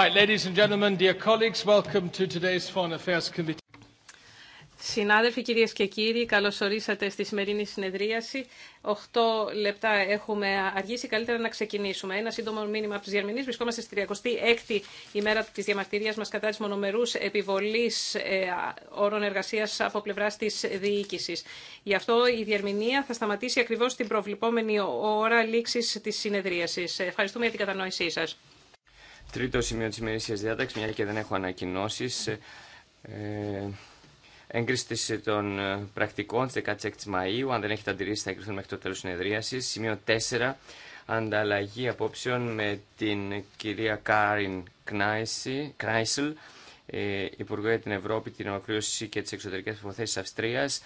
Right, ladies and gentlemen, dear colleagues, welcome to today's Foreign Affairs Committee. Συνάδελφοι, κυρίε και κύριοι, καλώ ορίσατε στη σημερινή συνεδρίαση. 8 λεπτά έχουμε αργήσει. Καλύτερα να ξεκινήσουμε. Ένα σύντομο μήνυμα από τι Γερμανίε. Βρισκόμαστε στη 36η ημέρα τη διαμαρτυρία μα κατά τη μονομερού επιβολή ε, όρων εργασία από πλευρά τη διοίκηση. Γι' αυτό η διερμηνία θα σταματήσει ακριβώ την προβλεπόμενη ώρα λήξη τη συνεδρίαση. αυτο η διερμηνια θα σταματησει ακριβω την προβληπομενη ωρα ληξη τη συνεδριαση ευχαριστουμε για την κατανόησή σα. Τρίτο σημείο της ημερήσιας διάταξης, μια και δεν έχω ανακοινώσεις, ε, ε έγκριση των ε, πρακτικών της 16ης Μαΐου, αν δεν έχετε αντιρρήσει θα εγκριθούν μέχρι το τέλος συνεδρίασης. Σημείο 4, ανταλλαγή απόψεων με την κυρία Κάριν Κράισελ, ε, Υπουργό για την Ευρώπη, την Ολοκλήρωση και τις Εξωτερικές Υποθέσεις Αυστρίας,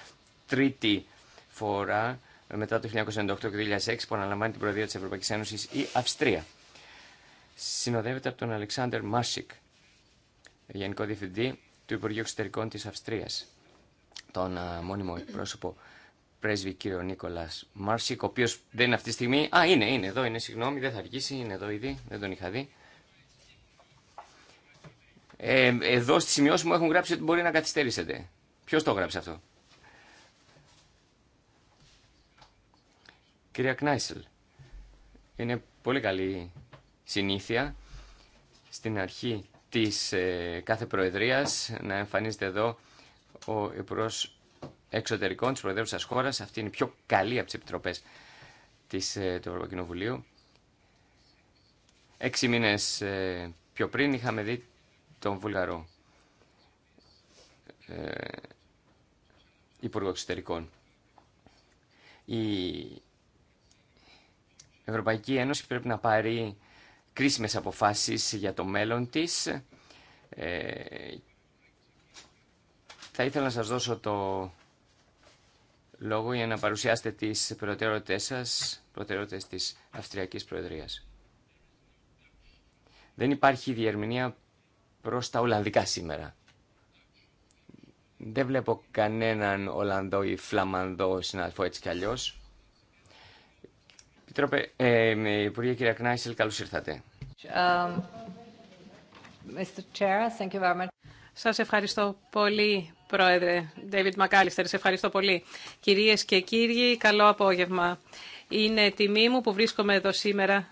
τρίτη φορά μετά το 1998 και 2006 που αναλαμβάνει την Προεδρία της Ευρωπαϊκής Ένωσης η Αυστρία συνοδεύεται από τον Αλεξάνδρ Μάρσικ, Γενικό Διευθυντή του Υπουργείου Εξωτερικών της Αυστρίας, τον μόνιμο εκπρόσωπο πρέσβη κύριο Νίκολας Μάρσικ, ο οποίος δεν είναι αυτή τη στιγμή, α είναι, είναι εδώ, είναι συγγνώμη, δεν θα αργήσει, είναι εδώ ήδη, δεν τον είχα δει. Ε, εδώ στη σημειώση μου έχουν γράψει ότι μπορεί να καθυστερήσετε. Ποιο το γράψει αυτό. Κυρία Κνάισελ, είναι πολύ καλή συνήθεια στην αρχή της ε, κάθε προεδρίας να εμφανίζεται εδώ ο υπουργό εξωτερικών της προεδρεύουσας χώρας. Αυτή είναι η πιο καλή από τις επιτροπές της, ε, του Ευρωπαϊκού Κοινοβουλίου. Έξι μήνες ε, πιο πριν είχαμε δει τον Βουλγαρό ε, Υπουργό Εξωτερικών. Η Ευρωπαϊκή Ένωση πρέπει να πάρει κρίσιμες αποφάσεις για το μέλλον της. Ε, θα ήθελα να σας δώσω το λόγο για να παρουσιάσετε τις προτεραιότητες σας, προτεραιότητες της Αυστριακής Προεδρίας. Δεν υπάρχει διερμηνία προς τα Ολλανδικά σήμερα. Δεν βλέπω κανέναν Ολλανδό ή Φλαμανδό συνάδελφο έτσι κι αλλιώς. Ε, ε, Υπουργέ κυρία Κνάισελ, καλώς ήρθατε. Σα um, Σας ευχαριστώ πολύ, Πρόεδρε David McAllister. Σε ευχαριστώ πολύ. Κυρίες και κύριοι, καλό απόγευμα. Είναι τιμή μου που βρίσκομαι εδώ σήμερα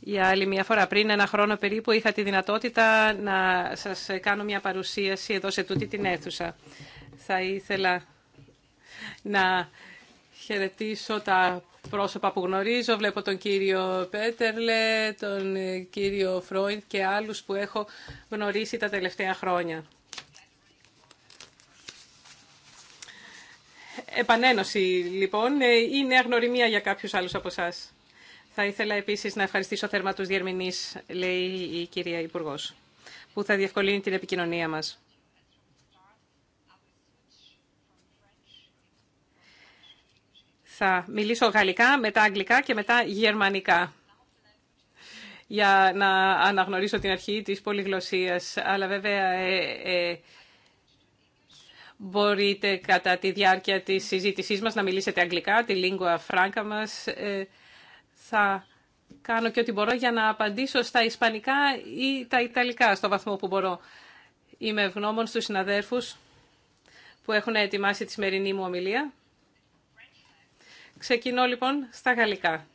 για άλλη μια φορά. Πριν ένα χρόνο περίπου είχα τη δυνατότητα να σας κάνω μια παρουσίαση εδώ σε τούτη την αίθουσα. Θα ήθελα να χαιρετήσω τα πρόσωπα που γνωρίζω. Βλέπω τον κύριο Πέτερλε, τον κύριο Φρόιντ και άλλους που έχω γνωρίσει τα τελευταία χρόνια. Επανένωση, λοιπόν, είναι αγνωριμία για κάποιους άλλους από εσά. Θα ήθελα επίσης να ευχαριστήσω θέρμα τους διερμηνείς, λέει η κυρία Υπουργός, που θα διευκολύνει την επικοινωνία μας. Θα μιλήσω γαλλικά, μετά αγγλικά και μετά γερμανικά για να αναγνωρίσω την αρχή της πολυγλωσσίας. Αλλά βέβαια ε, ε, μπορείτε κατά τη διάρκεια της συζήτησής μας να μιλήσετε αγγλικά, τη lingua franca μας. Ε, θα κάνω και ό,τι μπορώ για να απαντήσω στα ισπανικά ή τα ιταλικά στο βαθμό που μπορώ. Είμαι ευγνώμων στους συναδέρφους που έχουν ετοιμάσει τη σημερινή μου ομιλία. Ξεκινώ λοιπόν στα γαλλικά,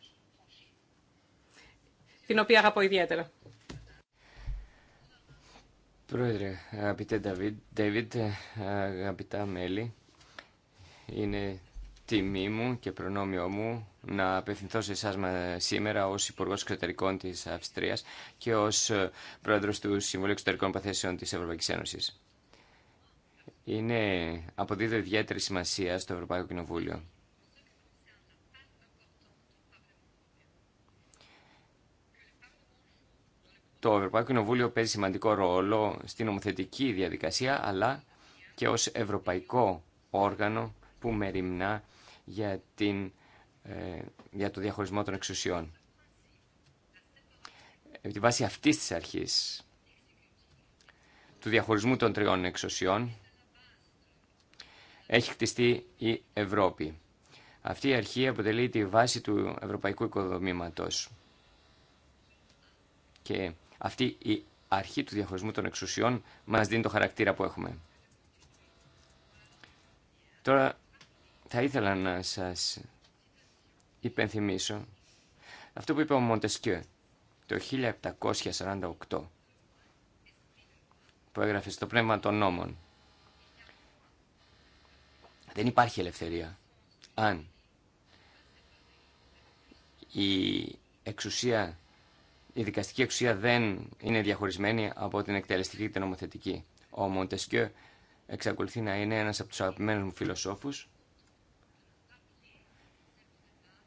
την οποία αγαπώ ιδιαίτερα. Πρόεδρε, αγαπητέ Νταβίτ, αγαπητά μέλη, είναι τιμή μου και προνόμιο μου να απευθυνθώ σε εσά σήμερα ως Υπουργός Εξωτερικών της Αυστρίας και ως ε, Πρόεδρος του Συμβουλίου Εξωτερικών Παθέσεων της Ευρωπαϊκής Ένωση. Είναι αποδίδεται ιδιαίτερη σημασία στο Ευρωπαϊκό Κοινοβούλιο. Το Ευρωπαϊκό Κοινοβούλιο παίζει σημαντικό ρόλο στην νομοθετική διαδικασία, αλλά και ως ευρωπαϊκό όργανο που μεριμνά για, ε, για το διαχωρισμό των εξουσιών. Επί τη βάση αυτής της αρχής του διαχωρισμού των τριών εξουσιών έχει χτιστεί η Ευρώπη. Αυτή η αρχή αποτελεί τη βάση του ευρωπαϊκού οικοδομήματος και αυτή η αρχή του διαχωρισμού των εξουσιών μας δίνει το χαρακτήρα που έχουμε. Τώρα θα ήθελα να σας υπενθυμίσω αυτό που είπε ο Μοντεσκιό το 1748 που έγραφε στο πνεύμα των νόμων. Δεν υπάρχει ελευθερία αν η εξουσία η δικαστική εξουσία δεν είναι διαχωρισμένη από την εκτελεστική και την νομοθετική. Ο Μοντεσκιό εξακολουθεί να είναι ένας από τους αγαπημένους μου φιλοσόφους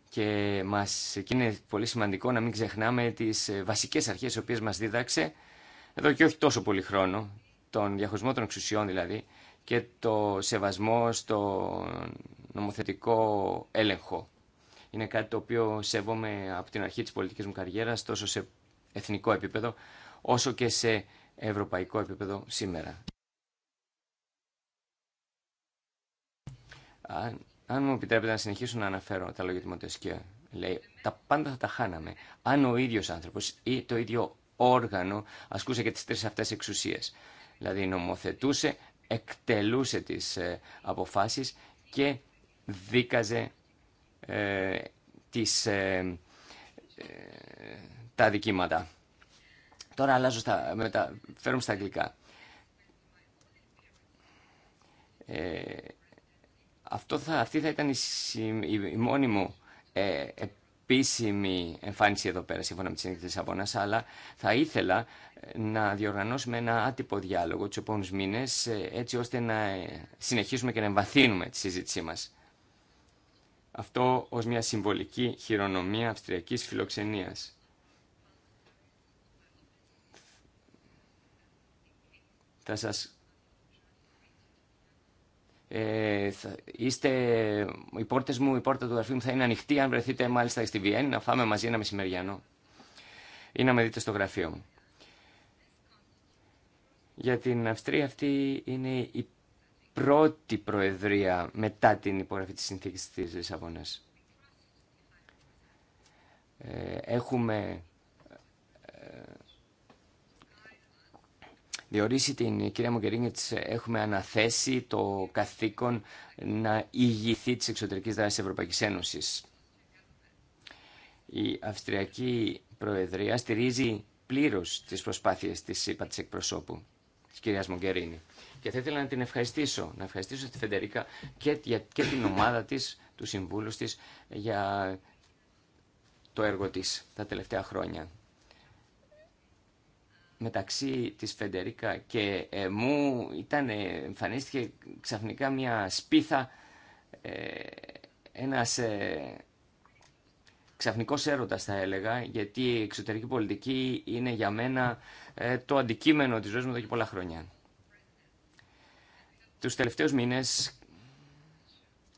και, μας, και είναι πολύ σημαντικό να μην ξεχνάμε τις ε, βασικές αρχές οι οποίες μας δίδαξε εδώ και όχι τόσο πολύ χρόνο, τον διαχωρισμό των εξουσιών δηλαδή και το σεβασμό στο νομοθετικό έλεγχο. Είναι κάτι το οποίο σέβομαι από την αρχή της πολιτικής μου καριέρας, τόσο σε εθνικό επίπεδο όσο και σε ευρωπαϊκό επίπεδο σήμερα. Αν, μου επιτρέπετε να συνεχίσω να αναφέρω τα λόγια του λέει, τα πάντα θα τα χάναμε αν ο ίδιος άνθρωπος ή το ίδιο όργανο ασκούσε και τις τρεις αυτές εξουσίες. Δηλαδή νομοθετούσε, εκτελούσε τις ε, αποφάσεις και δίκαζε ε, τις, ε, ε, τα αδικήματα. Τώρα αλλάζω στα, φέρουμε στα αγγλικά. Ε, αυτό θα, αυτή θα ήταν η, η, μόνη μου ε, επίσημη εμφάνιση εδώ πέρα, σύμφωνα με τη συνήθεια της αλλά θα ήθελα ε, να διοργανώσουμε ένα άτυπο διάλογο του επόμενους μήνες, ε, έτσι ώστε να ε, συνεχίσουμε και να εμβαθύνουμε τη συζήτησή μας. Αυτό ως μια συμβολική χειρονομία αυστριακής φιλοξενίας. θα σας... Ε, είστε οι πόρτες μου, η πόρτα του γραφείου μου θα είναι ανοιχτή αν βρεθείτε μάλιστα στη Βιέννη να φάμε μαζί ένα μεσημεριανό ή να με δείτε στο γραφείο μου. Για την Αυστρία αυτή είναι η πρώτη προεδρία μετά την υπογραφή της συνθήκης της Λισαβόνας. Ε, έχουμε διορίσει την κυρία Μογκερίνη, έχουμε αναθέσει το καθήκον να ηγηθεί της εξωτερικής δράσης της Ευρωπαϊκής Ένωσης. Η Αυστριακή Προεδρία στηρίζει πλήρως τις προσπάθειες της ΥΠΑ της εκπροσώπου, της κυρίας Μογκερίνη. Και θα ήθελα να την ευχαριστήσω, να ευχαριστήσω τη Φεντερίκα και, την ομάδα της, του συμβούλου της, για το έργο της τα τελευταία χρόνια μεταξύ της Φεντερίκα και ε, μου ήταν, εμφανίστηκε ξαφνικά μια σπίθα, ε, ένας ε, ξαφνικός έρωτας θα έλεγα, γιατί η εξωτερική πολιτική είναι για μένα το αντικείμενο της ζωής μου εδώ και πολλά χρόνια. Τους τελευταίους μήνες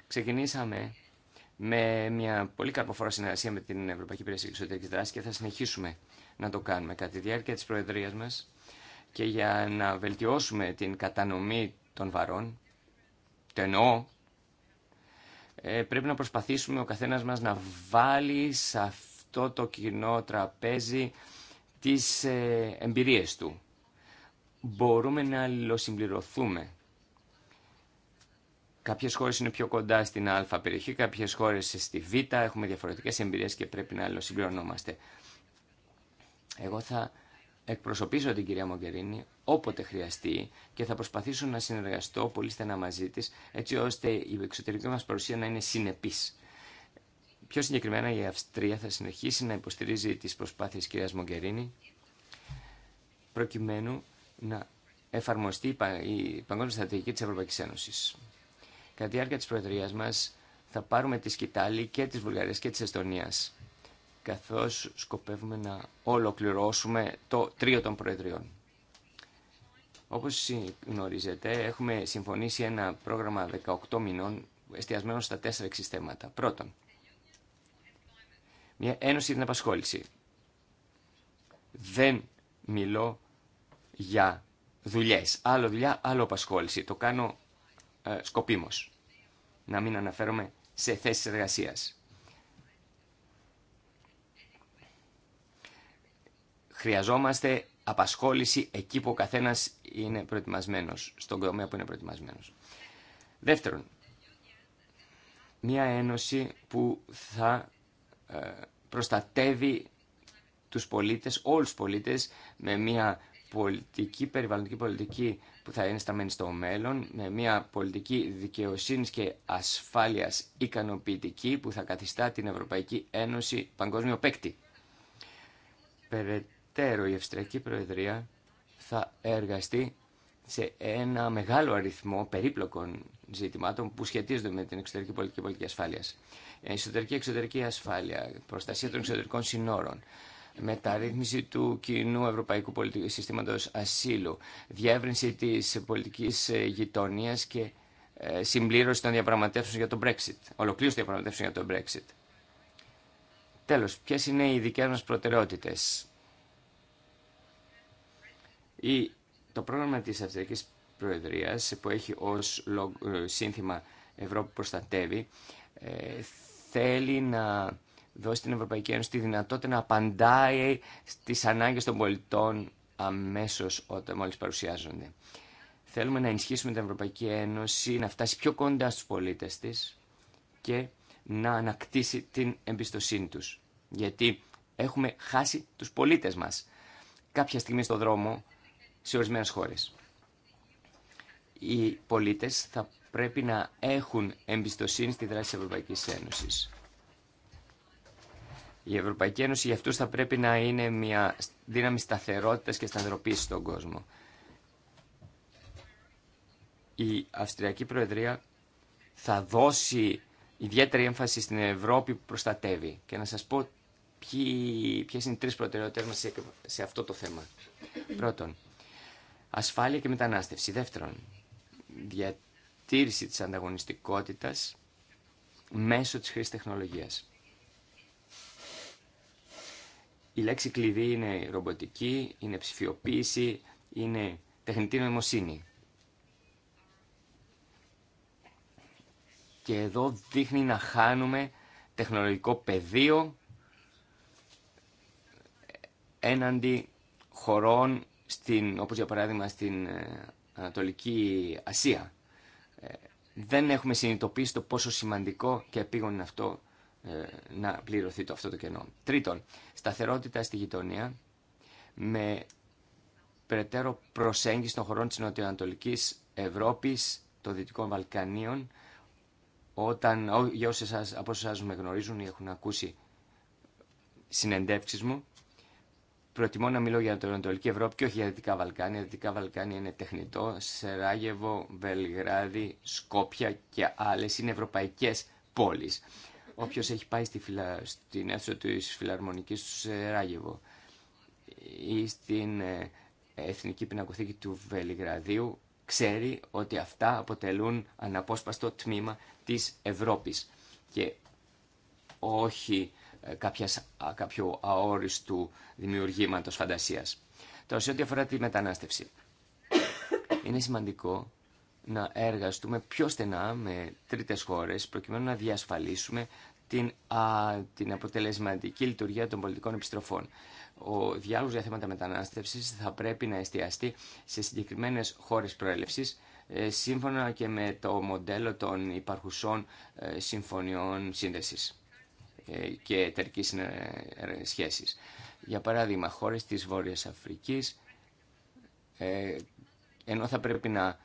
ξεκινήσαμε με μια πολύ καρποφόρα συνεργασία με την Ευρωπαϊκή Υπηρεσία Εξωτερικής Δράσης και θα συνεχίσουμε να το κάνουμε. Κατά τη διάρκεια της Προεδρίας μας και για να βελτιώσουμε την κατανομή των βαρών, το εννοώ, ε, πρέπει να προσπαθήσουμε ο καθένας μας να βάλει σε αυτό το κοινό τραπέζι τις ε, εμπειρίες του. Μπορούμε να αλληλοσυμπληρωθούμε. Κάποιες χώρες είναι πιο κοντά στην α περιοχή, κάποιες χώρες στη β, έχουμε διαφορετικές εμπειρίες και πρέπει να αλληλοσυμπληρωνόμαστε. Εγώ θα εκπροσωπήσω την κυρία Μογκερίνη όποτε χρειαστεί και θα προσπαθήσω να συνεργαστώ πολύ στενά μαζί της έτσι ώστε η εξωτερική μας παρουσία να είναι συνεπής. Πιο συγκεκριμένα η Αυστρία θα συνεχίσει να υποστηρίζει τις προσπάθειες της κυρίας Μογκερίνη προκειμένου να εφαρμοστεί η παγκόσμια στρατηγική της Ευρωπαϊκής Ένωσης. Κατά τη διάρκεια της Προεδρίας μας θα πάρουμε τη σκητάλη και της Βουλγαρίας και της Εστονίας καθώς σκοπεύουμε να ολοκληρώσουμε το τρίο των Προεδριών. Όπως γνωρίζετε, έχουμε συμφωνήσει ένα πρόγραμμα 18 μηνών εστιασμένο στα τέσσερα εξιστέματα. Πρώτον, μια ένωση την απασχόληση. Δεν μιλώ για δουλειές. Άλλο δουλειά, άλλο απασχόληση. Το κάνω ε, σκοπίμως. Να μην αναφέρομαι σε θέσεις εργασίας. Χρειαζόμαστε απασχόληση εκεί που ο καθένας είναι προετοιμασμένο στον τομέα που είναι προετοιμασμένο. Δεύτερον, μια ένωση που θα ε, προστατεύει τους πολίτες, όλους τους πολίτες, με μια πολιτική, περιβαλλοντική πολιτική που θα είναι σταμένη στο μέλλον, με μια πολιτική δικαιοσύνης και ασφάλειας ικανοποιητική που θα καθιστά την Ευρωπαϊκή Ένωση παγκόσμιο παίκτη περαιτέρω η Αυστριακή Προεδρία θα εργαστεί σε ένα μεγάλο αριθμό περίπλοκων ζητημάτων που σχετίζονται με την εξωτερική πολιτική και πολιτική ασφάλεια. Εσωτερική εξωτερική ασφάλεια, προστασία των εξωτερικών συνόρων, μεταρρύθμιση του κοινού ευρωπαϊκού συστήματο ασύλου, διεύρυνση τη πολιτική ε, γειτονία και ε, συμπλήρωση των διαπραγματεύσεων για τον Brexit, ολοκλήρωση των διαπραγματεύσεων για τον Brexit. Τέλο, ποιε είναι οι δικέ μα προτεραιότητε. Η, το πρόγραμμα της Αυστριακής Προεδρίας που έχει ως ε, σύνθημα Ευρώπη προστατεύει ε, θέλει να δώσει την Ευρωπαϊκή Ένωση τη δυνατότητα να απαντάει στις ανάγκες των πολιτών αμέσως όταν μόλις παρουσιάζονται. Θέλουμε να ενισχύσουμε την Ευρωπαϊκή Ένωση, να φτάσει πιο κοντά στους πολίτες της και να ανακτήσει την εμπιστοσύνη τους. Γιατί έχουμε χάσει τους πολίτες μας. Κάποια στιγμή στο δρόμο σε ορισμένε χώρε. Οι πολίτες θα πρέπει να έχουν εμπιστοσύνη στη δράση τη Ευρωπαϊκής Ένωσης. Η Ευρωπαϊκή Ένωση για αυτούς θα πρέπει να είναι μια δύναμη σταθερότητας και σταθεροποίηση στον κόσμο. Η Αυστριακή Προεδρία θα δώσει ιδιαίτερη έμφαση στην Ευρώπη που προστατεύει. Και να σας πω ποιε είναι οι τρεις προτεραιότητες σε αυτό το θέμα. Πρώτον, Ασφάλεια και μετανάστευση. Δεύτερον, διατήρηση της ανταγωνιστικότητας μέσω της χρήσης τεχνολογίας. Η λέξη κλειδί είναι ρομποτική, είναι ψηφιοποίηση, είναι τεχνητή νοημοσύνη. Και εδώ δείχνει να χάνουμε τεχνολογικό πεδίο έναντι χωρών στην, όπως για παράδειγμα στην ε, Ανατολική Ασία. Ε, δεν έχουμε συνειδητοποιήσει το πόσο σημαντικό και επίγον είναι αυτό ε, να πληρωθεί το αυτό το κενό. Τρίτον, σταθερότητα στη γειτονία με περαιτέρω προσέγγιση των χωρών της Νοτιοανατολικής Ευρώπης, των Δυτικών Βαλκανίων, όταν, για όσοι από με γνωρίζουν ή έχουν ακούσει συνεντεύξεις μου, Προτιμώ να μιλώ για την Ανατολική Ευρώπη και όχι για Δυτικά Βαλκάνια. Δυτικά Βαλκάνια είναι τεχνητό. Σεράγεβο, Βελιγράδι, Σκόπια και άλλε είναι ευρωπαϊκέ πόλει. Όποιο έχει πάει στη φυλα... στην αίθουσα τη φιλαρμονική του Σεράγεβο ή στην ε, Εθνική Πινακοθήκη του Βελιγραδίου ξέρει ότι αυτά αποτελούν αναπόσπαστο τμήμα της Ευρώπης και όχι ε, κάποιας, κάποιου αόριστου δημιουργήματος φαντασίας. Τώρα σε ό,τι αφορά τη μετανάστευση. Είναι σημαντικό να εργαστούμε πιο στενά με τρίτες χώρες προκειμένου να διασφαλίσουμε την, την αποτελεσματική λειτουργία των πολιτικών επιστροφών. Ο διάλογος για θέματα μετανάστευσης θα πρέπει να εστιαστεί σε συγκεκριμένες χώρες προέλευσης ε, σύμφωνα και με το μοντέλο των υπαρχουσών ε, συμφωνιών σύνδεσης και εταιρικής ε, σχέσεις. Για παράδειγμα, χώρες της Βόρειας Αφρικής, ε, ενώ θα πρέπει να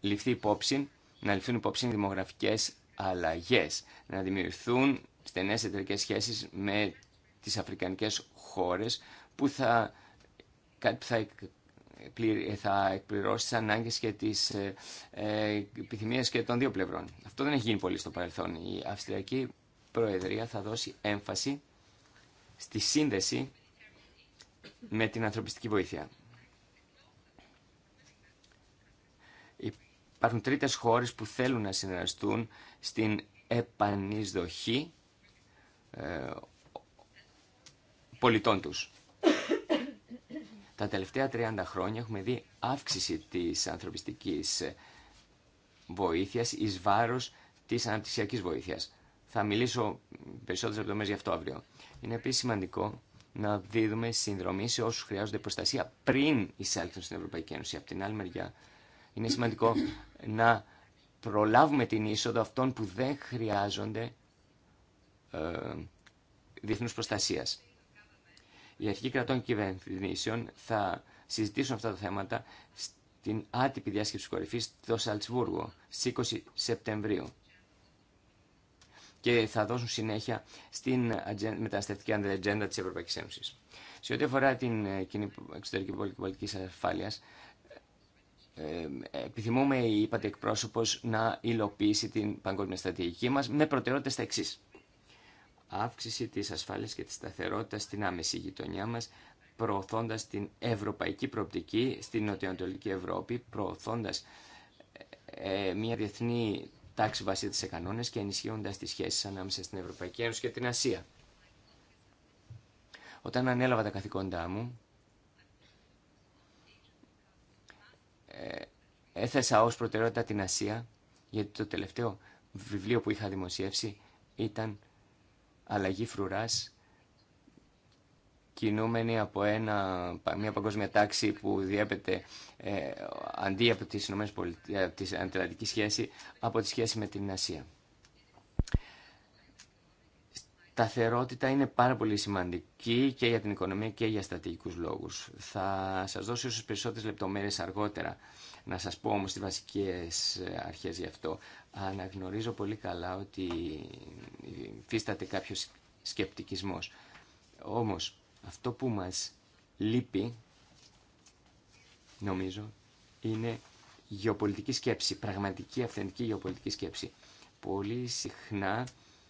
ληφθεί υπόψη, να ληφθούν υπόψη δημογραφικές αλλαγές, να δημιουργηθούν στενές εταιρικές σχέσεις με τις αφρικανικές χώρες που θα, θα, ε, θα εκπληρώσει τι ανάγκε και τι επιθυμίε και των δύο πλευρών. Αυτό δεν έχει γίνει πολύ στο παρελθόν. Η Αυστριακή Προεδρία θα δώσει έμφαση στη σύνδεση με την ανθρωπιστική βοήθεια. Υπάρχουν τρίτες χώρες που θέλουν να συνεργαστούν στην επανεισδοχή ε, πολιτών τους. Τα τελευταία 30 χρόνια έχουμε δει αύξηση της ανθρωπιστικής βοήθειας εις βάρος της αναπτυξιακής βοήθειας. Θα μιλήσω περισσότερες λεπτομέρειες γι' αυτό αύριο. Είναι επίση σημαντικό να δίδουμε συνδρομή σε όσου χρειάζονται προστασία πριν εισέλθουν στην Ευρωπαϊκή Ένωση. Από την άλλη μεριά είναι σημαντικό να προλάβουμε την είσοδο αυτών που δεν χρειάζονται ε, διεθνούς προστασίας. Οι αρχικοί κρατών κυβερνήσεων θα συζητήσουν αυτά τα θέματα στην άτυπη διάσκεψη κορυφή στο Σαλτσβούργο στι 20 Σεπτεμβρίου και θα δώσουν συνέχεια στην μεταναστευτική ατζέντα τη Ευρωπαϊκή Ένωση. Σε ό,τι αφορά την ε, κοινή εξωτερική πολιτική ασφάλειας, ε, επιθυμούμε είπατε εκπρόσωπο εκπρόσωπος να υλοποιήσει την παγκόσμια στρατηγική μας με προτεραιότητα στα εξή. Αύξηση τη ασφάλεια και τη σταθερότητα στην άμεση γειτονιά μα, προωθώντα την ευρωπαϊκή προοπτική στην νοτιοανατολική Ευρώπη, προωθώντα ε, μια διεθνή τάξη βασίζεται σε κανόνε και ενισχύοντα τι σχέσει ανάμεσα στην Ευρωπαϊκή Ένωση και την Ασία. Όταν ανέλαβα τα καθήκοντά μου, ε, έθεσα ως προτεραιότητα την Ασία, γιατί το τελευταίο βιβλίο που είχα δημοσιεύσει ήταν «Αλλαγή φρουράς κινούμενοι από ένα, μια παγκόσμια τάξη που διέπεται ε, αντί από τις Πολιτείες, από τη σχέση, από τη σχέση με την Ασία. Σταθερότητα είναι πάρα πολύ σημαντική και για την οικονομία και για στρατηγικούς λόγους. Θα σας δώσω ίσως περισσότερες λεπτομέρειες αργότερα, να σας πω όμως τις βασικές ε, αρχές γι' αυτό. Αναγνωρίζω πολύ καλά ότι φύσταται κάποιο σκεπτικισμός. Όμως, αυτό που μας λείπει, νομίζω, είναι γεωπολιτική σκέψη, πραγματική αυθεντική γεωπολιτική σκέψη. Πολύ συχνά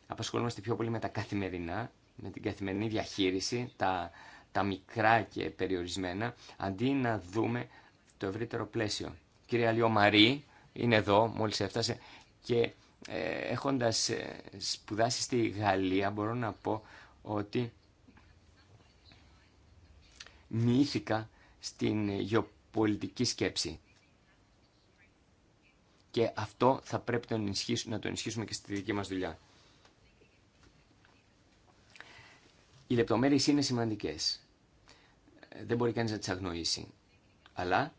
απασχολούμαστε πιο πολύ με τα καθημερινά, με την καθημερινή διαχείριση, τα, τα μικρά και περιορισμένα, αντί να δούμε το ευρύτερο πλαίσιο. κυρία είναι εδώ, μόλις έφτασε, και ε, έχοντας ε, σπουδάσει στη Γαλλία μπορώ να πω ότι μοιήθηκα στην γεωπολιτική σκέψη. Και αυτό θα πρέπει να το ενισχύσουμε, να το ενισχύσουμε και στη δική μας δουλειά. Οι λεπτομέρειες είναι σημαντικές. Δεν μπορεί κανείς να τις αγνοήσει. Αλλά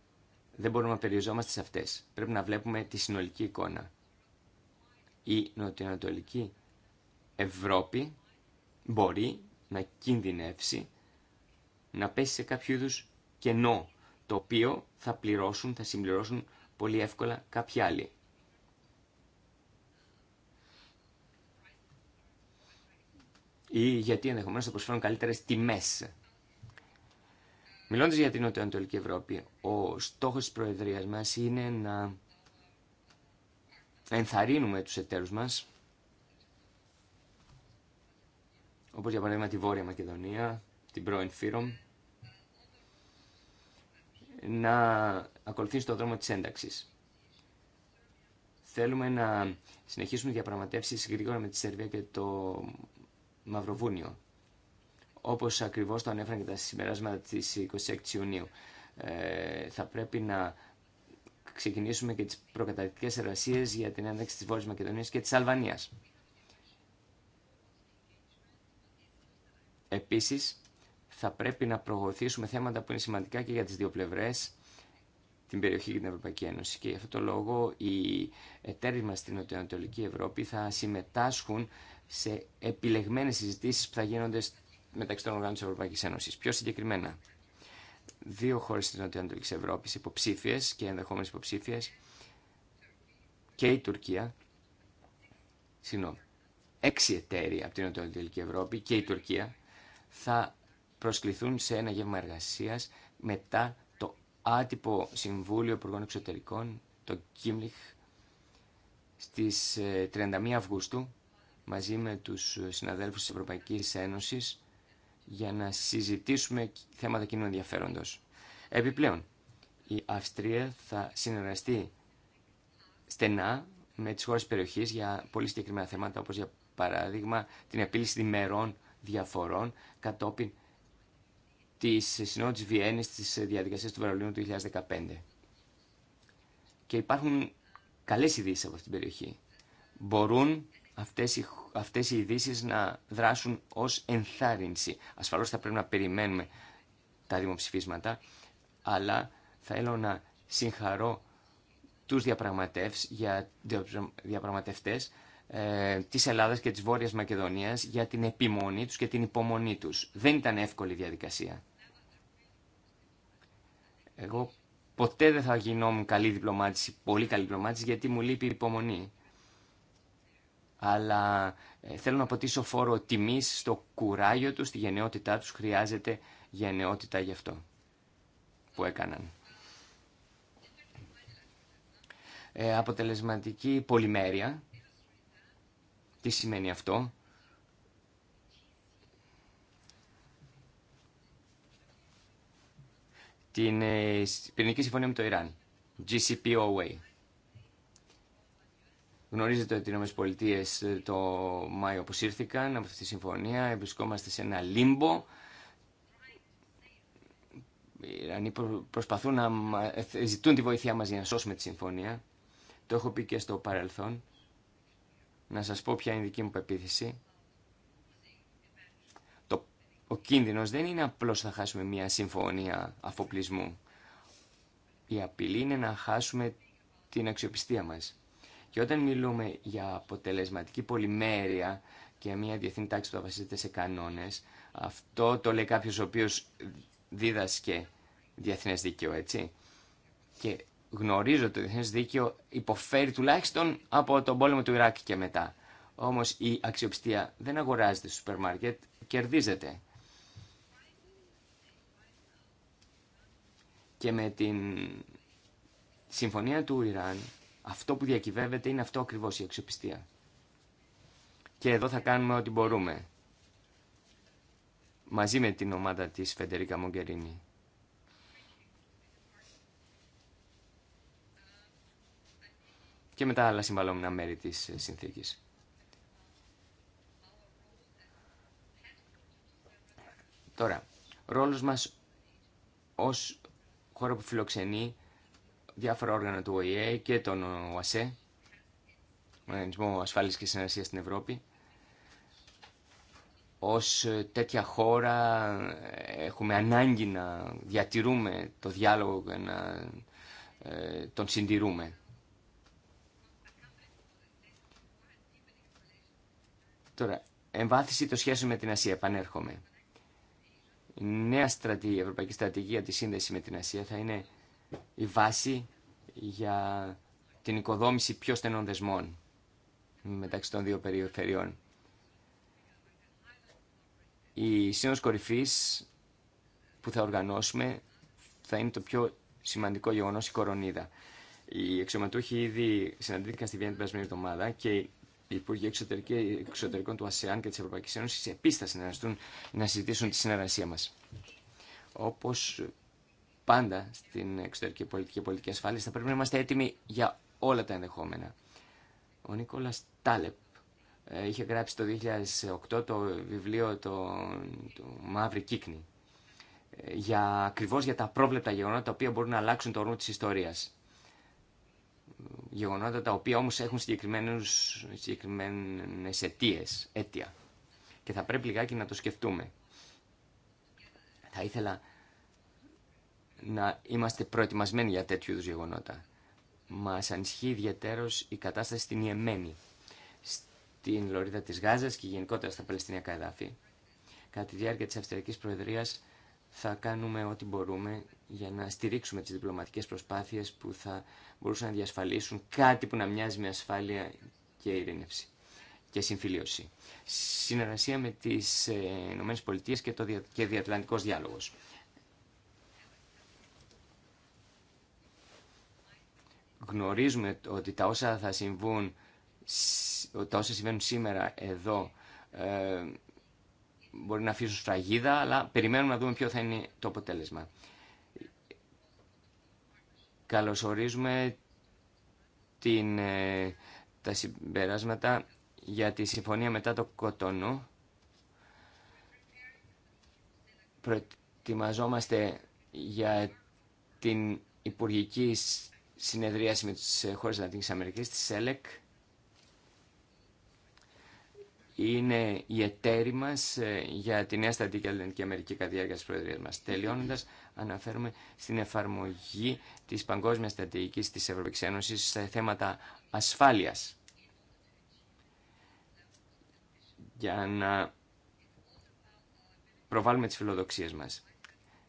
δεν μπορούμε να περιοριζόμαστε σε αυτές. Πρέπει να βλέπουμε τη συνολική εικόνα. Η νοτιοανατολική Ευρώπη μπορεί να κινδυνεύσει να πέσει σε κάποιο είδου κενό, το οποίο θα πληρώσουν, θα συμπληρώσουν πολύ εύκολα κάποιοι άλλοι. Ή γιατί ενδεχομένω θα προσφέρουν καλύτερε τιμέ. Μιλώντα για την Νοτιοανατολική Ευρώπη, ο στόχο τη Προεδρία μα είναι να ενθαρρύνουμε του εταίρου μα, όπω για παράδειγμα τη Βόρεια Μακεδονία, την πρώην Φύρομ, να ακολουθήσει το δρόμο της ένταξης. Θέλουμε να συνεχίσουμε διαπραγματεύσεις γρήγορα με τη Σερβία και το Μαυροβούνιο, όπως ακριβώς το ανέφεραν και τα συμπεράσματα της 26 Ιουνίου. Ε, θα πρέπει να ξεκινήσουμε και τις προκαταρκτικές εργασίες για την ένταξη της Βόρειας Μακεδονίας και της Αλβανίας. Επίσης, θα πρέπει να προωθήσουμε θέματα που είναι σημαντικά και για τις δύο πλευρές, την περιοχή και την Ευρωπαϊκή Ένωση. Και γι' αυτό το λόγο οι εταίροι μας στην Νοτιοανατολική Ευρώπη θα συμμετάσχουν σε επιλεγμένες συζητήσεις που θα γίνονται μεταξύ των οργάνων της Ευρωπαϊκής Ένωσης. Πιο συγκεκριμένα, δύο χώρες της Νοτιοανατολικής Ευρώπης, υποψήφιες και ενδεχόμενες υποψήφιες, και η Τουρκία, συγγνώμη, έξι εταίροι από την Νοτιοανατολική Ευρώπη και η Τουρκία, θα προσκληθούν σε ένα γεύμα εργασία μετά το άτυπο Συμβούλιο Υπουργών Εξωτερικών, το Κίμλιχ, στι 31 ε, Αυγούστου μαζί με τους συναδέλφους τη Ευρωπαϊκής Ένωσης για να συζητήσουμε θέματα κοινού ενδιαφέροντο. Επιπλέον, η Αυστρία θα συνεργαστεί στενά με τις χώρες περιοχής για πολύ συγκεκριμένα θέματα όπως για παράδειγμα την επίλυση διμερών διαφορών κατόπιν Τη Συνόδου τη Βιέννη τη διαδικασίες του Βερολίνου του 2015. Και υπάρχουν καλέ ειδήσει από αυτήν την περιοχή. Μπορούν αυτές οι, αυτές οι ειδήσει να δράσουν ως ενθάρρυνση. Ασφαλώς θα πρέπει να περιμένουμε τα δημοψηφίσματα, αλλά θα θέλω να συγχαρώ τους διαπραγματεύς, για, διαπραγματευτές ε, της Ελλάδας και της Βόρειας Μακεδονίας για την επιμονή τους και την υπομονή τους. Δεν ήταν εύκολη διαδικασία. Εγώ ποτέ δεν θα γινόμουν καλή διπλωμάτηση, πολύ καλή διπλωμάτιση, γιατί μου λείπει η υπομονή. Αλλά ε, θέλω να ποτίσω φόρο τιμής στο κουράγιο τους, στη γενναιότητά τους. Χρειάζεται γενναιότητα γι' αυτό που έκαναν. Ε, αποτελεσματική πολυμέρεια. Τι σημαίνει αυτό. την ε, πυρηνική συμφωνία με το Ιράν, GCPOA. Γνωρίζετε ότι οι Ηνωμένε Πολιτείε ε, το Μάιο αποσύρθηκαν από αυτή τη συμφωνία. Βρισκόμαστε σε ένα λίμπο. Οι Ιρανοί προσπαθούν να ε, ζητούν τη βοήθειά μα για να σώσουμε τη συμφωνία. Το έχω πει και στο παρελθόν. Να σα πω ποια είναι η δική μου πεποίθηση. Ο κίνδυνος δεν είναι απλώς να χάσουμε μια συμφωνία αφοπλισμού. Η απειλή είναι να χάσουμε την αξιοπιστία μας. Και όταν μιλούμε για αποτελεσματική πολυμέρεια και μια διεθνή τάξη που βασίζεται σε κανόνες, αυτό το λέει κάποιο ο οποίος δίδασκε διεθνές δίκαιο, έτσι. Και γνωρίζω ότι το διεθνές δίκαιο υποφέρει τουλάχιστον από τον πόλεμο του Ιράκ και μετά. Όμως η αξιοπιστία δεν αγοράζεται στο σούπερ μάρκετ, κερδίζεται. Και με την συμφωνία του Ιράν, αυτό που διακυβεύεται είναι αυτό ακριβώς η αξιοπιστία. Και εδώ θα κάνουμε ό,τι μπορούμε. Μαζί με την ομάδα της Φεντερίκα Μογκερίνη. Και με τα άλλα συμβαλόμενα μέρη της ε, συνθήκης. Τώρα, ρόλος μας ως χώρα που φιλοξενεί διάφορα όργανα του ΟΗΕ και τον ΟΑΣΕ, Οργανισμό ασφάλεια και Συνεργασία στην Ευρώπη. Ω ε, τέτοια χώρα ε, έχουμε ανάγκη να διατηρούμε το διάλογο και να ε, τον συντηρούμε. Τώρα, εμβάθυνση το σχέσεων με την Ασία, επανέρχομαι. Η νέα στρατηγία, ευρωπαϊκή στρατηγία τη σύνδεση με την Ασία θα είναι η βάση για την οικοδόμηση πιο στενών δεσμών μεταξύ των δύο περιφερειών. Η σύνοδος κορυφής που θα οργανώσουμε θα είναι το πιο σημαντικό γεγονός η κορονίδα. Οι εξωματούχοι ήδη συναντήθηκαν στη Βιέννη την περασμένη εβδομάδα και οι Υπουργοί Εξωτερικών του ΑΣΕΑΝ και τη Ευρωπαϊκή Ένωση επίσης θα συνεργαστούν να συζητήσουν τη συνεργασία μα. Όπω πάντα στην εξωτερική πολιτική και πολιτική ασφάλεια θα πρέπει να είμαστε έτοιμοι για όλα τα ενδεχόμενα. Ο Νίκολα Τάλεπ ε, είχε γράψει το 2008 το βιβλίο το, το «Μαύρη κύκνη» ε, για, ακριβώς για τα πρόβλεπτα γεγονότα τα οποία μπορούν να αλλάξουν το ορμό της ιστορίας γεγονότα τα οποία όμως έχουν συγκεκριμένους, συγκεκριμένες αιτίες, αίτια. Και θα πρέπει λιγάκι να το σκεφτούμε. Θα ήθελα να είμαστε προετοιμασμένοι για τέτοιου είδους γεγονότα. Μας ανισχύει ιδιαίτερος η κατάσταση στην Ιεμένη, στην Λωρίδα της Γάζας και γενικότερα στα Παλαιστινιακά εδάφη. Κατά τη διάρκεια της Αυστριακής Προεδρίας θα κάνουμε ό,τι μπορούμε για να στηρίξουμε τις διπλωματικές προσπάθειες που θα μπορούσαν να διασφαλίσουν κάτι που να μοιάζει με ασφάλεια και ειρήνευση και συμφιλίωση. Συνεργασία με τις ε, πολιτείες και, το, και διατλαντικός διάλογος. Γνωρίζουμε ότι τα όσα θα συμβούν, τα όσα συμβαίνουν σήμερα εδώ ε, μπορεί να αφήσουν σφραγίδα, αλλά περιμένουμε να δούμε ποιο θα είναι το αποτέλεσμα. Καλωσορίζουμε ε, τα συμπεράσματα για τη συμφωνία μετά το Κοτονού. Προετοιμαζόμαστε για την υπουργική συνεδρίαση με τις ε, χώρες Λατινικής Αμερικής, της ΣΕΛΕΚ, είναι η εταίροι μα ε, για τη νέα στρατηγική Ελληνική Αμερική κατά τη διάρκεια Προεδρία μα. Τελειώνοντα, αναφέρουμε στην εφαρμογή τη παγκόσμια στρατηγική τη Ευρωπαϊκή Ένωση σε θέματα ασφάλεια. Για να προβάλλουμε τι φιλοδοξίε μα.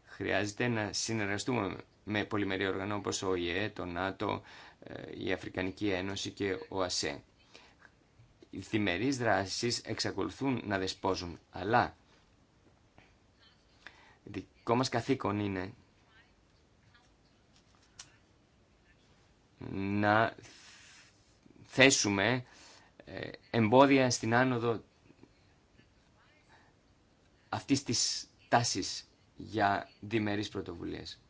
Χρειάζεται να συνεργαστούμε με πολυμερή οργανώ όπω ο ΙΕ, το ΝΑΤΟ, ε, η Αφρικανική Ένωση και ο ΑΣΕ οι διμερείς δράσεις εξακολουθούν να δεσπόζουν, αλλά δικό μας καθήκον είναι να θέσουμε ε, εμπόδια στην άνοδο αυτής της τάσης για διμερείς πρωτοβουλίες.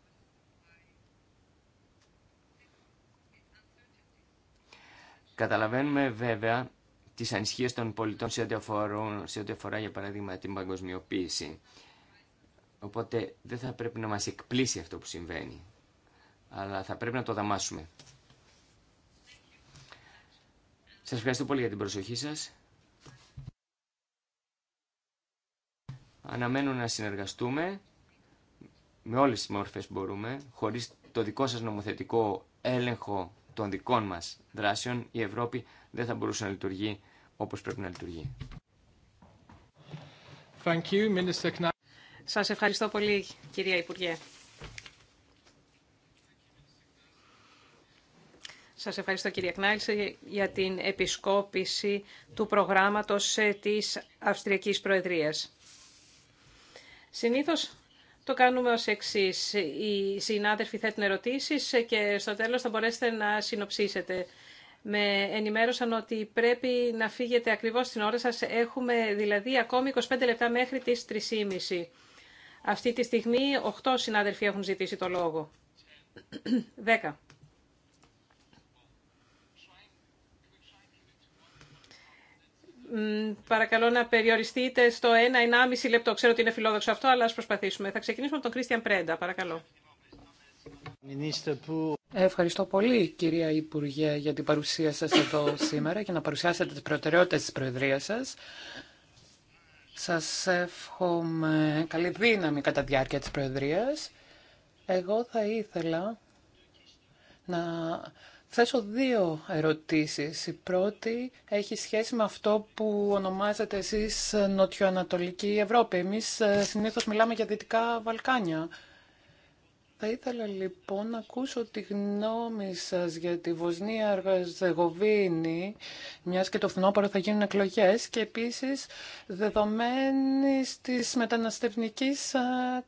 Καταλαβαίνουμε βέβαια τις ανησυχίες των πολιτών σε ό,τι αφορά, αφορά, για παράδειγμα, την παγκοσμιοποίηση. Οπότε δεν θα πρέπει να μας εκπλήσει αυτό που συμβαίνει, αλλά θα πρέπει να το δαμάσουμε. Σας ευχαριστώ πολύ για την προσοχή σας. Αναμένω να συνεργαστούμε με όλες τις μόρφες που μπορούμε, χωρίς το δικό σας νομοθετικό έλεγχο των δικών μας δράσεων, η Ευρώπη δεν θα μπορούσε να λειτουργεί όπως πρέπει να λειτουργεί. Thank Σας ευχαριστώ πολύ, κυρία Υπουργέ. Σας ευχαριστώ κυρία Κνάλης για την επισκόπηση του προγράμματος ε, της Αυστριακής Προεδρίας. Συνήθως το κάνουμε ως εξή. Οι συνάδελφοι θέτουν ερωτήσεις ε, και στο τέλος θα μπορέσετε να συνοψίσετε με ενημέρωσαν ότι πρέπει να φύγετε ακριβώς την ώρα σας. Έχουμε δηλαδή ακόμη 25 λεπτά μέχρι τις 3.30. Αυτή τη στιγμή 8 συνάδελφοι έχουν ζητήσει το λόγο. 10. Παρακαλώ να περιοριστείτε στο 1-1,5 λεπτό. Ξέρω ότι είναι φιλόδοξο αυτό, αλλά ας προσπαθήσουμε. Θα ξεκινήσουμε από τον Κρίστιαν Πρέντα, παρακαλώ. Ευχαριστώ πολύ κυρία Υπουργέ για την παρουσία σας εδώ σήμερα και να παρουσιάσετε τις προτεραιότητες της Προεδρίας σας. Σας εύχομαι καλή δύναμη κατά τη διάρκεια της Προεδρίας. Εγώ θα ήθελα να θέσω δύο ερωτήσεις. Η πρώτη έχει σχέση με αυτό που ονομάζετε εσείς Νοτιοανατολική Ευρώπη. Εμείς ε, συνήθως μιλάμε για Δυτικά Βαλκάνια. Θα ήθελα λοιπόν να ακούσω τη γνώμη σας για τη Βοσνία Αργαζεγοβίνη, μιας και το φθινόπωρο θα γίνουν εκλογές και επίσης δεδομένης της μεταναστευτικής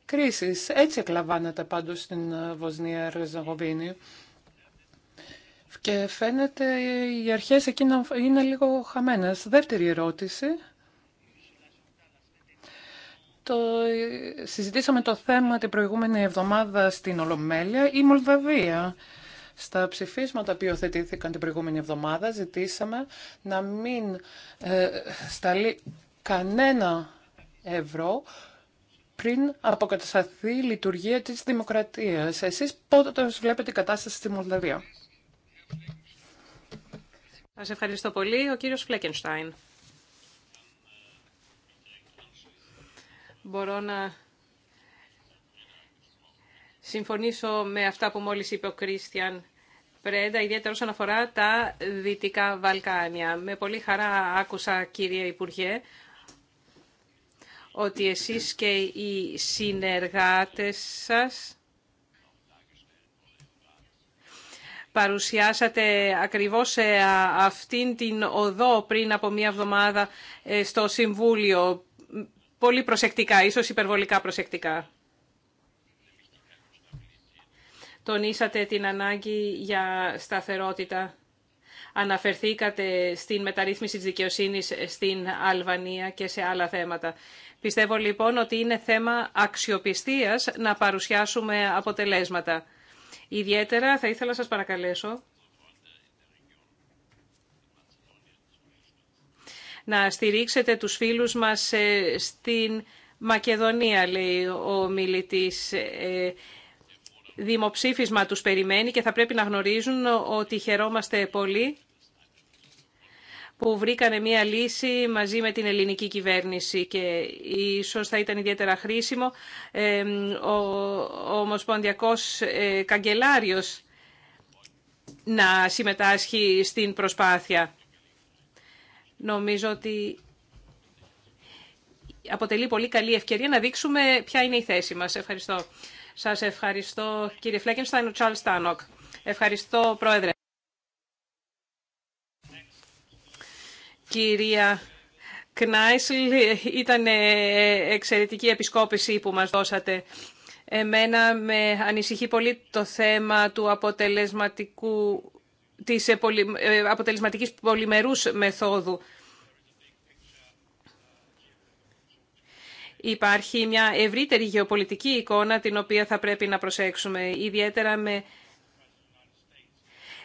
κρίσης. Έτσι εκλαμβάνεται πάντως στην Βοσνία Αργαζεγοβίνη. Και φαίνεται οι αρχές εκεί είναι λίγο χαμένες. Δεύτερη ερώτηση. Το... Συζητήσαμε το θέμα την προηγούμενη εβδομάδα στην Ολομέλεια ή Μολδαβία. Στα ψηφίσματα που υιοθετήθηκαν την προηγούμενη εβδομάδα ζητήσαμε να μην ε, σταλεί κανένα ευρώ πριν αποκατασταθεί η λειτουργία της δημοκρατίας. Εσείς πότε το βλέπετε η κατάσταση στη Μολδαβία. Σας ευχαριστώ πολύ. Ο κύριος Φλέκενστάιν. Μπορώ να συμφωνήσω με αυτά που μόλις είπε ο Κρίστιαν Πρέντα, ιδιαίτερα όσον αφορά τα Δυτικά Βαλκάνια. Με πολύ χαρά άκουσα, κύριε Υπουργέ, ότι εσείς και οι συνεργάτες σας παρουσιάσατε ακριβώς αυτήν την οδό πριν από μία εβδομάδα ε, στο Συμβούλιο πολύ προσεκτικά, ίσως υπερβολικά προσεκτικά. Τονίσατε την ανάγκη για σταθερότητα. Αναφερθήκατε στην μεταρρύθμιση της δικαιοσύνης στην Αλβανία και σε άλλα θέματα. Πιστεύω λοιπόν ότι είναι θέμα αξιοπιστίας να παρουσιάσουμε αποτελέσματα. Ιδιαίτερα θα ήθελα να σας παρακαλέσω να στηρίξετε τους φίλους μας ε, στην Μακεδονία, λέει ο μιλητής. Ε, δημοψήφισμα τους περιμένει και θα πρέπει να γνωρίζουν ότι χαιρόμαστε πολύ που βρήκανε μία λύση μαζί με την ελληνική κυβέρνηση και ίσως θα ήταν ιδιαίτερα χρήσιμο ο Ομοσπονδιακός ε, Καγκελάριος να συμμετάσχει στην προσπάθεια. Νομίζω ότι αποτελεί πολύ καλή ευκαιρία να δείξουμε ποια είναι η θέση μας. Ευχαριστώ. Σας ευχαριστώ κύριε Φλέκενστάιν, ο Τσάρλ Ευχαριστώ πρόεδρε. Κυρία Κνάισλ, ήταν ε, εξαιρετική επισκόπηση που μας δώσατε. Εμένα με ανησυχεί πολύ το θέμα του αποτελεσματικού της ε, αποτελεσματικής πολυμερούς μεθόδου. Υπάρχει μια ευρύτερη γεωπολιτική εικόνα την οποία θα πρέπει να προσέξουμε. Ιδιαίτερα με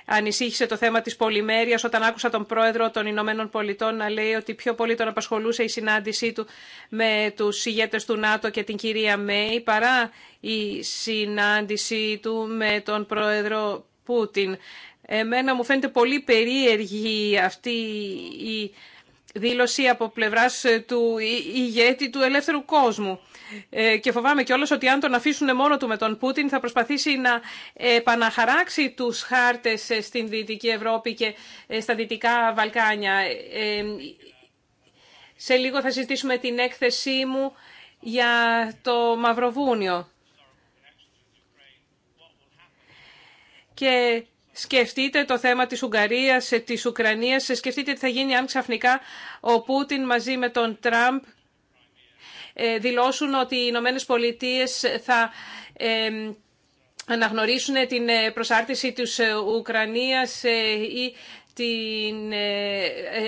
ανησύχησε το θέμα της πολυμέρειας όταν άκουσα τον πρόεδρο των Ηνωμένων Πολιτών να λέει ότι πιο πολύ τον απασχολούσε η συνάντησή του με τους ηγέτες του ΝΑΤΟ και την κυρία Μέη παρά η συνάντησή του με τον πρόεδρο Πούτιν. Εμένα μου φαίνεται πολύ περίεργη αυτή η δήλωση από πλευράς του ηγέτη του ελεύθερου κόσμου. Ε, και φοβάμαι κιόλας ότι αν τον αφήσουν μόνο του με τον Πούτιν θα προσπαθήσει να επαναχαράξει τους χάρτες στην Δυτική Ευρώπη και ε, στα Δυτικά Βαλκάνια. Ε, σε λίγο θα συζητήσουμε την έκθεσή μου για το Μαυροβούνιο. Και Σκεφτείτε το θέμα της Ουγγαρίας, ε, της Ουκρανίας, ε, σκεφτείτε τι θα γίνει αν ξαφνικά ο Πούτιν μαζί με τον Τραμπ ε, δηλώσουν ότι οι Ηνωμένε Πολιτείε θα αναγνωρίσουν την προσάρτηση της Ουκρανίας ή την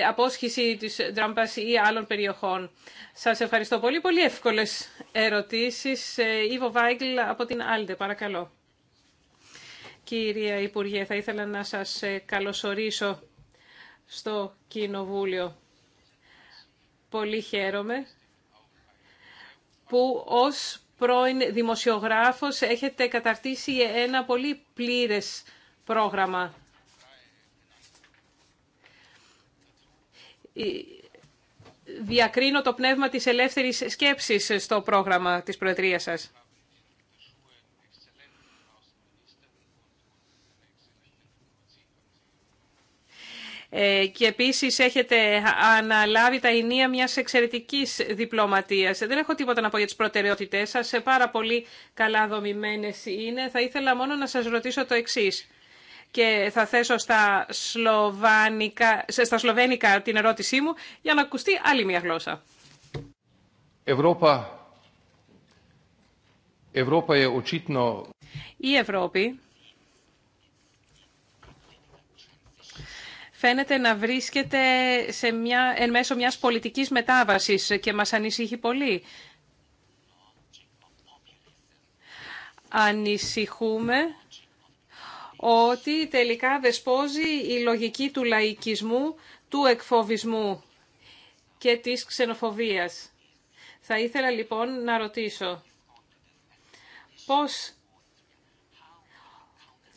απόσχηση της Τραμπας ή άλλων περιοχών. Σας ευχαριστώ πολύ. Πολύ εύκολες ερωτήσεις. Ήβο Βάιγκλ από την Άλντε, παρακαλώ. Κύριε Υπουργέ, θα ήθελα να σας ε, καλωσορίσω στο Κοινοβούλιο. Πολύ χαίρομαι που ως πρώην δημοσιογράφος έχετε καταρτήσει ένα πολύ πλήρες πρόγραμμα. Διακρίνω το πνεύμα της ελεύθερης σκέψης στο πρόγραμμα της Προεδρίας σας. Ε, και επίσης έχετε αναλάβει τα ενία μιας εξαιρετικής διπλωματίας. Δεν έχω τίποτα να πω για τις προτεραιότητές σας, πάρα πολύ καλά δομημένες είναι. Θα ήθελα μόνο να σας ρωτήσω το εξής και θα θέσω στα, στα σλοβένικα την ερώτησή μου για να ακουστεί άλλη μια γλώσσα. Ευρώπα. Ευρώπη... Ε, Η Ευρώπη φαίνεται να βρίσκεται σε μια, εν μέσω μιας πολιτικής μετάβασης και μας ανησυχεί πολύ. Ανησυχούμε ότι τελικά δεσπόζει η λογική του λαϊκισμού, του εκφοβισμού και της ξενοφοβίας. Θα ήθελα λοιπόν να ρωτήσω πώς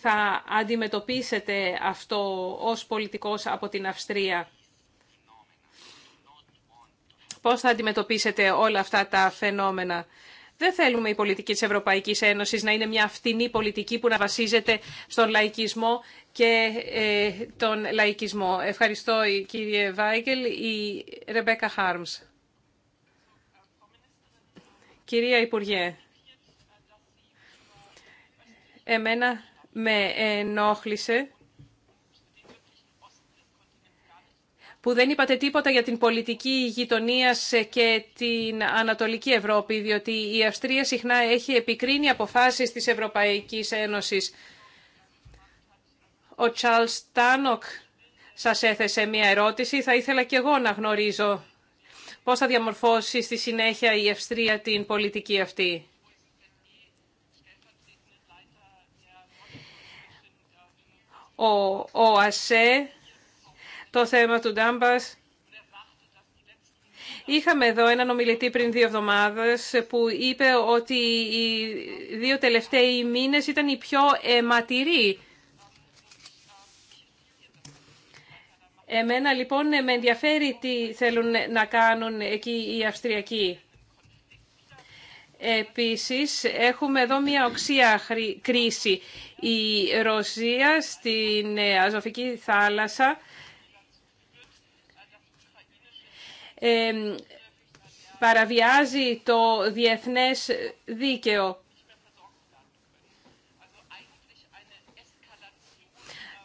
θα αντιμετωπίσετε αυτό ως πολιτικός από την Αυστρία. Πώς θα αντιμετωπίσετε όλα αυτά τα φαινόμενα. Δεν θέλουμε η πολιτική της Ευρωπαϊκής Ένωσης να είναι μια φτηνή πολιτική που να βασίζεται στον λαϊκισμό και ε, τον λαϊκισμό. Ευχαριστώ κύριε Βάγκελ. Η Ρεμπέκα Χάρμς. Κυρία Υπουργέ, εμένα με ενόχλησε που δεν είπατε τίποτα για την πολιτική γειτονία και την Ανατολική Ευρώπη, διότι η Αυστρία συχνά έχει επικρίνει αποφάσεις της Ευρωπαϊκής Ένωσης. Ο Τσάλς Τάνοκ σας έθεσε μία ερώτηση. Θα ήθελα και εγώ να γνωρίζω πώς θα διαμορφώσει στη συνέχεια η Αυστρία την πολιτική αυτή. ο ΑΣΕ, το θέμα του Ντάμπας. Είχαμε εδώ έναν ομιλητή πριν δύο εβδομάδες που είπε ότι οι δύο τελευταίοι μήνες ήταν οι πιο αιματηροί. Εμένα λοιπόν με ενδιαφέρει τι θέλουν να κάνουν εκεί οι Αυστριακοί. Επίσης, έχουμε εδώ μια οξία κρίση. Η Ρωσία στην ε, Αζωφική θάλασσα παραβιάζει το διεθνές δίκαιο.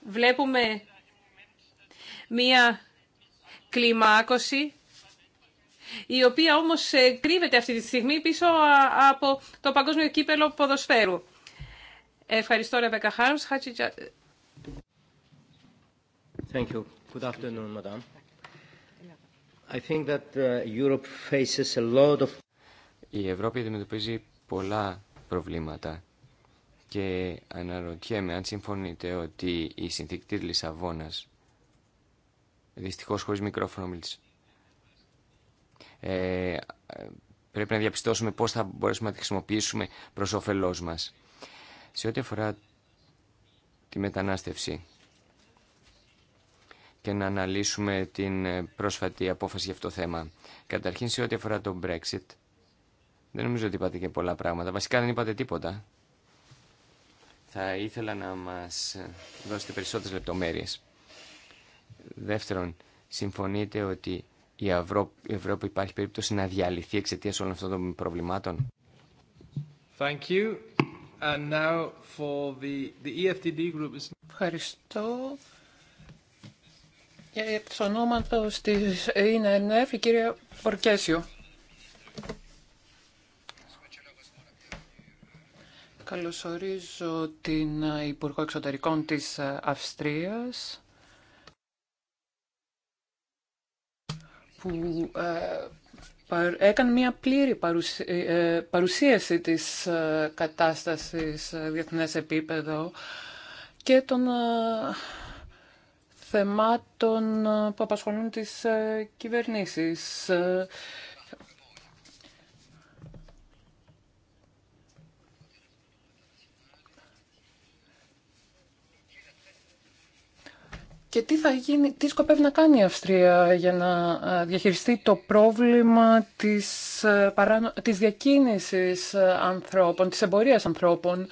Βλέπουμε μία κλιμάκωση η οποία όμως ε, κρύβεται αυτή τη στιγμή πίσω από το Παγκόσμιο Κύπελο Ποδοσφαίρου. Ευχαριστώ, Ρεβέκα Χάρμς. Thank Η Ευρώπη αντιμετωπίζει πολλά προβλήματα και αναρωτιέμαι αν συμφωνείτε ότι η συνθήκη της Λισαβόνας δυστυχώς χωρίς μικρόφωνο μίλησε ε, πρέπει να διαπιστώσουμε πώς θα μπορέσουμε να τη χρησιμοποιήσουμε προς όφελός μας. Σε ό,τι αφορά τη μετανάστευση και να αναλύσουμε την ε, πρόσφατη απόφαση για αυτό το θέμα. Καταρχήν σε ό,τι αφορά το Brexit, δεν νομίζω ότι είπατε και πολλά πράγματα. Βασικά δεν είπατε τίποτα. Θα ήθελα να μας δώσετε περισσότερες λεπτομέρειες. Δεύτερον, συμφωνείτε ότι η Ευρώπη υπάρχει περίπτωση να διαλυθεί εξαιτία όλων αυτών των προβλημάτων. Thank you. And now for the, the EFTD group is... Ευχαριστώ. Για το ονόματο τη ΕΝΕΦ, η κυρία Ορκέσιο. Καλωσορίζω την Υπουργό Εξωτερικών της Αυστρίας που ε, έκανε μια πλήρη ε, ε, παρουσίαση της κατάστασης διεθνές επίπεδο και των θεμάτων που απασχολούν τις κυβερνήσεις. Και τι, θα γίνει, τι σκοπεύει να κάνει η Αυστρία για να ε, διαχειριστεί το πρόβλημα της, ε, της διακίνησης ε, ανθρώπων, της εμπορίας ανθρώπων,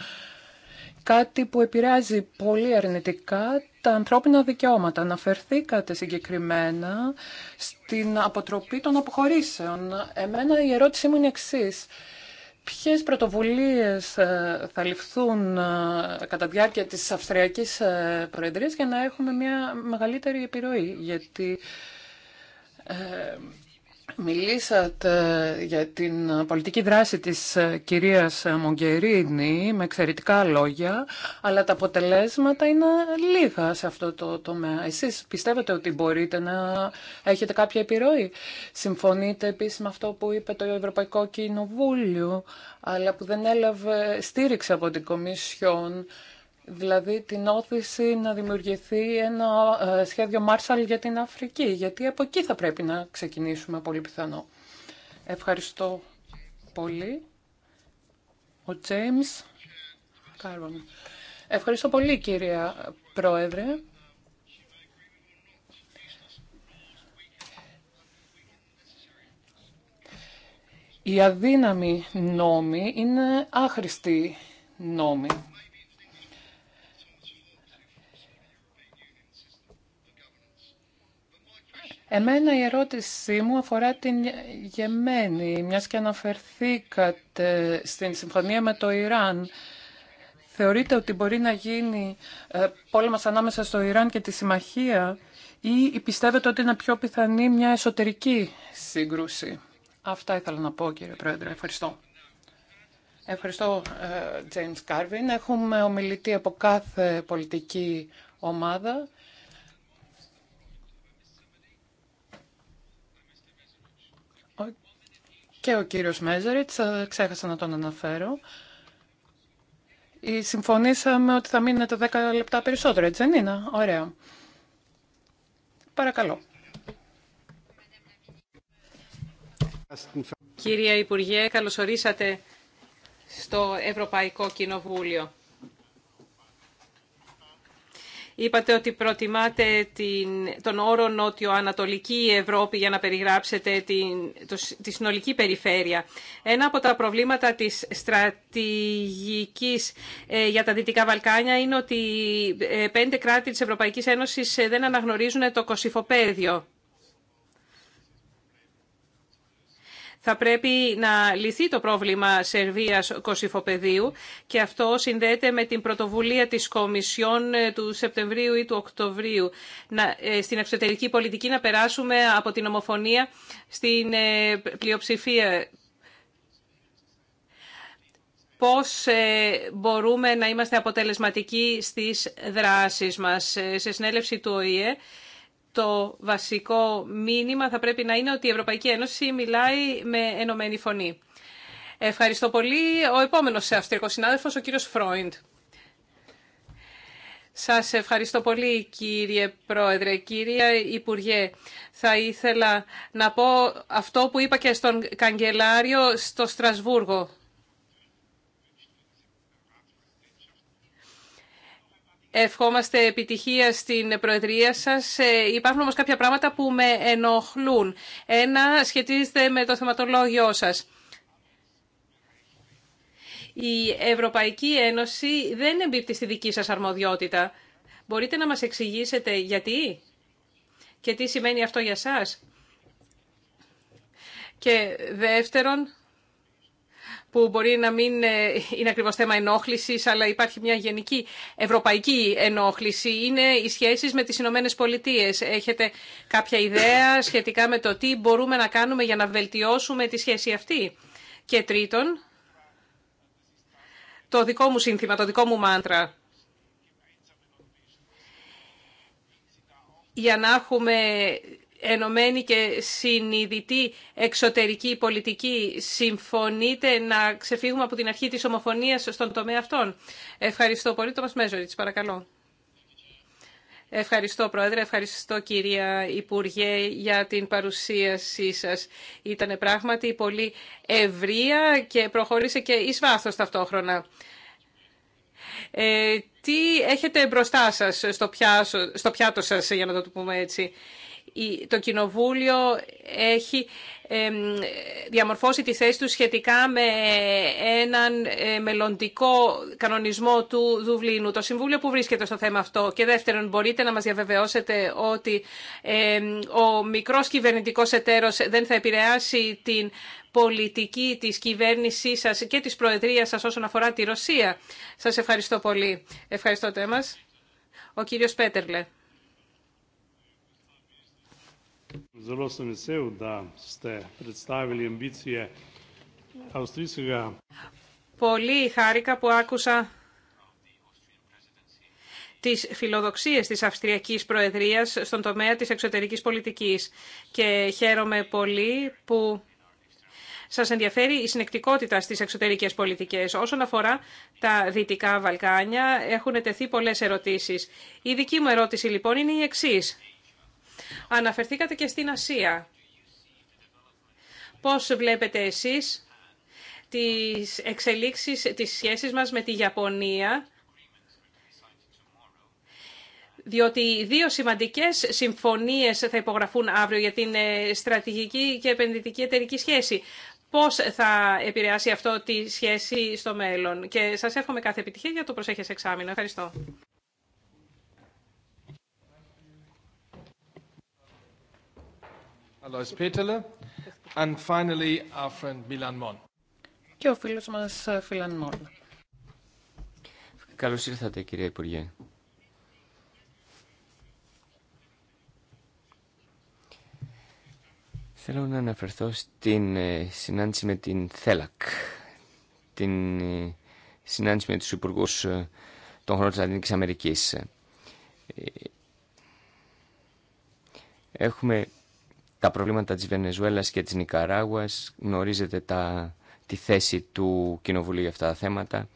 κάτι που επηρεάζει πολύ αρνητικά τα ανθρώπινα δικαιώματα. Αναφερθήκατε συγκεκριμένα στην αποτροπή των αποχωρήσεων. Εμένα η ερώτησή μου είναι εξής. Ποιες πρωτοβουλίες ε, θα ληφθούν ε, κατά διάρκεια της Αυστριακής ε, Προεδρίας για να έχουμε μια μεγαλύτερη επιρροή, γιατί Μιλήσατε για την πολιτική δράση της ε, κυρίας Μογκερίνη με εξαιρετικά λόγια, αλλά τα αποτελέσματα είναι λίγα σε αυτό το τομέα. Εσείς πιστεύετε ότι μπορείτε να έχετε κάποια επιρροή. Συμφωνείτε επίσης με αυτό που είπε το Ευρωπαϊκό Κοινοβούλιο, αλλά που δεν έλαβε στήριξη από την Κομισιόν Δηλαδή την όθηση να δημιουργηθεί ένα ε, σχέδιο Marshall για την Αφρική, γιατί από εκεί θα πρέπει να ξεκινήσουμε πολύ πιθανό. Ευχαριστώ πολύ. Ο James Ευχαριστώ πολύ κυρία Πρόεδρε. Η αδύναμη νόμη είναι άχρηστη νόμη. Εμένα η ερώτησή μου αφορά την Γεμένη, μιας και αναφερθήκατε στην συμφωνία με το Ιράν. Θεωρείτε ότι μπορεί να γίνει ε, πόλεμος ανάμεσα στο Ιράν και τη Συμμαχία ή πιστεύετε ότι είναι πιο πιθανή μια εσωτερική σύγκρουση. Αυτά ήθελα να πω κύριε Πρόεδρε. Ευχαριστώ. Ευχαριστώ ε, James Carvin. Έχουμε ομιλητή από κάθε πολιτική ομάδα. και ο κύριος Μέζεριτ, ξέχασα να τον αναφέρω. Ε, συμφωνήσαμε ότι θα μείνετε 10 λεπτά περισσότερο, έτσι δεν είναι. Ωραία. Παρακαλώ. Κυρία Υπουργέ, καλωσορίσατε στο Ευρωπαϊκό Κοινοβούλιο. Είπατε ότι προτιμάτε την, τον όρο Νότιο-Ανατολική Ευρώπη για να περιγράψετε την, το, τη συνολική περιφέρεια. Ένα από τα προβλήματα της στρατηγικής ε, για τα Δυτικά Βαλκάνια είναι ότι ε, πέντε κράτη της Ευρωπαϊκής Ένωσης ε, δεν αναγνωρίζουν το κοσυφοπαίδιο. Θα πρέπει να λυθεί το πρόβλημα Σερβίας-Κωσυφοπεδίου και αυτό συνδέεται με την πρωτοβουλία της Κομισιόν ε, του Σεπτεμβρίου ή του Οκτωβρίου ε, στην εξωτερική πολιτική να περάσουμε από την ομοφωνία στην ε, πλειοψηφία πώς μπορούμε να είμαστε αποτελεσματικοί στις δράσεις μας. Σε συνέλευση του ΟΗΕ το βασικό μήνυμα θα πρέπει να είναι ότι η Ευρωπαϊκή Ένωση μιλάει με ενωμένη φωνή. Ευχαριστώ πολύ. Ο επόμενος αυστριακός συνάδελφος, ο κύριος Φρόιντ. Σας ευχαριστώ πολύ κύριε Πρόεδρε, κύριε Υπουργέ. Θα ήθελα να πω αυτό που είπα και στον Καγκελάριο στο Στρασβούργο. Ευχόμαστε επιτυχία στην Προεδρία σας. Ε, υπάρχουν όμως κάποια πράγματα που με ενοχλούν. Ένα σχετίζεται με το θεματολόγιο σας. Η Ευρωπαϊκή Ένωση δεν εμπίπτει στη δική σας αρμοδιότητα. Μπορείτε να μας εξηγήσετε γιατί και τι σημαίνει αυτό για σας. Και δεύτερον, που μπορεί να μην ε, είναι ακριβώ θέμα ενόχληση, αλλά υπάρχει μια γενική ευρωπαϊκή ενόχληση, είναι οι σχέσεις με τις Ηνωμένε Πολιτείε. Έχετε κάποια ιδέα σχετικά με το τι μπορούμε να κάνουμε για να βελτιώσουμε τη σχέση αυτή. Και τρίτον, το δικό μου σύνθημα, το δικό μου μάντρα. Για να έχουμε ενωμένη και συνειδητή εξωτερική πολιτική. Συμφωνείτε να ξεφύγουμε από την αρχή της ομοφωνίας στον τομέα αυτών. Ευχαριστώ πολύ. Το μας Μέζοριτς, παρακαλώ. Ευχαριστώ, Πρόεδρε. Ευχαριστώ, κυρία Υπουργέ, για την παρουσίασή σας. Ήταν πράγματι πολύ ευρία και προχώρησε και εις βάθος ταυτόχρονα. Ε, τι έχετε μπροστά σας στο, στο πιάτο σας, για να το πούμε έτσι το Κοινοβούλιο έχει διαμορφώσει τη θέση του σχετικά με έναν ε, μελλοντικό κανονισμό του Δουβλίνου. Το Συμβούλιο που βρίσκεται στο θέμα αυτό. Και δεύτερον, μπορείτε να μας διαβεβαιώσετε ότι ο μικρός κυβερνητικός εταίρος δεν θα επηρεάσει την πολιτική της κυβέρνησής σας και της Προεδρίας σας όσον αφορά τη Ρωσία. Σας ευχαριστώ πολύ. Ευχαριστώ τέμας. Ο κύριος Πέτερλε. Πολύ χάρηκα που άκουσα τις φιλοδοξίες της Αυστριακής Προεδρίας στον τομέα της εξωτερικής πολιτικής. Και χαίρομαι πολύ που σας ενδιαφέρει η συνεκτικότητα στις εξωτερικές πολιτικές. Όσον αφορά τα Δυτικά Βαλκάνια, έχουν τεθεί πολλές ερωτήσεις. Η δική μου ερώτηση λοιπόν είναι η εξής. Αναφερθήκατε και στην Ασία. Πώς βλέπετε εσείς τις εξελίξεις της σχέσης μας με τη Ιαπωνία, διότι δύο σημαντικές συμφωνίες θα υπογραφούν αύριο για την ε, στρατηγική και επενδυτική εταιρική σχέση. Πώς θα επηρεάσει αυτό τη σχέση στο μέλλον. Και σας εύχομαι κάθε επιτυχία για το προσέχες εξάμεινο. Ευχαριστώ. Alois Peterle, and finally our friend Milan Mon. Και ο φίλος μας ε, Φιλαν Μόν. Καλώς ήρθατε κυρία Υπουργέ. Θέλω να αναφερθώ στην ε, συνάντηση με την ΘΕΛΑΚ, την ε, συνάντηση με τους υπουργούς των χρόνων της Αντίνικης Αμερικής. Έχουμε τα προβλήματα της Βενεζουέλας και της Νικαράγουας. Γνωρίζετε τα, τη θέση του Κοινοβουλίου για αυτά τα θέματα.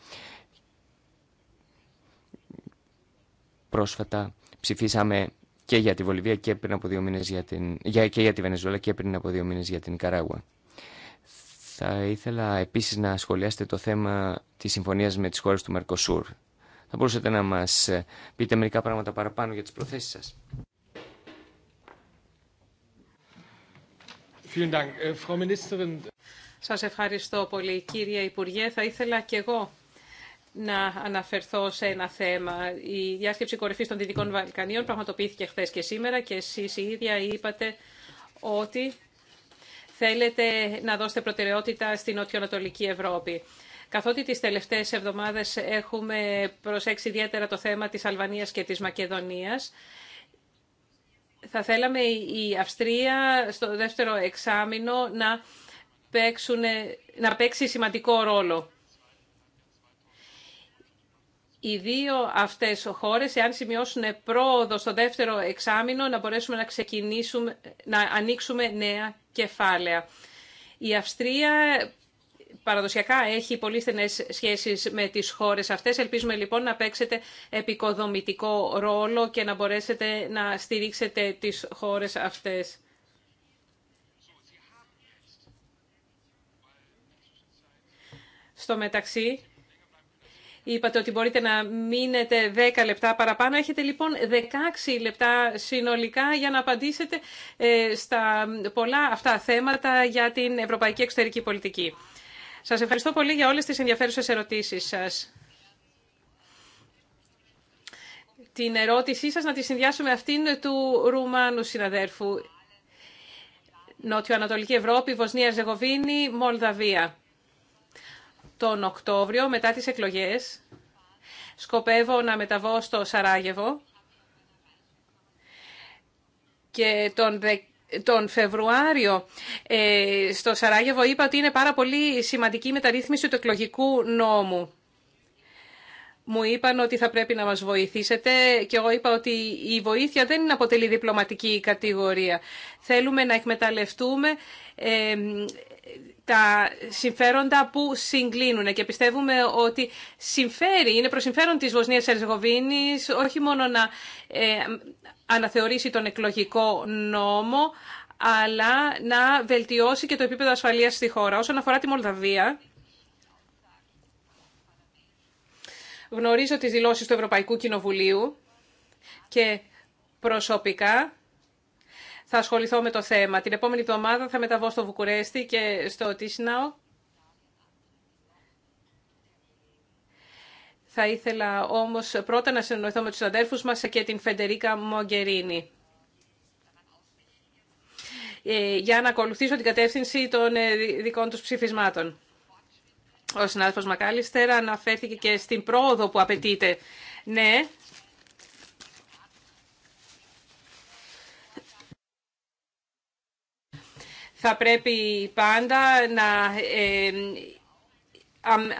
Πρόσφατα ψηφίσαμε και για τη Βολιβία και, πριν από δύο μήνες για την, για, και για τη Βενεζουέλα και πριν από δύο μήνες για την Νικαράγουα. Θα ήθελα επίσης να σχολιάσετε το θέμα της συμφωνίας με τις χώρες του Μερκοσούρ. Θα μπορούσατε να μας ε, πείτε μερικά πράγματα παραπάνω για τις προθέσεις σας. Äh, Σας ευχαριστώ πολύ, κύριε Υπουργέ. Θα ήθελα και εγώ να αναφερθώ σε ένα θέμα. Η διάσκεψη κορυφή των Δυτικών Βαλκανίων πραγματοποιήθηκε χθε και σήμερα και εσεί η ίδια είπατε ότι θέλετε να δώσετε προτεραιότητα στην νοτιοανατολική Ευρώπη. Καθότι τις τελευταίες εβδομάδες έχουμε προσέξει ιδιαίτερα το θέμα της Αλβανίας και της Μακεδονίας, θα θέλαμε η Αυστρία στο δεύτερο εξάμεινο να, να παίξει σημαντικό ρόλο. Οι δύο αυτές χώρες, εάν σημειώσουν πρόοδο στο δεύτερο εξάμεινο, να μπορέσουμε να ξεκινήσουμε, να ανοίξουμε νέα κεφάλαια. Η Αυστρία παραδοσιακά έχει πολύ στενέ σχέσεις με τις χώρες αυτές. Ελπίζουμε λοιπόν να παίξετε επικοδομητικό ρόλο και να μπορέσετε να στηρίξετε τις χώρες αυτές. Στο μεταξύ, είπατε ότι μπορείτε να μείνετε 10 λεπτά παραπάνω. Έχετε λοιπόν 16 λεπτά συνολικά για να απαντήσετε ε, στα πολλά αυτά θέματα για την ευρωπαϊκή εξωτερική πολιτική. Σας ευχαριστώ πολύ για όλες τις ενδιαφέρουσες ερωτήσεις σας. Την ερώτησή σας να τη συνδυάσω αυτήν του Ρουμάνου συναδέρφου. Νότιο-Ανατολική Ευρώπη, Βοσνία, Ζεγοβίνη, Μολδαβία. Τον Οκτώβριο, μετά τις εκλογές, σκοπεύω να μεταβώ στο Σαράγεβο και τον τον Φεβρουάριο ε, στο Σαράγεβο είπα ότι είναι πάρα πολύ σημαντική η μεταρρύθμιση του εκλογικού νόμου. Μου είπαν ότι θα πρέπει να μας βοηθήσετε και εγώ είπα ότι η βοήθεια δεν είναι αποτελεί διπλωματική κατηγορία. Θέλουμε να εκμεταλλευτούμε ε, τα συμφέροντα που συγκλίνουν και πιστεύουμε ότι συμφέρει, είναι προς συμφέρον της Βοσνίας Ερζεγοβίνης όχι μόνο να ε, αναθεωρήσει τον εκλογικό νόμο, αλλά να βελτιώσει και το επίπεδο ασφαλείας στη χώρα. Όσον αφορά τη Μολδαβία, γνωρίζω τις δηλώσεις του Ευρωπαϊκού Κοινοβουλίου και προσωπικά θα ασχοληθώ με το θέμα. Την επόμενη εβδομάδα θα μεταβώ στο Βουκουρέστι και στο Τίσναο Θα ήθελα όμως πρώτα να συνεννοηθώ με τους αδέρφους μας και την Φεντερίκα Μογκερίνη ε, για να ακολουθήσω την κατεύθυνση των ε, δικών τους ψηφισμάτων. Ο συνάδελφος Μακάλιστερα αναφέρθηκε και στην πρόοδο που απαιτείται. Ναι, θα πρέπει πάντα να ε,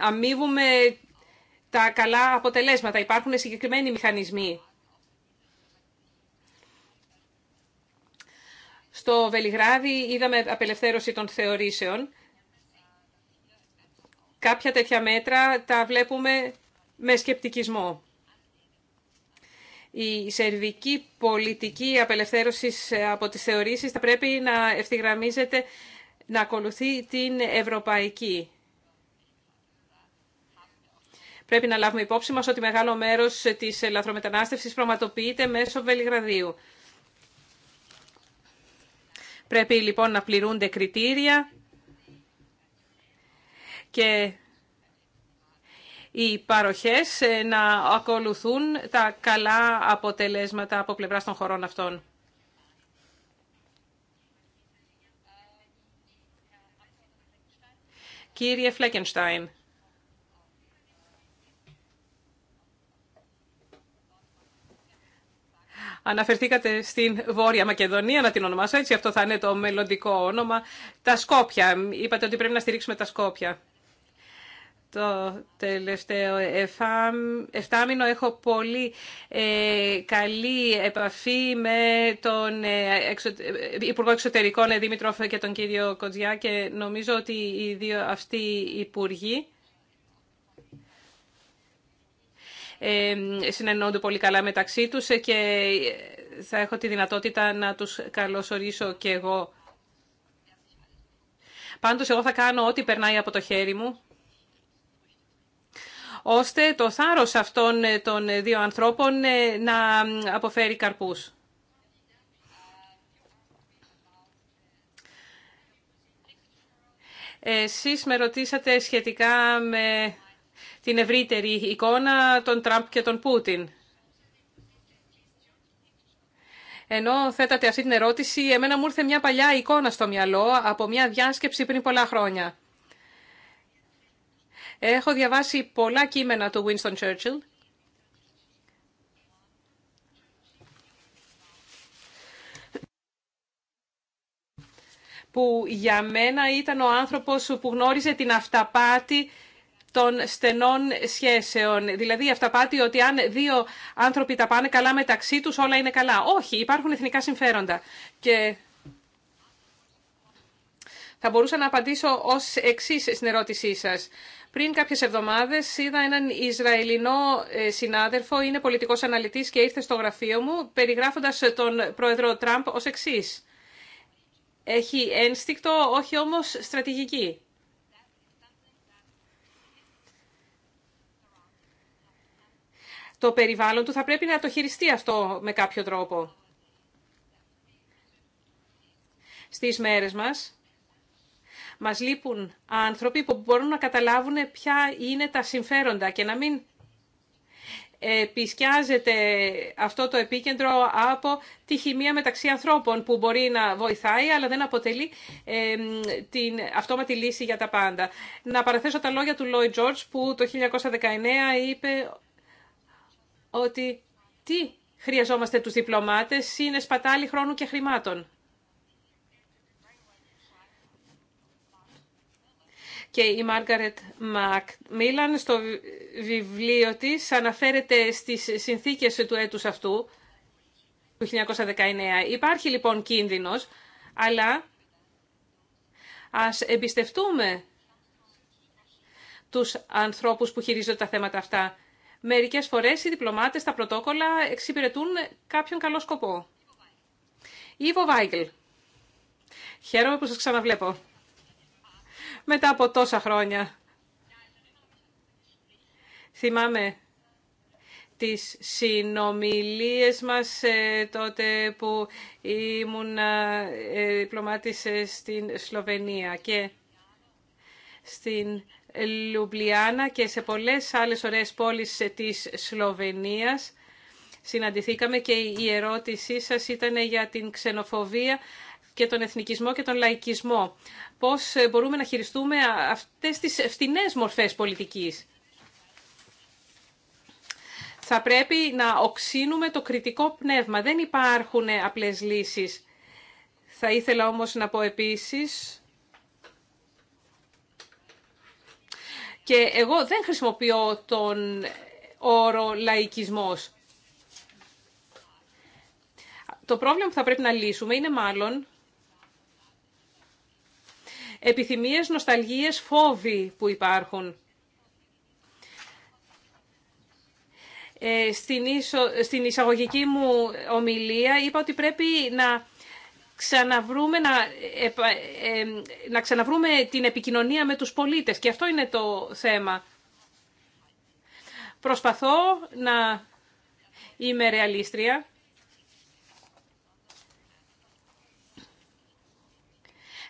αμείβουμε τα καλά αποτελέσματα. Υπάρχουν συγκεκριμένοι μηχανισμοί. Στο Βελιγράδι είδαμε απελευθέρωση των θεωρήσεων. Κάποια τέτοια μέτρα τα βλέπουμε με σκεπτικισμό. Η σερβική πολιτική απελευθέρωση ε, από τις θεωρήσεις θα πρέπει να ευθυγραμμίζεται να ακολουθεί την ευρωπαϊκή. Πρέπει να λάβουμε υπόψη μας ότι μεγάλο μέρος της λαθρομετανάστευσης πραγματοποιείται μέσω Βελιγραδίου. Πρέπει λοιπόν να πληρούνται κριτήρια και οι παροχές ε, να ακολουθούν τα καλά αποτελέσματα από πλευράς των χωρών αυτών. Κύριε Φλέκενστάιν, Αναφερθήκατε στην Βόρεια Μακεδονία, να την ονομάσω έτσι, αυτό θα είναι το μελλοντικό όνομα. Τα Σκόπια, είπατε ότι πρέπει να στηρίξουμε τα Σκόπια. Το τελευταίο εφτάμινο έχω πολύ ε, καλή επαφή με τον ε, εξω, ε, Υπουργό Εξωτερικών ε, Δήμητροφ και τον κύριο Κοντζιά και νομίζω ότι οι δύο αυτοί υπουργοί συνεννώνται πολύ καλά μεταξύ τους ε, και ε, θα έχω τη δυνατότητα να τους καλωσορίσω και εγώ. Πάντως εγώ θα κάνω ό,τι περνάει από το χέρι μου ώστε το θάρρος αυτών ε, των δύο ανθρώπων να αποφέρει καρπούς. Εσείς με ρωτήσατε σχετικά με την ευρύτερη εικόνα των Τραμπ και των Πούτιν. Ενώ θέτατε αυτή την ερώτηση, εμένα μου ήρθε μια παλιά εικόνα στο μυαλό από μια διάσκεψη πριν πολλά χρόνια. Έχω διαβάσει πολλά κείμενα του Winston Churchill που για μένα ήταν ο άνθρωπος που γνώριζε την αυταπάτη των στενών σχέσεων. Δηλαδή αυταπάτη ότι αν δύο άνθρωποι τα πάνε καλά μεταξύ τους όλα είναι καλά. Όχι, υπάρχουν εθνικά συμφέροντα. Και θα μπορούσα να απαντήσω ως εξή στην ερώτησή σας. Πριν κάποιες εβδομάδες είδα έναν Ισραηλινό ε, συνάδελφο, είναι πολιτικός αναλυτής και ήρθε στο γραφείο μου, περιγράφοντας τον πρόεδρο Τραμπ ως εξή. Έχει ένστικτο, όχι όμως στρατηγική. το περιβάλλον του, θα πρέπει να το χειριστεί αυτό με κάποιο τρόπο. Στις μέρες μας, μας λείπουν άνθρωποι που μπορούν να καταλάβουν ποια είναι τα συμφέροντα και να μην επισκιάζεται αυτό το επίκεντρο από τη χημεία μεταξύ ανθρώπων που μπορεί να βοηθάει αλλά δεν αποτελεί την αυτόματη λύση για τα πάντα. Να παραθέσω τα λόγια του Λόι George που το 1919 είπε ότι τι χρειαζόμαστε τους διπλωμάτες είναι σπατάλη χρόνου και χρημάτων. Και η Μάργαρετ Μίλαν στο βιβλίο της αναφέρεται στις συνθήκες του έτους αυτού, του 1919. Υπάρχει λοιπόν κίνδυνος, αλλά ας εμπιστευτούμε τους ανθρώπους που χειρίζονται τα θέματα αυτά. Μερικές φορές οι διπλωμάτες, τα πρωτόκολλα εξυπηρετούν κάποιον καλό σκοπό. Ιβο Βάιγκλ. Χαίρομαι που σας ξαναβλέπω. Μετά από τόσα χρόνια. Θυμάμαι τις συνομιλίες μας ε, τότε που ήμουν ε, διπλωμάτης ε, στην Σλοβενία και στην Λουμπλιάνα και σε πολλές άλλες ωραίες πόλεις της Σλοβενίας συναντηθήκαμε και η ερώτησή σας ήταν για την ξενοφοβία και τον εθνικισμό και τον λαϊκισμό. Πώς μπορούμε να χειριστούμε αυτές τις φτηνές μορφές πολιτικής. Θα πρέπει να οξύνουμε το κριτικό πνεύμα. Δεν υπάρχουν απλές λύσεις. Θα ήθελα όμως να πω επίσης Και εγώ δεν χρησιμοποιώ τον όρο λαϊκισμός. Το πρόβλημα που θα πρέπει να λύσουμε είναι μάλλον επιθυμίες, νοσταλγίες, φόβοι που υπάρχουν. Ε, στην, εισαγωγική μου ομιλία είπα ότι πρέπει να να, ε, να ξαναβρούμε την επικοινωνία με τους πολίτες. Και αυτό είναι το θέμα. Προσπαθώ να είμαι ρεαλίστρια.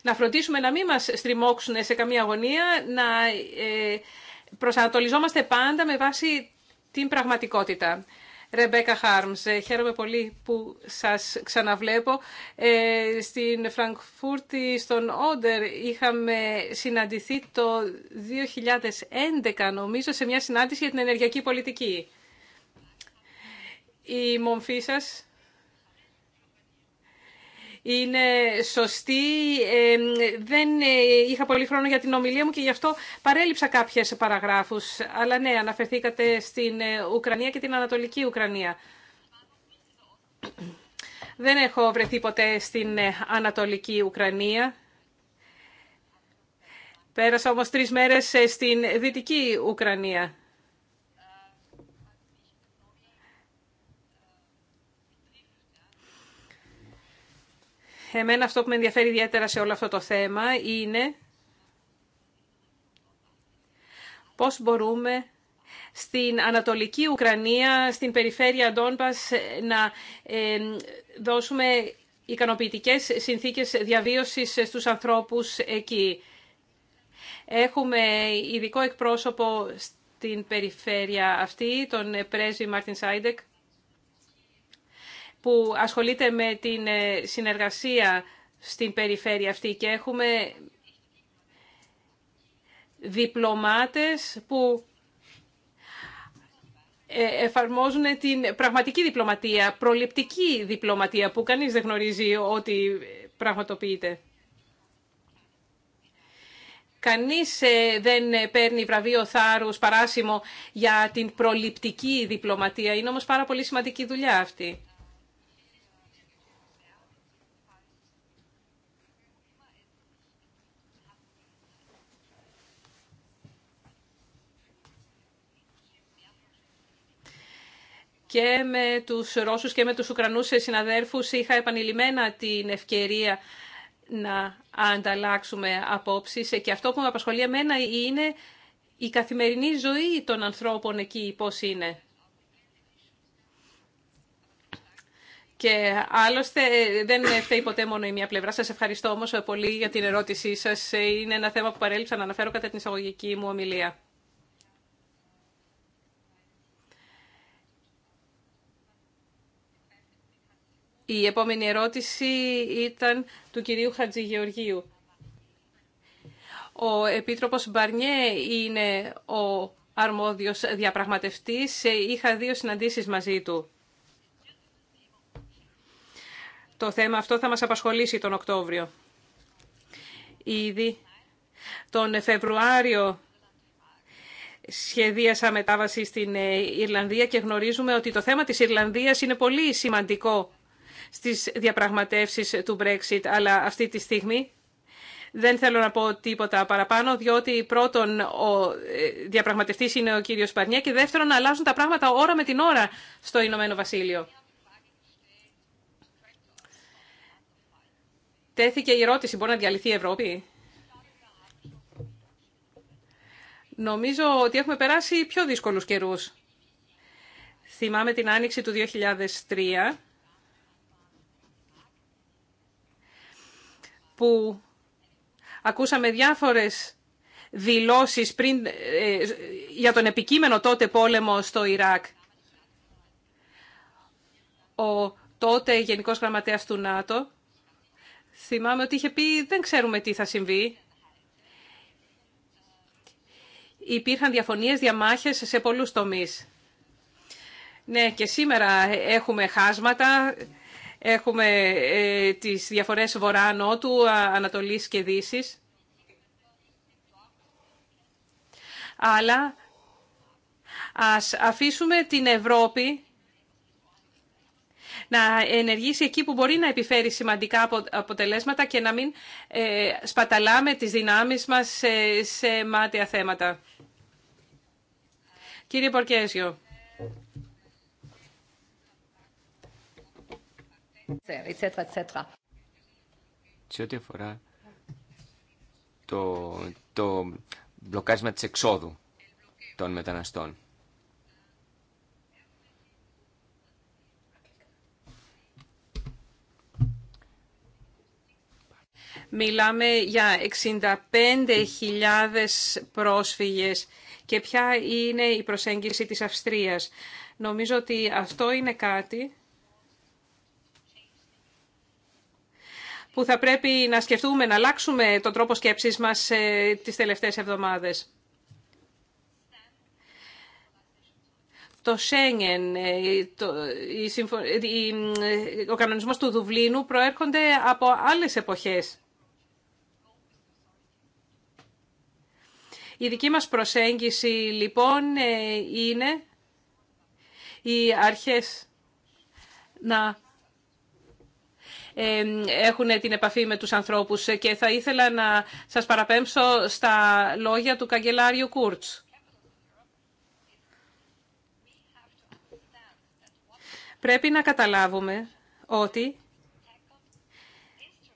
Να φροντίσουμε να μην μας στριμώξουν σε καμία αγωνία, να ε, προσανατολιζόμαστε πάντα με βάση την πραγματικότητα. Ρεμπέκα Χάρμς. Ε, χαίρομαι πολύ που σας ξαναβλέπω. Ε, στην Φραγκφούρτη, στον Όντερ, είχαμε συναντηθεί το 2011, νομίζω, σε μια συνάντηση για την ενεργειακή πολιτική. Η μομφή σας είναι σωστή. Ε, δεν ε, είχα πολύ χρόνο για την ομιλία μου και γι' αυτό παρέλειψα κάποιε παραγράφου. Αλλά ναι, αναφερθήκατε στην ε, Ουκρανία και την Ανατολική Ουκρανία. Δεν έχω βρεθεί ποτέ στην Ανατολική Ουκρανία. Πέρασα όμως τρεις μέρες στην Δυτική Ουκρανία. εμένα αυτό που με ενδιαφέρει ιδιαίτερα σε όλο αυτό το θέμα είναι πώς μπορούμε στην Ανατολική Ουκρανία, στην περιφέρεια Ντόνπας, να ε, δώσουμε ικανοποιητικές συνθήκες διαβίωσης στους ανθρώπους εκεί. Έχουμε ειδικό εκπρόσωπο στην περιφέρεια αυτή, τον πρέσβη Μάρτιν Σάιντεκ, που ασχολείται με την ε, συνεργασία στην περιφέρεια αυτή και έχουμε διπλωμάτες που ε, εφαρμόζουν την πραγματική διπλωματία, προληπτική διπλωματία που κανείς δεν γνωρίζει ότι πραγματοποιείται. Κανείς ε, δεν παίρνει βραβείο θάρρους παράσημο για την προληπτική διπλωματία. Είναι όμως πάρα πολύ σημαντική δουλειά αυτή. και με τους Ρώσους και με τους Ουκρανούς συναδέρφους είχα επανειλημμένα την ευκαιρία να ανταλλάξουμε απόψεις και αυτό που με απασχολεί εμένα είναι η καθημερινή ζωή των ανθρώπων εκεί πώς είναι. Και άλλωστε δεν φταίει ποτέ μόνο η μία πλευρά. Σας ευχαριστώ όμως πολύ για την ερώτησή σας. Είναι ένα θέμα που παρέλειψα να αναφέρω κατά την εισαγωγική μου ομιλία. Η επόμενη ερώτηση ήταν του κυρίου Χατζηγεωργίου. Ο Επίτροπος Μπαρνιέ είναι ο αρμόδιος διαπραγματευτής. Είχα δύο συναντήσεις μαζί του. Το θέμα αυτό θα μας απασχολήσει τον Οκτώβριο. Ήδη τον Φεβρουάριο σχεδίασα μετάβαση στην ε, Ιρλανδία και γνωρίζουμε ότι το θέμα της Ιρλανδίας είναι πολύ σημαντικό στις διαπραγματεύσεις του Brexit, αλλά αυτή τη στιγμή δεν θέλω να πω τίποτα παραπάνω, διότι πρώτον ο ε, διαπραγματευτής είναι ο κύριος Παρνιέ και δεύτερον αλλάζουν τα πράγματα ώρα με την ώρα στο Ηνωμένο Βασίλειο. Τέθηκε η ερώτηση, μπορεί να διαλυθεί η Ευρώπη. Νομίζω ότι έχουμε περάσει πιο δύσκολους καιρούς. Θυμάμαι την άνοιξη του 2003 που ακούσαμε διάφορες δηλώσεις πριν, ε, για τον επικείμενο τότε πόλεμο στο Ιράκ. Ο τότε Γενικός Γραμματέας του ΝΑΤΟ θυμάμαι ότι είχε πει δεν ξέρουμε τι θα συμβεί. Υπήρχαν διαφωνίες, διαμάχες σε πολλούς τομείς. Ναι, και σήμερα έχουμε χάσματα, Έχουμε ε, τις διαφορές βορρά-νότου, ανατολής και δύσης. Αλλά ας αφήσουμε την Ευρώπη να ενεργήσει εκεί που μπορεί να επιφέρει σημαντικά αποτελέσματα και να μην ε, σπαταλάμε τις δυνάμεις μας σε μάτια θέματα. Κύριε Πορκέζιο, Σε ό,τι αφορά το, το μπλοκάρισμα της εξόδου των μεταναστών. Μιλάμε για 65.000 πρόσφυγες και ποια είναι η προσέγγιση της Αυστρίας. Νομίζω ότι αυτό είναι κάτι που θα πρέπει να σκεφτούμε, να αλλάξουμε τον τρόπο σκέψης μας ε, τις τελευταίες εβδομάδες. το Σέγγεν, ε, ε, ο κανονισμός του Δουβλίνου προέρχονται από άλλες εποχές. Η δική μας προσέγγιση λοιπόν είναι οι αρχές να έχουν την επαφή με τους ανθρώπους και θα ήθελα να σας παραπέμψω στα λόγια του καγκελάριου Κούρτς. Πρέπει να καταλάβουμε ότι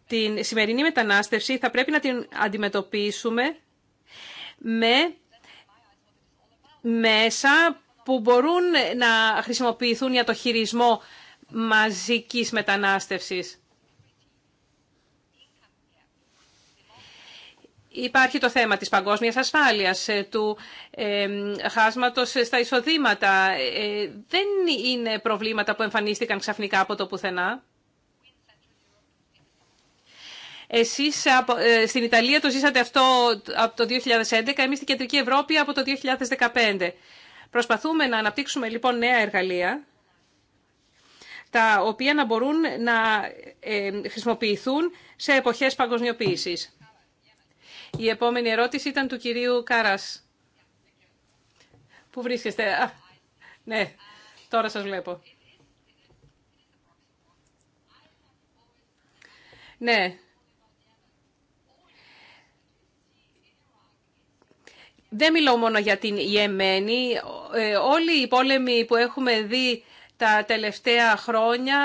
την σημερινή μετανάστευση θα πρέπει να την αντιμετωπίσουμε με μέσα που μπορούν να χρησιμοποιηθούν για το χειρισμό μαζικής μετανάστευσης. Υπάρχει το θέμα της παγκόσμιας ασφάλειας, ε, του ε, χάσματος στα εισοδήματα. Ε, δεν είναι προβλήματα που εμφανίστηκαν ξαφνικά από το πουθενά. Εσείς από, ε, στην Ιταλία το ζήσατε αυτό από το 2011, εμείς στην Κεντρική Ευρώπη από το 2015. Προσπαθούμε να αναπτύξουμε λοιπόν νέα εργαλεία, τα οποία να μπορούν να χρησιμοποιηθούν σε εποχές παγκοσμιοποίησης. Η επόμενη ερώτηση ήταν του κυρίου Κάρας. Πού βρίσκεστε. ναι, τώρα σας βλέπω. Ναι. Δεν μιλώ μόνο για την Ιεμένη. Ε, όλοι οι πόλεμοι που έχουμε δει τα τελευταία χρόνια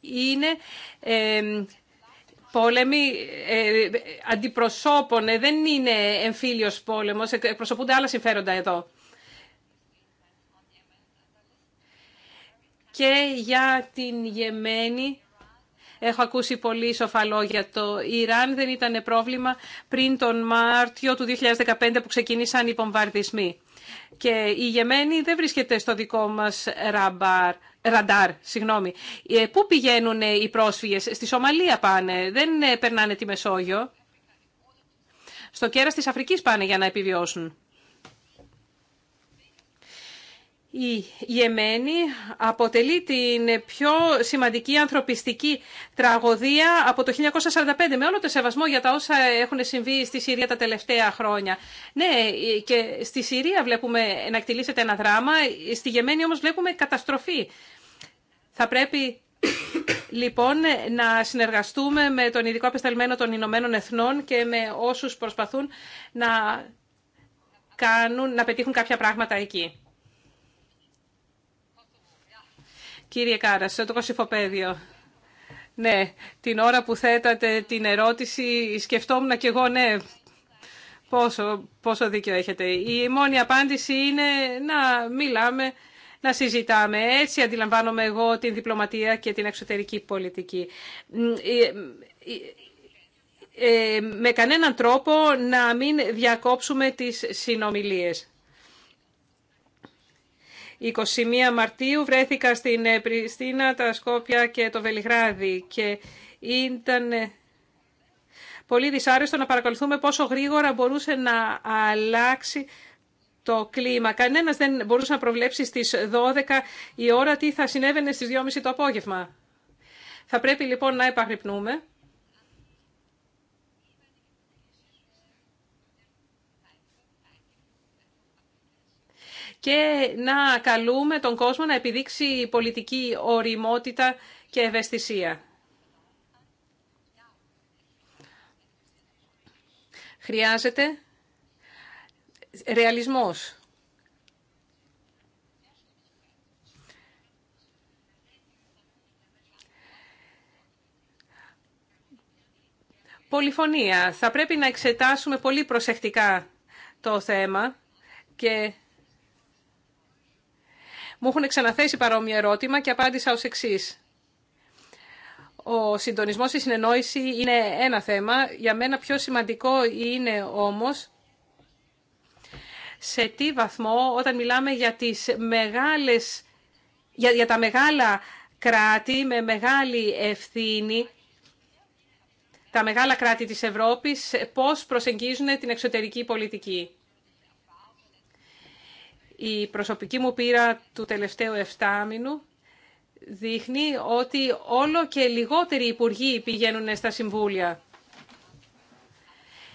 είναι ε, πόλεμοι ε, αντιπροσώπων ε, δεν είναι εμφύλιος πόλεμος, εκπροσωπούνται άλλα συμφέροντα εδώ. Και για την Γεμένη έχω ακούσει πολύ σοφά λόγια. Το Ιράν δεν ήταν πρόβλημα πριν τον Μάρτιο του 2015 που ξεκίνησαν οι βομβαρδισμοί. Και η Γεμένη δεν βρίσκεται στο δικό μας ραμπάρ, ραντάρ. Συγγνώμη. Ε, πού πηγαίνουν οι πρόσφυγες, στη Σομαλία πάνε, δεν ε, περνάνε τη Μεσόγειο. Στο κέρας της Αφρικής πάνε για να επιβιώσουν. Η Γεμένη αποτελεί την πιο σημαντική ανθρωπιστική τραγωδία από το 1945, με όλο το σεβασμό για τα όσα έχουν συμβεί στη Συρία τα τελευταία χρόνια. Ναι, και στη Συρία βλέπουμε να εκτελήσεται ένα δράμα, στη Γεμένη όμως βλέπουμε καταστροφή. Θα πρέπει λοιπόν να συνεργαστούμε με τον ειδικό απεσταλμένο των Ηνωμένων Εθνών και με όσους προσπαθούν να, κάνουν, να πετύχουν κάποια πράγματα εκεί. Κύριε Κάρα, στο Κωσυφοπαίδιο. Ναι, την ώρα που θέτατε την ερώτηση σκεφτόμουν και εγώ ναι. Πόσο, πόσο δίκιο έχετε. Η μόνη απάντηση είναι να μιλάμε, να συζητάμε. Έτσι αντιλαμβάνομαι εγώ την διπλωματία και την εξωτερική πολιτική. Ε, ε, ε, με κανέναν τρόπο να μην διακόψουμε τις συνομιλίες. 21 Μαρτίου βρέθηκα στην ε, Πριστίνα, τα Σκόπια και το Βελιγράδι και ήταν ε, πολύ δυσάρεστο να παρακολουθούμε πόσο γρήγορα μπορούσε να αλλάξει το κλίμα. Κανένας δεν μπορούσε να προβλέψει στις 12 η ώρα τι θα συνέβαινε στις 2.30 το απόγευμα. Θα πρέπει λοιπόν να επαγρυπνούμε και να καλούμε τον κόσμο να επιδείξει πολιτική οριμότητα και ευαισθησία. Χρειάζεται ρεαλισμός. Πολυφωνία. Θα πρέπει να εξετάσουμε πολύ προσεκτικά το θέμα και μου έχουν ξαναθέσει παρόμοιο ερώτημα και απάντησα ως εξής. Ο συντονισμός, η συνεννόηση είναι ένα θέμα. Για μένα πιο σημαντικό είναι όμως σε τι βαθμό όταν μιλάμε για, τις μεγάλες, για, για τα μεγάλα κράτη με μεγάλη ευθύνη, τα μεγάλα κράτη της Ευρώπης, πώς προσεγγίζουν την εξωτερική πολιτική. Η προσωπική μου πείρα του τελευταίου εφτάμινου δείχνει ότι όλο και λιγότεροι υπουργοί πηγαίνουν στα συμβούλια.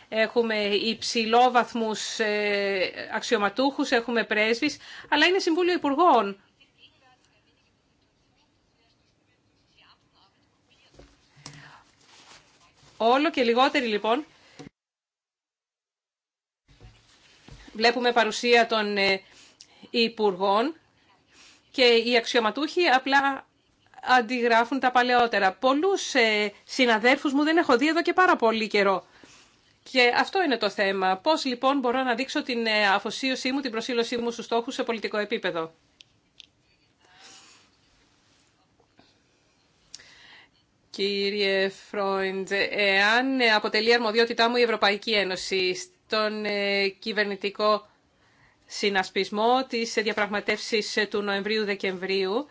Έχουμε υψηλόβαθμους ε, αξιωματούχους, έχουμε πρέσβεις, αλλά είναι Συμβούλιο Υπουργών. Όλο και λιγότεροι λοιπόν βλέπουμε παρουσία των ε, υπουργών και οι αξιωματούχοι απλά αντιγράφουν τα παλαιότερα. Πολλούς ε, συναδέρφους μου δεν έχω δει εδώ και πάρα πολύ καιρό. Και αυτό είναι το θέμα. Πώς λοιπόν μπορώ να δείξω την ε, αφοσίωσή μου, την προσήλωσή μου στους στόχους σε πολιτικό επίπεδο. Κύριε Φρόιντ, εάν αποτελεί αρμοδιότητά μου η Ευρωπαϊκή Ένωση στον ε, κυβερνητικό συνασπισμό της διαπραγματεύσεις του Νοεμβρίου-Δεκεμβρίου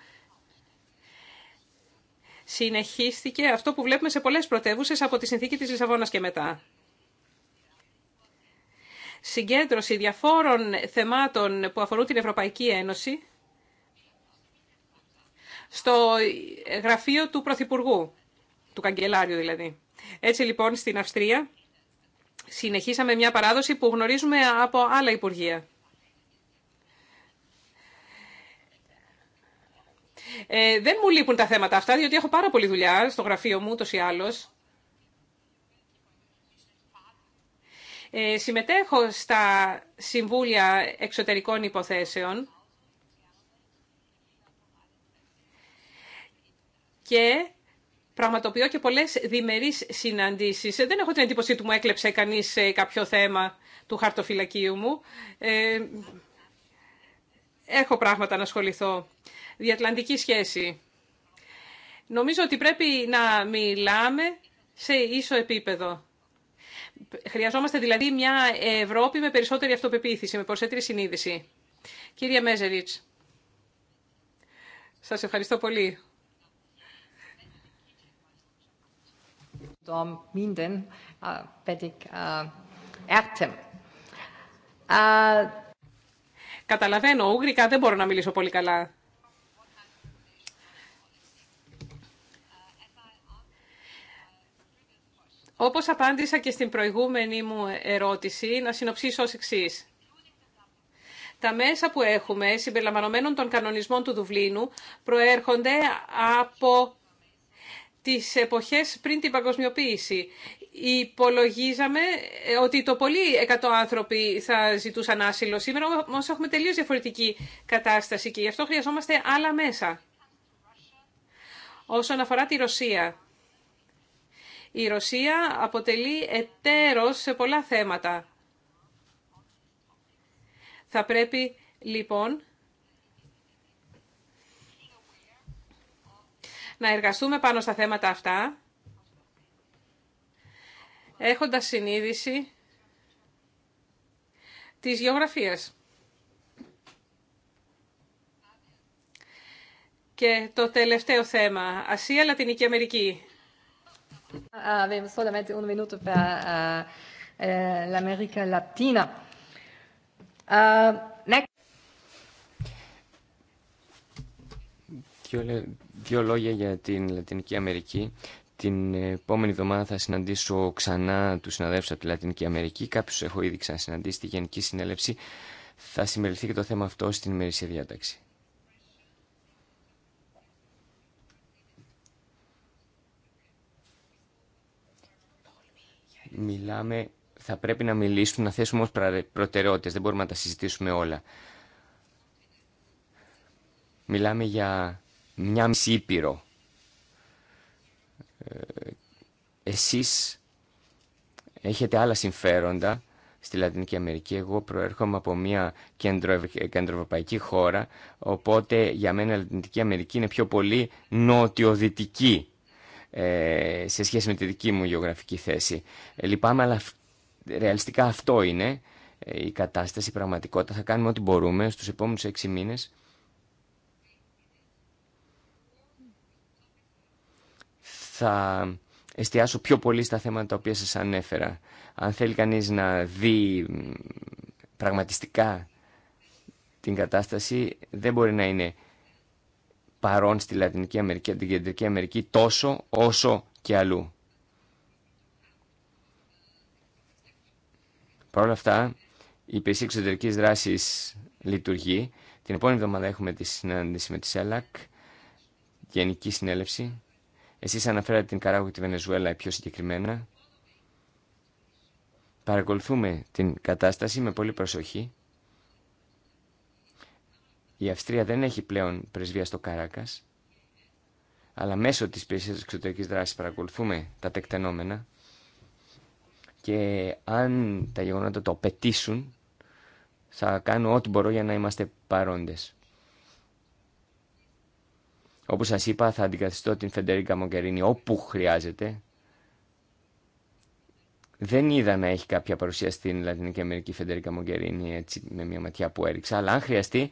συνεχίστηκε αυτό που βλέπουμε σε πολλές πρωτεύουσες από τη συνθήκη της Λισαβόνας και μετά. Συγκέντρωση διαφόρων θεμάτων που αφορούν την Ευρωπαϊκή Ένωση στο γραφείο του Πρωθυπουργού, του Καγκελάριου δηλαδή. Έτσι λοιπόν στην Αυστρία συνεχίσαμε μια παράδοση που γνωρίζουμε από άλλα Υπουργεία. Ε, δεν μου λείπουν τα θέματα αυτά, διότι έχω πάρα πολλή δουλειά στο γραφείο μου, ούτως ή άλλως. Ε, συμμετέχω στα Συμβούλια Εξωτερικών Υποθέσεων και πραγματοποιώ και πολλές διμερείς συναντήσεις. Ε, δεν έχω την εντύπωση ότι μου έκλεψε κανείς ε, κάποιο θέμα του χαρτοφυλακίου μου. Ε, έχω πράγματα να ασχοληθώ. Διατλαντική σχέση. Νομίζω ότι πρέπει να μιλάμε σε ίσο επίπεδο. Χρειαζόμαστε δηλαδή μια Ευρώπη με περισσότερη αυτοπεποίθηση, με περισσότερη συνείδηση. Κύριε Μέζεριτς, σας ευχαριστώ πολύ. Καταλαβαίνω, ουγγρικά δεν μπορώ να μιλήσω πολύ καλά. Όπως απάντησα και στην προηγούμενη μου ερώτηση, να συνοψίσω ως εξή. Τα μέσα που έχουμε, συμπεριλαμβανομένων των κανονισμών του Δουβλίνου, προέρχονται από τις εποχές πριν την παγκοσμιοποίηση υπολογίζαμε ε, ότι το πολύ 100 άνθρωποι θα ζητούσαν άσυλο. Σήμερα όμω έχουμε τελείως διαφορετική κατάσταση και γι' αυτό χρειαζόμαστε άλλα μέσα. Όσον αφορά τη Ρωσία. Η Ρωσία αποτελεί εταίρος σε πολλά θέματα. Θα πρέπει λοιπόν να εργαστούμε πάνω στα θέματα αυτά έχοντας συνείδηση της γεωγραφίας. Και το τελευταίο θέμα, Ασία, Λατινική Αμερική. Δύο λόγια για την Λατινική Αμερική. Την επόμενη εβδομάδα θα συναντήσω ξανά του συναδέλφου από τη Λατινική Αμερική. Κάποιου έχω ήδη ξανασυναντήσει στη Γενική Συνέλευση. Θα συμμεληθεί και το θέμα αυτό στην ημερήσια διάταξη. Μιλάμε, θα πρέπει να μιλήσουμε, να θέσουμε ως προτεραιότητες, δεν μπορούμε να τα συζητήσουμε όλα. Μιλάμε για μια μισή ήπειρο ε, εσείς έχετε άλλα συμφέροντα στη Λατινική Αμερική. Εγώ προέρχομαι από μια κεντροευρωπαϊκή χώρα, οπότε για μένα η Λατινική Αμερική είναι πιο πολύ νοτιοδυτική ε, σε σχέση με τη δική μου γεωγραφική θέση. Ε, λυπάμαι, αλλά ρεαλιστικά αυτό είναι η κατάσταση, η πραγματικότητα. Θα κάνουμε ό,τι μπορούμε στους επόμενους έξι μήνες θα εστιάσω πιο πολύ στα θέματα τα οποία σας ανέφερα. Αν θέλει κανείς να δει πραγματιστικά την κατάσταση, δεν μπορεί να είναι παρόν στη Λατινική Αμερική, την Κεντρική Αμερική, τόσο όσο και αλλού. Παρ' όλα αυτά, η υπηρεσία εξωτερική δράση λειτουργεί. Την επόμενη εβδομάδα έχουμε τη συνάντηση με τη ΣΕΛΑΚ, Γενική Συνέλευση. Εσείς αναφέρατε την Καράγου και τη Βενεζουέλα πιο συγκεκριμένα. Παρακολουθούμε την κατάσταση με πολύ προσοχή. Η Αυστρία δεν έχει πλέον πρεσβεία στο Καράκας, αλλά μέσω της υπηρεσίας εξωτερικής δράσης παρακολουθούμε τα τεκτενόμενα και αν τα γεγονότα το απαιτήσουν, θα κάνω ό,τι μπορώ για να είμαστε παρόντες. Όπως σας είπα θα αντικαθιστώ την Φεντερίκα Μογκερίνη όπου χρειάζεται. Δεν είδα να έχει κάποια παρουσία στην Λατινική Αμερική Φεντερίκα Μογκερίνη έτσι, με μια ματιά που έριξα. Αλλά αν χρειαστεί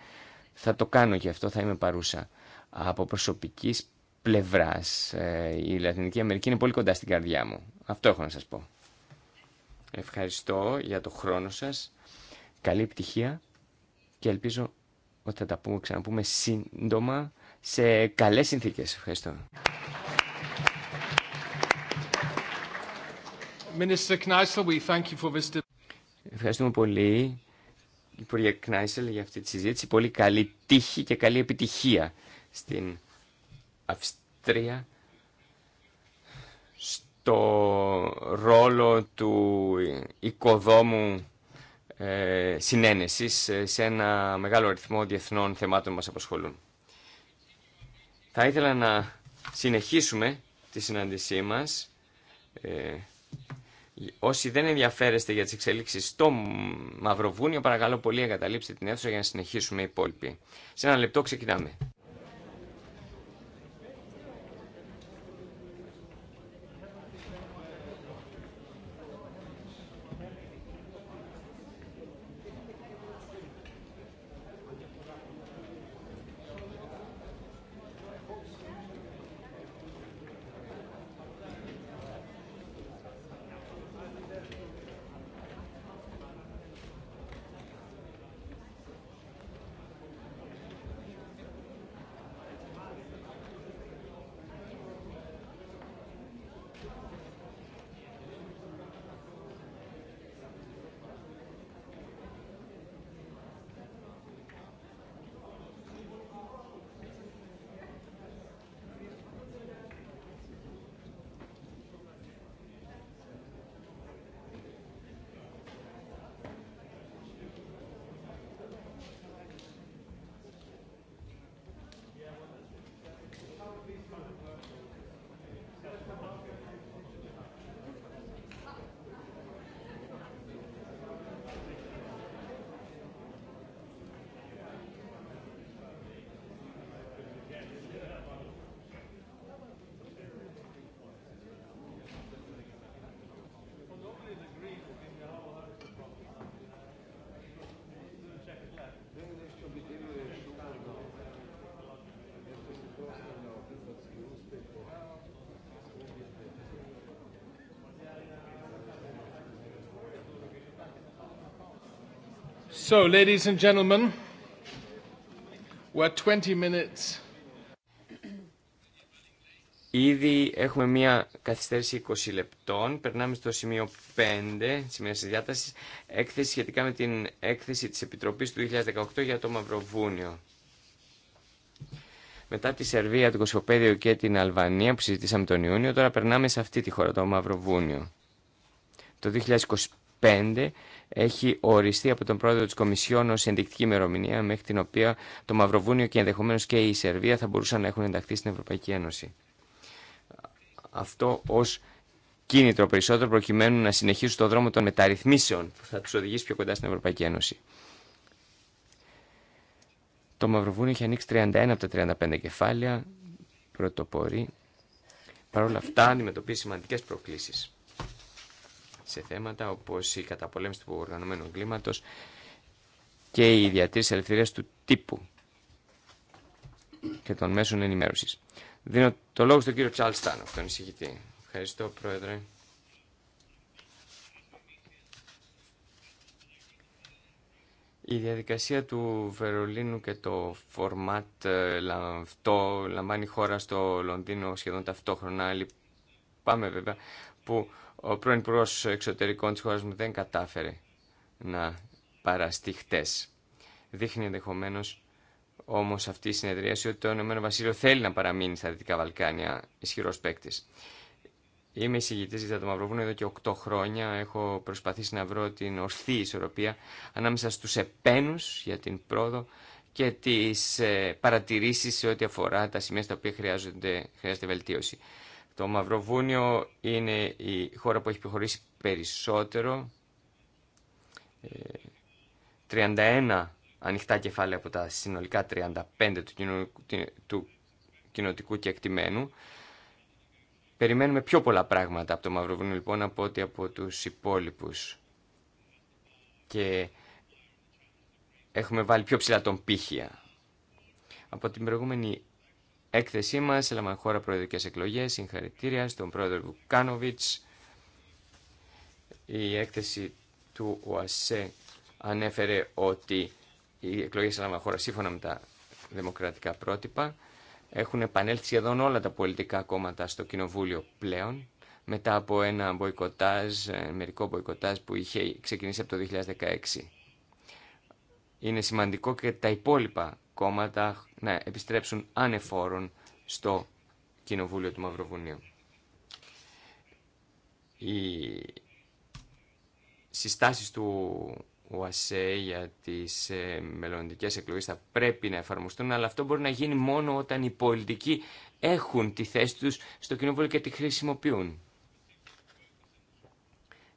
θα το κάνω και αυτό, θα είμαι παρούσα. Από προσωπικής πλευράς ε, η Λατινική Αμερική είναι πολύ κοντά στην καρδιά μου. Αυτό έχω να σας πω. Ευχαριστώ για το χρόνο σας. Καλή επιτυχία και ελπίζω ότι θα τα πούμε, ξαναπούμε σύντομα σε καλές συνθήκες. Ευχαριστώ. Ευχαριστούμε πολύ, Υπουργέ Κνάισελ, για αυτή τη συζήτηση. Πολύ καλή τύχη και καλή επιτυχία στην Αυστρία στο ρόλο του οικοδόμου ε, συνένεσης ε, σε ένα μεγάλο αριθμό διεθνών θεμάτων που μας απασχολούν. Θα ήθελα να συνεχίσουμε τη συνάντησή μας. Ε, όσοι δεν ενδιαφέρεστε για τις εξελίξεις στο Μαυροβούνιο, παρακαλώ πολύ εγκαταλείψτε την αίθουσα για να συνεχίσουμε οι υπόλοιποι. Σε ένα λεπτό ξεκινάμε. So, ladies and gentlemen, we're 20 minutes. Ήδη έχουμε μια καθυστέρηση 20 λεπτών. Περνάμε στο σημείο 5 σημεία τη διάταση. Έκθεση σχετικά με την έκθεση της Επιτροπής του 2018 για το Μαυροβούνιο. Μετά τη Σερβία, το Κοσμοπέδιο και την Αλβανία που συζητήσαμε τον Ιούνιο, τώρα περνάμε σε αυτή τη χώρα, το Μαυροβούνιο. Το έχει οριστεί από τον πρόεδρο της Κομισιόν ως ενδεικτική ημερομηνία μέχρι την οποία το Μαυροβούνιο και ενδεχομένως και η Σερβία θα μπορούσαν να έχουν ενταχθεί στην Ευρωπαϊκή Ένωση. Αυτό ως κίνητρο περισσότερο προκειμένου να συνεχίσουν το δρόμο των μεταρρυθμίσεων που θα τους οδηγήσει πιο κοντά στην Ευρωπαϊκή Ένωση. Το Μαυροβούνιο έχει ανοίξει 31 από τα 35 κεφάλαια, πρωτοπορεί. Παρ' όλα αυτά αντιμετωπίζει σημαντικέ προκλήσεις σε θέματα όπως η καταπολέμηση του οργανωμένου εγκλήματος και η διατήρηση ελευθερία του τύπου και των μέσων ενημέρωσης. Δίνω το λόγο στον κύριο Τσάλ Στάνο, τον εισηγητή. Ευχαριστώ, Πρόεδρε. Η διαδικασία του Βερολίνου και το φορμάτ ε, λαμβάνει χώρα στο Λονδίνο σχεδόν ταυτόχρονα. Πάμε βέβαια που ο πρώην Υπουργός Εξωτερικών της χώρας μου δεν κατάφερε να παραστεί χτες. Δείχνει ενδεχομένω όμως αυτή η συνεδρίαση ότι το Ηνωμένο θέλει να παραμείνει στα Δυτικά Βαλκάνια ισχυρό παίκτη. Είμαι εισηγητή για το Μαυροβούνιο εδώ και 8 χρόνια. Έχω προσπαθήσει να βρω την ορθή ισορροπία ανάμεσα στου επένου για την πρόοδο και τι ε, παρατηρήσει σε ό,τι αφορά τα σημεία στα οποία χρειάζεται βελτίωση. Το Μαυροβούνιο είναι η χώρα που έχει προχωρήσει περισσότερο. 31 ε, ανοιχτά κεφάλαια από τα συνολικά 35 του κοινοτικού και Περιμένουμε πιο πολλά πράγματα από το Μαυροβούνιο λοιπόν από ό,τι από τους υπόλοιπους. Και έχουμε βάλει πιο ψηλά τον πύχια. Από την προηγούμενη έκθεσή μας Λαμαχώρα χώρα προεδρικές εκλογές, συγχαρητήρια στον πρόεδρο Βουκάνοβιτ. Η έκθεση του ΟΑΣΕ ανέφερε ότι οι εκλογές σε σύμφωνα με τα δημοκρατικά πρότυπα. Έχουν επανέλθει σχεδόν όλα τα πολιτικά κόμματα στο Κοινοβούλιο πλέον, μετά από ένα μποϊκοτάζ, μερικό μποϊκοτάζ που είχε ξεκινήσει από το 2016. Είναι σημαντικό και τα υπόλοιπα κόμματα να επιστρέψουν ανεφόρων στο Κοινοβούλιο του Μαυροβουνίου. Οι συστάσεις του ΟΑΣΕ για τις ε, μελλοντικές εκλογές θα πρέπει να εφαρμοστούν, αλλά αυτό μπορεί να γίνει μόνο όταν οι πολιτικοί έχουν τη θέση τους στο Κοινοβούλιο και τη χρησιμοποιούν.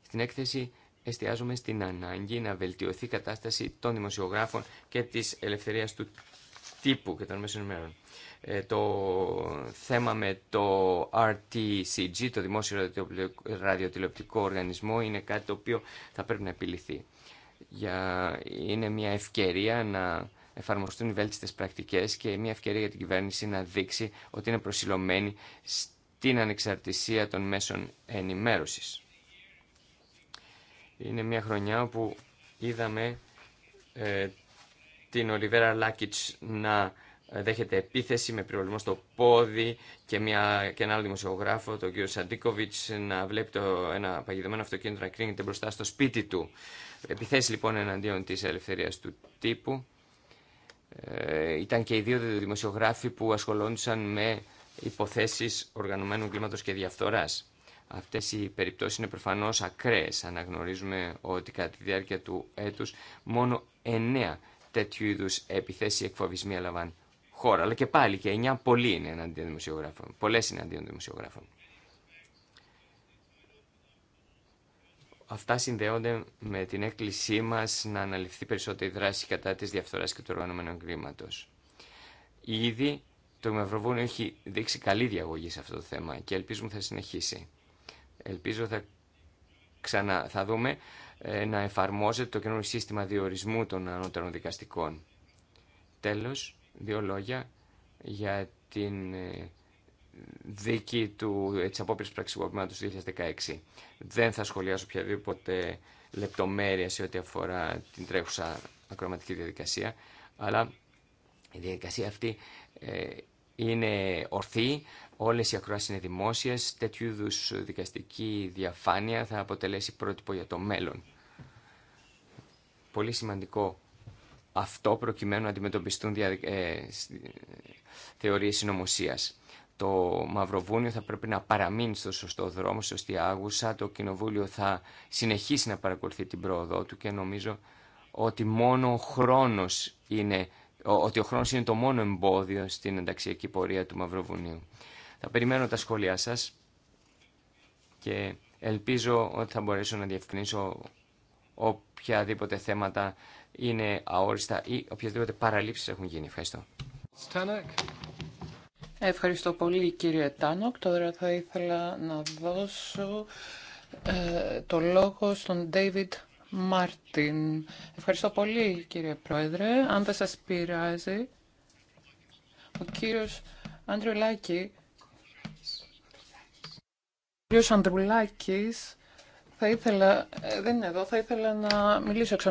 Στην έκθεση εστιάζουμε στην ανάγκη να βελτιωθεί η κατάσταση των δημοσιογράφων και της ελευθερίας του τύπου και των μέσων ενημέρων. Ε, το θέμα με το RTCG, το Δημόσιο Ραδιοτηλεοπτικό Οργανισμό, είναι κάτι το οποίο θα πρέπει να επιληθεί. Για, είναι μια ευκαιρία να εφαρμοστούν οι βέλτιστες πρακτικές και μια ευκαιρία για την κυβέρνηση να δείξει ότι είναι προσιλωμένη στην ανεξαρτησία των μέσων ενημέρωσης. Είναι μια χρονιά που είδαμε ε, την Ολιβέρα Λάκιτς να ε, δέχεται επίθεση με πυροβολισμό στο πόδι και, μια, και ένα άλλο δημοσιογράφο, τον κύριο Σαντίκοβιτς, να βλέπει το, ένα παγιδεμένο αυτοκίνητο να κρίνεται μπροστά στο σπίτι του. Επιθέσει λοιπόν εναντίον της ελευθερίας του τύπου. Ε, ήταν και οι δύο δημοσιογράφοι που ασχολόντουσαν με υποθέσεις οργανωμένου κλίματος και διαφθοράς. Αυτές οι περιπτώσεις είναι προφανώς ακραίες. Αναγνωρίζουμε ότι κατά τη διάρκεια του έτους μόνο εννέα τέτοιου είδου επιθέσει ή εκφοβισμοί έλαβαν χώρα. Αλλά και πάλι και εννιά πολλοί είναι εναντίον δημοσιογράφων. Πολλέ είναι εναντίον δημοσιογράφων. Αυτά συνδέονται με την έκκλησή μα να αναλυφθεί περισσότερη δράση κατά τη διαφθορά και του οργανωμένου εγκλήματο. Ήδη το Μευροβούνιο έχει δείξει καλή διαγωγή σε αυτό το θέμα και ελπίζουμε θα συνεχίσει. Ελπίζω θα ξανα θα δούμε ε, να εφαρμόζεται το καινούριο σύστημα διορισμού των ανώτερων δικαστικών. Τέλος, δύο λόγια για την ε, δίκη του, ε, της απόπειρας πραξικοπήματος του 2016. Δεν θα σχολιάσω οποιαδήποτε λεπτομέρεια σε ό,τι αφορά την τρέχουσα ακροματική διαδικασία, αλλά η διαδικασία αυτή είναι ορθή, Όλες οι ακροάσεις είναι δημόσιες. Τέτοιου είδου δικαστική διαφάνεια θα αποτελέσει πρότυπο για το μέλλον. Πολύ σημαντικό αυτό προκειμένου να αντιμετωπιστούν δια, ε, θεωρίες συνωμοσία. Το Μαυροβούνιο θα πρέπει να παραμείνει στο σωστό δρόμο, σωστή άγουσα. Το Κοινοβούλιο θα συνεχίσει να παρακολουθεί την πρόοδό του και νομίζω ότι μόνο ο χρόνος είναι ότι ο χρόνος είναι το μόνο εμπόδιο στην ενταξιακή πορεία του Μαυροβουνίου. Θα περιμένω τα σχόλιά σας και ελπίζω ότι θα μπορέσω να διευκρινίσω οποιαδήποτε θέματα είναι αόριστα ή οποιαδήποτε παραλήψεις έχουν γίνει. Ευχαριστώ. Ευχαριστώ πολύ κύριε Τάνοκ. Τώρα θα ήθελα να δώσω ε, το λόγο στον David Μάρτιν. Ευχαριστώ πολύ κύριε Πρόεδρε. Αν δεν σας πειράζει, ο κύριος Άντριο Λάκη κύριος Ανδρουλάκης θα ήθελα, ε, δεν είναι εδώ, θα ήθελα να μιλήσω εξ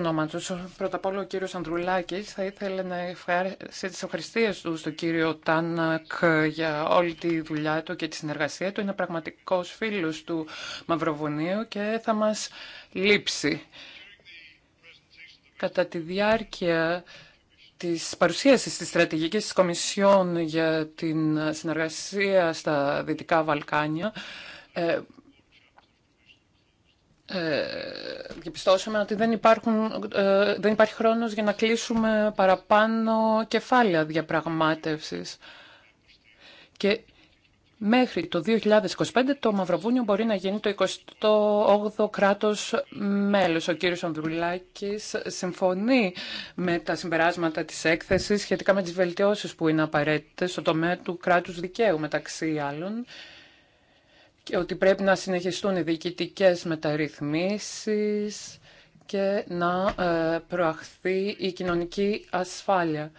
Πρώτα απ' όλο ο κύριος Ανδρουλάκης θα ήθελε να ευχαριστήσει τι ευχαριστίες του στον κύριο Τάνακ για όλη τη δουλειά του και τη συνεργασία του. Είναι πραγματικός φίλος του Μαυροβουνίου και θα μας λείψει. Κατά τη διάρκεια της παρουσίαση της στρατηγική της Κομισιόν για την συνεργασία στα Δυτικά Βαλκάνια, ε, ε, διαπιστώσαμε ότι δεν, υπάρχουν, ε, δεν υπάρχει χρόνος για να κλείσουμε παραπάνω κεφάλαια διαπραγμάτευσης. Και μέχρι το 2025 το Μαυροβούνιο μπορεί να γίνει το 28ο κράτος μέλος. Ο κύριος Ανδρουλάκης συμφωνεί με τα συμπεράσματα της έκθεσης σχετικά με τις βελτιώσεις που είναι απαραίτητες στο τομέα του κράτους δικαίου μεταξύ άλλων και ότι πρέπει να συνεχιστούν οι διοικητικές μεταρρυθμίσεις και να ε, προαχθεί η κοινωνική ασφάλεια.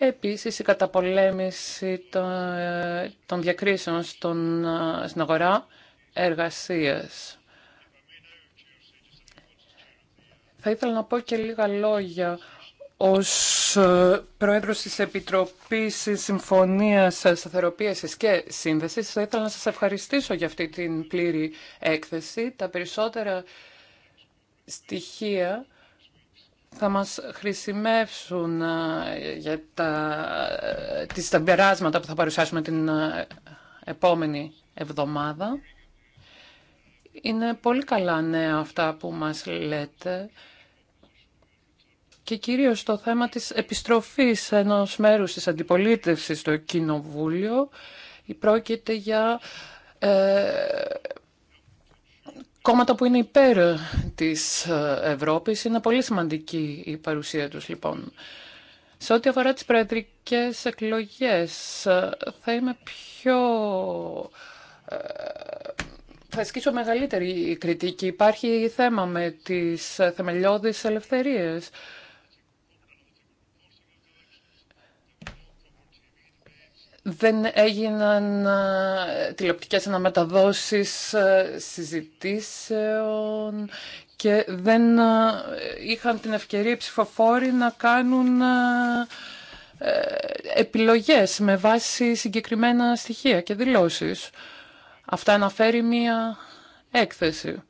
Επίσης, η καταπολέμηση των ε, διακρίσεων ε, στην αγορά εργασίας. Θα ήθελα να πω και λίγα λόγια ως ε, Πρόεδρος της Επιτροπής Συμφωνίας Σταθεροποίησης και Σύνδεσης θα ήθελα να σας ευχαριστήσω για αυτή την πλήρη έκθεση. Τα περισσότερα στοιχεία θα μας χρησιμεύσουν ε, για τα, ε, τις που θα παρουσιάσουμε την επόμενη εβδομάδα. Είναι πολύ καλά νέα αυτά που μας λέτε και κυρίως το θέμα της επιστροφής ενός μέρους της αντιπολίτευσης στο Κοινοβούλιο. Πρόκειται για ε, κόμματα που είναι υπέρ της Ευρώπης. Είναι πολύ σημαντική η παρουσία τους λοιπόν. Σε ό,τι αφορά τις προεδρικές εκλογές, θα είμαι πιο... Ε, θα ασκήσω μεγαλύτερη κριτική. Υπάρχει θέμα με τις θεμελιώδεις ελευθερίες. δεν έγιναν ε, τηλεοπτικές αναμεταδόσεις ε, συζητήσεων και δεν ε, είχαν την ευκαιρία οι ψηφοφόροι να κάνουν επιλογές με βάση συγκεκριμένα στοιχεία και δηλώσεις. Αυτά αναφέρει μία έκθεση.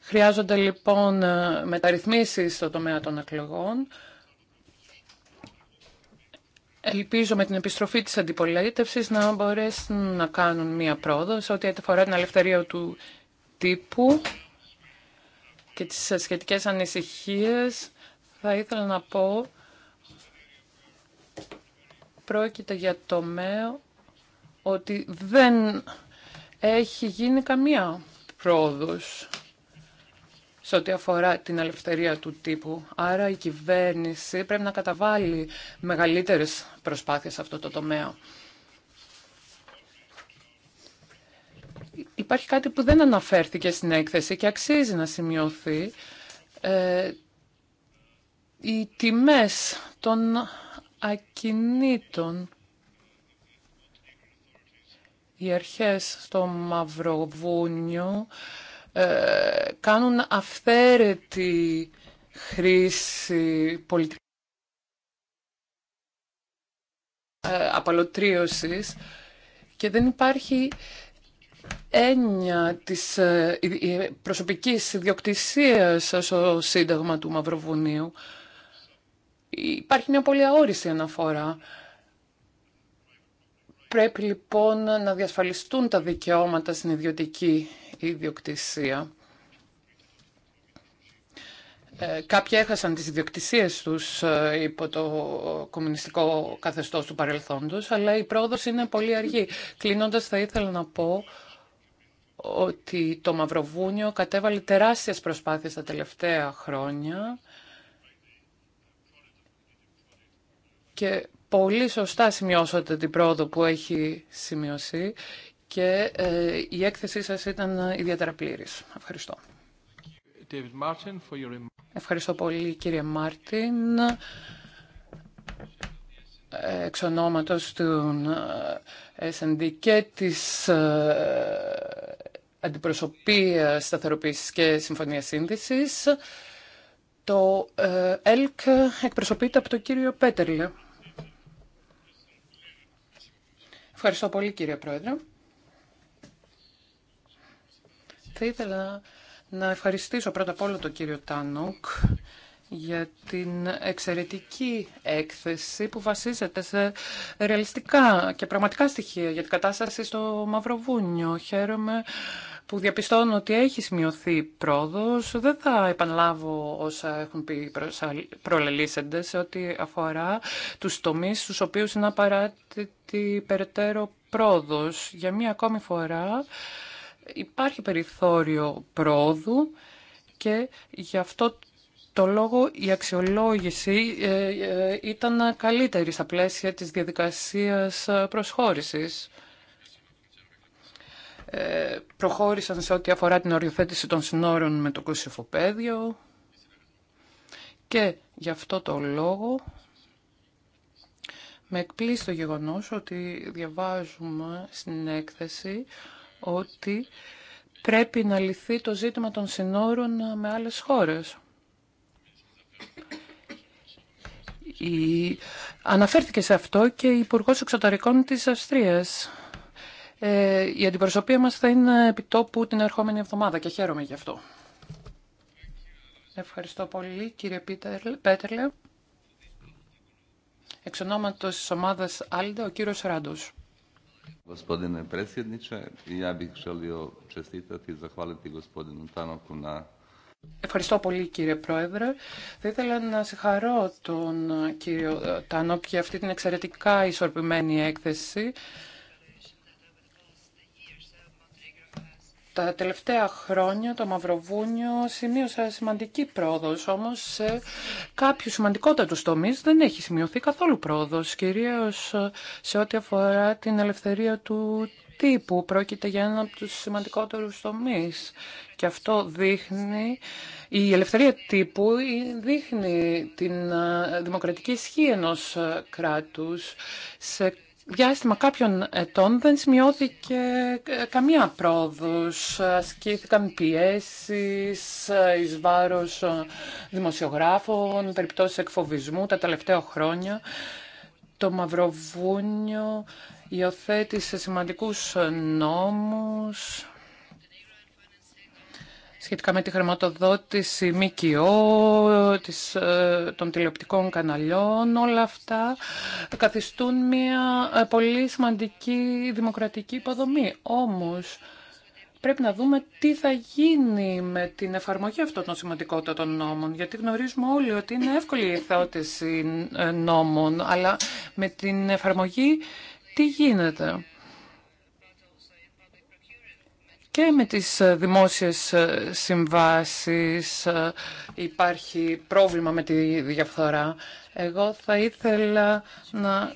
Χρειάζονται λοιπόν μεταρρυθμίσεις στο τομέα των εκλογών Ελπίζω με την επιστροφή της αντιπολίτευσης να μπορέσουν να κάνουν μία πρόοδο σε ό,τι αφορά την ελευθερία του τύπου και τις σχετικές ανησυχίες. Θα ήθελα να πω, πρόκειται για τομέα ότι δεν έχει γίνει καμία πρόοδος σε ό,τι αφορά την ελευθερία του τύπου. Άρα η κυβέρνηση πρέπει να καταβάλει μεγαλύτερες προσπάθειες σε αυτό το τομέα. Υπάρχει κάτι που δεν αναφέρθηκε στην έκθεση και αξίζει να σημειωθεί. Ε, οι τιμές των ακινήτων. Οι αρχές στο Μαυροβούνιο ε, κάνουν αυθαίρετη χρήση πολιτικής ε, απαλωτρίωσης και δεν υπάρχει έννοια της ε, προσωπικής ιδιοκτησίας στο Σύνταγμα του Μαυροβουνίου. Υπάρχει μια πολύ αόριστη αναφορά Πρέπει λοιπόν να διασφαλιστούν τα δικαιώματα στην ιδιωτική ιδιοκτησία. Ε, κάποιοι έχασαν τις ιδιοκτησίες τους ε, υπό το κομμουνιστικό καθεστώς του παρελθόντος, αλλά η πρόοδος είναι πολύ αργή. Κλείνοντας θα ήθελα να πω ότι το Μαυροβούνιο κατέβαλε τεράστιες προσπάθειες τα τελευταία χρόνια και πολύ σωστά σημειώσατε την πρόοδο που έχει σημειωθεί και ε, η έκθεσή σας ήταν ιδιαίτερα πλήρης. Ευχαριστώ. Martin, for your... Ευχαριστώ πολύ κύριε Μάρτιν. Εξ ονόματος του ε, S&D και της αντιπροσωπεία Αντιπροσωπείας Σταθεροποίησης και Συμφωνίας Σύνδεσης, το ε, ΕΛΚ εκπροσωπείται από τον κύριο Πέτερλε. Ευχαριστώ πολύ κύριε Πρόεδρε. Θα ήθελα να ευχαριστήσω πρώτα απ' όλο τον κύριο Τάνοκ για την εξαιρετική έκθεση που βασίζεται σε ρεαλιστικά και πραγματικά στοιχεία για την κατάσταση στο Μαυροβούνιο. Χαίρομαι που διαπιστώνω ότι έχει σημειωθεί πρόοδος. Δεν θα επαναλάβω όσα έχουν πει προλελήσεντες σε ό,τι αφορά τους τομείς στους οποίους είναι απαράτητη περαιτέρω πρόοδος. Για μία ακόμη φορά υπάρχει περιθώριο πρόοδου και γι' αυτό το λόγο η αξιολόγηση ε, ε, ήταν καλύτερη στα πλαίσια της διαδικασίας προσχώρησης. Ε, προχώρησαν σε ό,τι αφορά την οριοθέτηση των συνόρων με το Κωσυφοπαίδιο και γι' αυτό το λόγο με εκπλήσει το γεγονός ότι διαβάζουμε στην έκθεση ότι πρέπει να λυθεί το ζήτημα των συνόρων με άλλες χώρες. Η... Αναφέρθηκε σε αυτό και η Υπουργός Εξωτερικών της Αυστρίας. Ε, η αντιπροσωπεία μας θα είναι επί τόπου την ερχόμενη εβδομάδα και χαίρομαι γι' αυτό. Ευχαριστώ πολύ κύριε Πέτερλε. Εξ ονόματος της ομάδας Άλντα, ο κύριος Ράντος. Ευχαριστώ πολύ κύριε Πρόεδρε. Θα ήθελα να συγχαρώ τον κύριο Τάνοπ για αυτή την εξαιρετικά ισορπημένη έκθεση. Τα τελευταία χρόνια το Μαυροβούνιο σημείωσε σημαντική πρόοδο. όμως σε κάποιους σημαντικότατους τομεί δεν έχει σημειωθεί καθόλου πρόοδο. κυρίως σε ό,τι αφορά την ελευθερία του τύπου. Πρόκειται για ένα από τους σημαντικότερου τομεί. και αυτό δείχνει, η ελευθερία τύπου δείχνει την ε, δημοκρατική ισχύ ενό ε, κράτους σε διάστημα κάποιων ετών δεν σημειώθηκε ε, καμία πρόοδος. Ασκήθηκαν πιέσεις ε, εις βάρος ε, δημοσιογράφων, περιπτώσεις εκφοβισμού τα τελευταία χρόνια. Το Μαυροβούνιο υιοθέτησε σημαντικούς νόμους σχετικά με τη χρηματοδότηση ΜΚΟ, της, ε, των τηλεοπτικών καναλιών, όλα αυτά καθιστούν μια ε, πολύ σημαντική δημοκρατική υποδομή. Όμως, πρέπει να δούμε τι θα γίνει με την εφαρμογή αυτών των των νόμων, γιατί γνωρίζουμε όλοι ότι είναι εύκολη η θέωτηση ε, νόμων, αλλά με την εφαρμογή τι γίνεται και με τις ε, δημόσιες ε, συμβάσεις ε, υπάρχει πρόβλημα με τη διαφθορά. Εγώ θα ήθελα να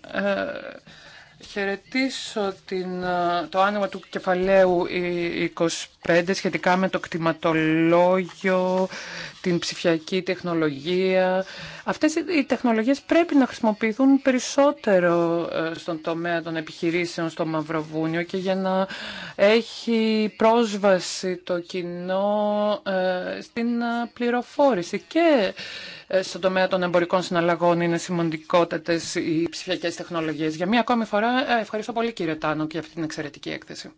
χαιρετήσω την, το άνοιγμα του κεφαλαίου 25 σχετικά με το κτηματολόγιο, την ψηφιακή τεχνολογία. Αυτές οι τεχνολογίες πρέπει να χρησιμοποιηθούν περισσότερο ε, στον τομέα των επιχειρήσεων στο Μαυροβούνιο και για να έχει πρόσβαση το κοινό ε, στην ε, πληροφόρηση και στον τομέα των εμπορικών συναλλαγών είναι σημαντικότατες οι ψηφιακές τεχνολογίες. Για μία ακόμη φορά, ευχαριστώ πολύ κύριε Τάνο για αυτή την εξαιρετική έκθεση.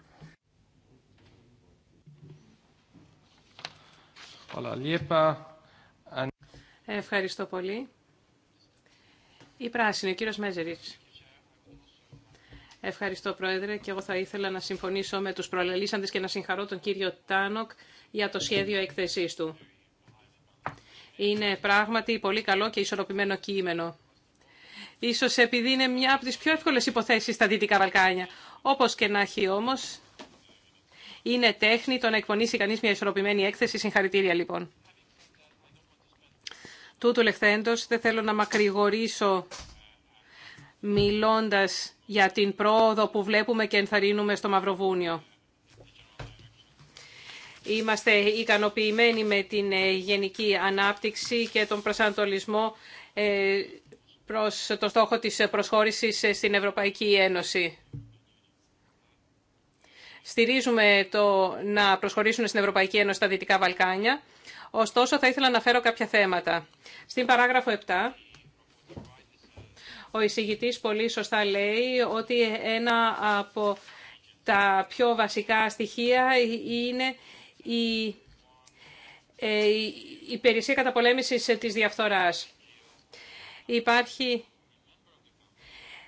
Ευχαριστώ πολύ. Η πράσινη, ο κύριος Μέζεριτς. Ευχαριστώ, Πρόεδρε, και εγώ θα ήθελα να συμφωνήσω με τους προλαλήσαντες και να συγχαρώ τον κύριο Τάνοκ για το σχέδιο έκθεσής του. Είναι πράγματι πολύ καλό και ισορροπημένο κείμενο. Ίσως επειδή είναι μια από τις πιο εύκολες υποθέσεις στα Δυτικά Βαλκάνια. Όπως και να έχει όμως, είναι τέχνη το να εκπονήσει κανείς μια ισορροπημένη έκθεση. Συγχαρητήρια λοιπόν. Τούτου λεχθέντος δεν θέλω να μακρηγορήσω μιλώντας για την πρόοδο που βλέπουμε και ενθαρρύνουμε στο Μαυροβούνιο. Είμαστε ικανοποιημένοι με την ε, γενική ανάπτυξη και τον προσανατολισμό ε, προς το στόχο της προσχώρησης ε, στην Ευρωπαϊκή Ένωση. Στηρίζουμε το να προσχωρήσουν στην Ευρωπαϊκή Ένωση τα Δυτικά Βαλκάνια. Ωστόσο, θα ήθελα να φέρω κάποια θέματα. Στην παράγραφο 7, ο εισηγητής πολύ σωστά λέει ότι ένα από τα πιο βασικά στοιχεία είναι η ε, υπηρεσία καταπολέμησης της διαφθοράς. Υπάρχει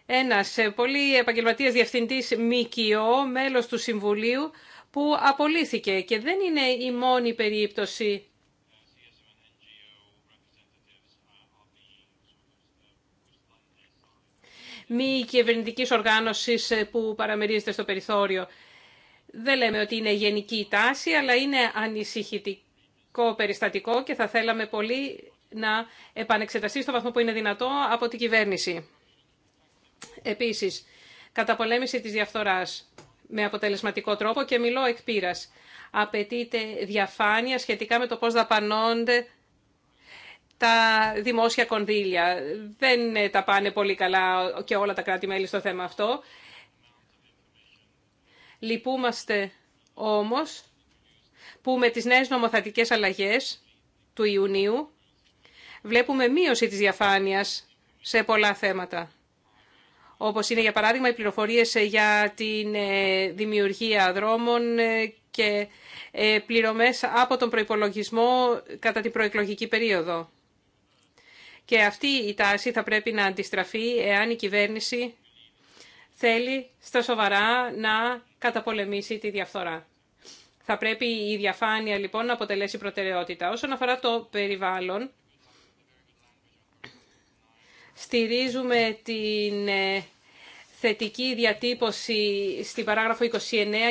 ένας ε, πολύ επαγγελματία διευθυντή ΜΚΟ, μέλος του Συμβουλίου, που απολύθηκε και δεν είναι η μόνη περίπτωση μη κυβερνητική οργάνωσης ε, που παραμερίζεται στο περιθώριο. Δεν λέμε ότι είναι γενική τάση, αλλά είναι ανησυχητικό περιστατικό και θα θέλαμε πολύ να επανεξεταστεί στο βαθμό που είναι δυνατό από την κυβέρνηση. Επίσης, καταπολέμηση της διαφθοράς με αποτελεσματικό τρόπο και μιλώ εκ πείρας. Απαιτείται διαφάνεια σχετικά με το πώς δαπανώνται τα δημόσια κονδύλια. Δεν ε, τα πάνε πολύ καλά και όλα τα κράτη-μέλη στο θέμα αυτό. Λυπούμαστε όμως που με τις νέες νομοθετικές αλλαγές του Ιουνίου βλέπουμε μείωση της διαφάνειας σε πολλά θέματα όπως είναι για παράδειγμα οι πληροφορίες ε, για την ε, δημιουργία δρόμων ε, και πληρωμές από τον προϋπολογισμό κατά την προεκλογική περίοδο. Και αυτή η τάση θα πρέπει να αντιστραφεί εάν η κυβέρνηση θέλει στα σοβαρά να καταπολεμήσει τη διαφθορά. Θα πρέπει η διαφάνεια λοιπόν να αποτελέσει προτεραιότητα. Όσον αφορά το περιβάλλον, στηρίζουμε την θετική διατύπωση στην παράγραφο 29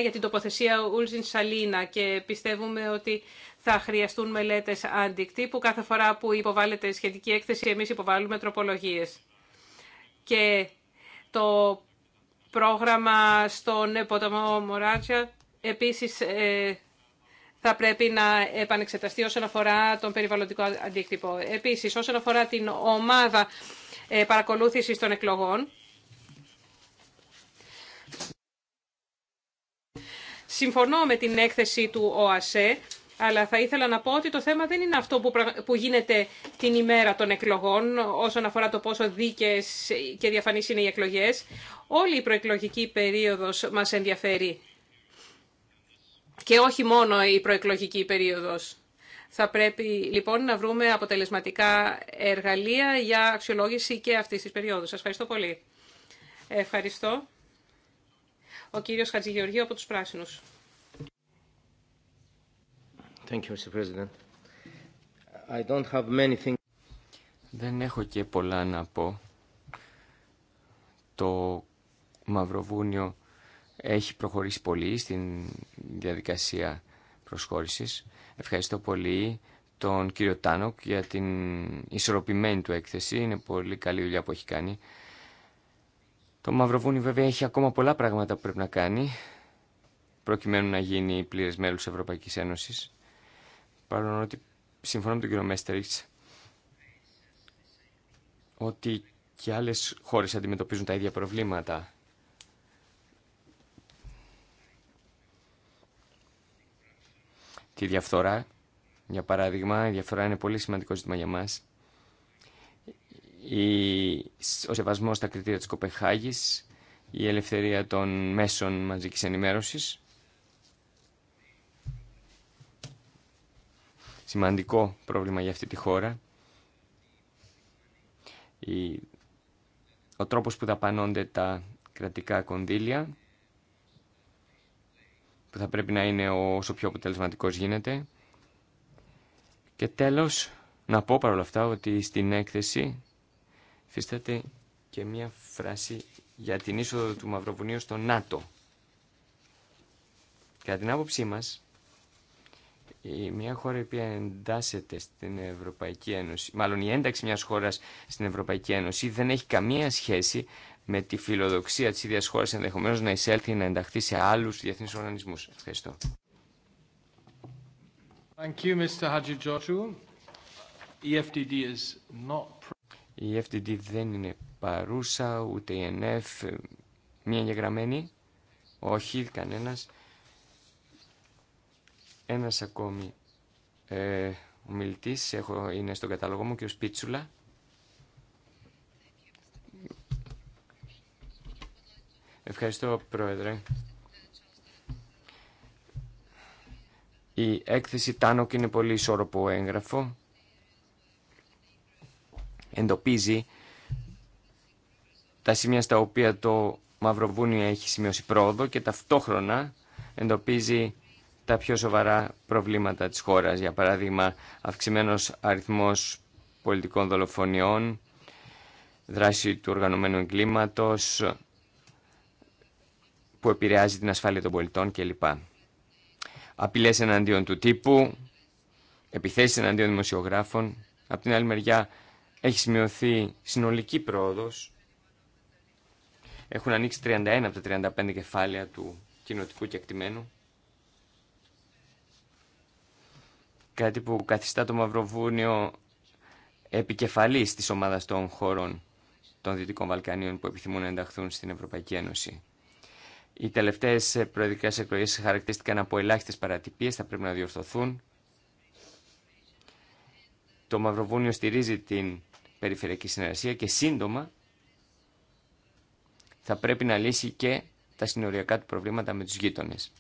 για την τοποθεσία Ούλζιν Σαλίνα και πιστεύουμε ότι θα χρειαστούν μελέτες αντικτύπου. Κάθε φορά που υποβάλλεται σχετική έκθεση εμείς υποβάλλουμε τροπολογίες. Και το πρόγραμμα στον ποταμό Μωράτσια επίσης ε, θα πρέπει να επανεξεταστεί όσον αφορά τον περιβαλλοντικό αντίκτυπο. Επίσης, όσον αφορά την ομάδα ε, παρακολούθησης των εκλογών, Συμφωνώ με την έκθεση του ΟΑΣΕ, αλλά θα ήθελα να πω ότι το θέμα δεν είναι αυτό που, γίνεται την ημέρα των εκλογών όσον αφορά το πόσο δίκαιες και διαφανείς είναι οι εκλογές. Όλη η προεκλογική περίοδος μας ενδιαφέρει. Και όχι μόνο η προεκλογική περίοδος. Θα πρέπει λοιπόν να βρούμε αποτελεσματικά εργαλεία για αξιολόγηση και αυτής της περίοδου. Σας ευχαριστώ πολύ. Ευχαριστώ ο κύριος Χατζηγεωργίου από τους Πράσινους. Thank you, Mr. President. I don't have many things... Δεν έχω και πολλά να πω. Το Μαυροβούνιο έχει προχωρήσει πολύ στην διαδικασία προσχώρησης. Ευχαριστώ πολύ τον κύριο Τάνοκ για την ισορροπημένη του έκθεση. Είναι πολύ καλή δουλειά που έχει κάνει. Το Μαυροβούνι βέβαια έχει ακόμα πολλά πράγματα που πρέπει να κάνει προκειμένου να γίνει πλήρες μέλος τη Ευρωπαϊκής Ένωσης. Παρόλο ότι συμφωνώ με τον κύριο Μέστεριξ ότι και άλλε χώρε αντιμετωπίζουν τα ίδια προβλήματα. Τη διαφθορά, για παράδειγμα, η διαφθορά είναι πολύ σημαντικό ζήτημα για μας ο σεβασμός στα κριτήρια της Κοπεχάγης, η ελευθερία των μέσων μαζικής ενημέρωσης. Σημαντικό πρόβλημα για αυτή τη χώρα. Ο τρόπος που δαπανώνται τα κρατικά κονδύλια, που θα πρέπει να είναι όσο πιο αποτελεσματικός γίνεται. Και τέλος, να πω όλα αυτά ότι στην έκθεση Φίσταται και μία φράση για την είσοδο του Μαυροβουνίου στο ΝΑΤΟ. Κατά την άποψή μας, μια χώρα η οποία εντάσσεται στην Ευρωπαϊκή Ένωση, μάλλον η ένταξη μιας χώρας στην Ευρωπαϊκή Ένωση δεν έχει καμία σχέση με τη φιλοδοξία της ίδιας χώρας ενδεχομένως να εισέλθει να ενταχθεί σε άλλους διεθνείς οργανισμούς. Ευχαριστώ. Η FTD δεν είναι παρούσα, ούτε η NF, ε, μία εγγεγραμμένη, όχι κανένας. Ένας ακόμη ε, ομιλητής έχω, είναι στον κατάλογο μου και ο Σπίτσουλα. Ευχαριστώ, Πρόεδρε. Η έκθεση Τάνοκ είναι πολύ ισόρροπο έγγραφο εντοπίζει τα σημεία στα οποία το Μαυροβούνιο έχει σημειώσει πρόοδο και ταυτόχρονα εντοπίζει τα πιο σοβαρά προβλήματα της χώρας. Για παράδειγμα, αυξημένος αριθμός πολιτικών δολοφονιών, δράση του οργανωμένου εγκλήματος που επηρεάζει την ασφάλεια των πολιτών κλπ. Απειλές εναντίον του τύπου, επιθέσεις εναντίον δημοσιογράφων. Από την άλλη μεριά, έχει σημειωθεί συνολική πρόοδος. Έχουν ανοίξει 31 από τα 35 κεφάλαια του κοινοτικού κεκτημένου. Κάτι που καθιστά το Μαυροβούνιο επικεφαλής της ομάδας των χωρών των Δυτικών Βαλκανίων που επιθυμούν να ενταχθούν στην Ευρωπαϊκή Ένωση. Οι τελευταίες προεδρικές εκλογές χαρακτηρίστηκαν από ελάχιστε παρατυπίες, θα πρέπει να διορθωθούν. Το Μαυροβούνιο στηρίζει την περιφερειακή συνεργασία και σύντομα θα πρέπει να λύσει και τα συνοριακά του προβλήματα με τους γείτονες.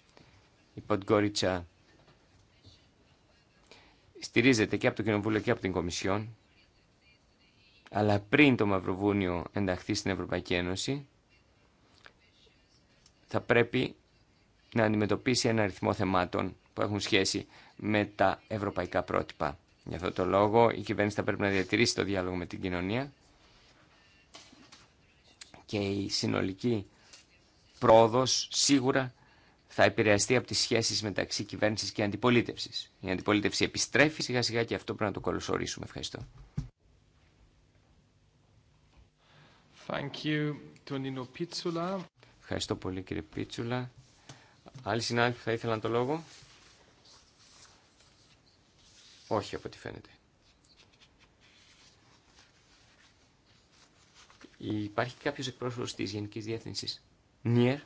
Η Ποντγκόριτσα στηρίζεται και από το Κοινοβούλιο και από την Κομισιόν, αλλά πριν το Μαυροβούνιο ενταχθεί στην Ευρωπαϊκή Ένωση, θα πρέπει να αντιμετωπίσει ένα αριθμό θεμάτων που έχουν σχέση με τα ευρωπαϊκά πρότυπα. Για αυτό το λόγο η κυβέρνηση θα πρέπει να διατηρήσει το διάλογο με την κοινωνία και η συνολική πρόοδος σίγουρα θα επηρεαστεί από τις σχέσεις μεταξύ κυβέρνησης και αντιπολίτευσης. Η αντιπολίτευση επιστρέφει σιγά σιγά και αυτό πρέπει να το κολοσορίσουμε. Ευχαριστώ. Thank you, Ευχαριστώ πολύ κύριε Πίτσουλα. Άλλοι συνάδελφοι θα ήθελαν το λόγο. Όχι από ό,τι φαίνεται. Υπάρχει κάποιος εκπρόσωπος της Γενικής Διεύθυνσης. Νιερ.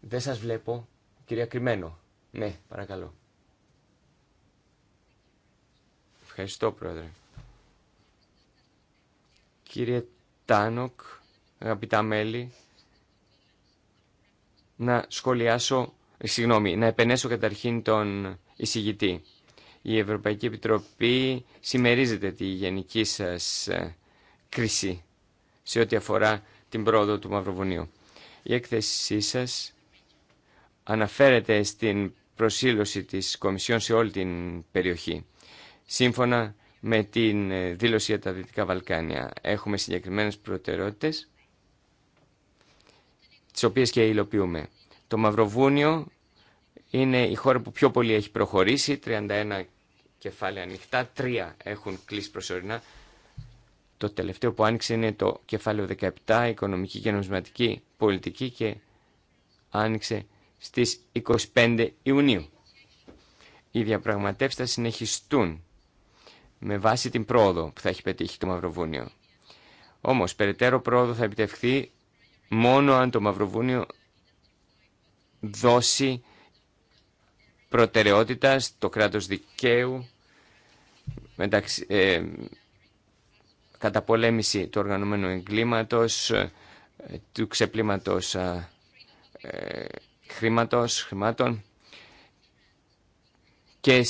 Δεν σας βλέπω. Κυρία Κρυμμένο. Ναι, παρακαλώ. Ευχαριστώ, Πρόεδρε. Κύριε Τάνοκ, αγαπητά μέλη, να σχολιάσω ε, συγγνώμη, να επενέσω καταρχήν τον εισηγητή. Η Ευρωπαϊκή Επιτροπή συμμερίζεται τη γενική σας ε, κρίση σε ό,τι αφορά την πρόοδο του Μαυροβουνίου. Η έκθεσή σας αναφέρεται στην προσήλωση της Κομισιόν σε όλη την περιοχή. Σύμφωνα με την ε, δήλωση για τα Δυτικά Βαλκάνια έχουμε συγκεκριμένες προτεραιότητες τις οποίες και υλοποιούμε. Το Μαυροβούνιο είναι η χώρα που πιο πολύ έχει προχωρήσει, 31 κεφάλαια ανοιχτά, 3 έχουν κλείσει προσωρινά. Το τελευταίο που άνοιξε είναι το κεφάλαιο 17, οικονομική και νομισματική πολιτική και άνοιξε στις 25 Ιουνίου. Οι διαπραγματεύσεις θα συνεχιστούν με βάση την πρόοδο που θα έχει πετύχει το Μαυροβούνιο. Όμως, περαιτέρω πρόοδο θα επιτευχθεί μόνο αν το Μαυροβούνιο δώσει προτεραιότητας, το κράτος δικαίου, μεταξύ, ε, καταπολέμηση του οργανωμένου εγκλήματος, ε, του ξεπλήματος ε, χρήματος, χρημάτων και,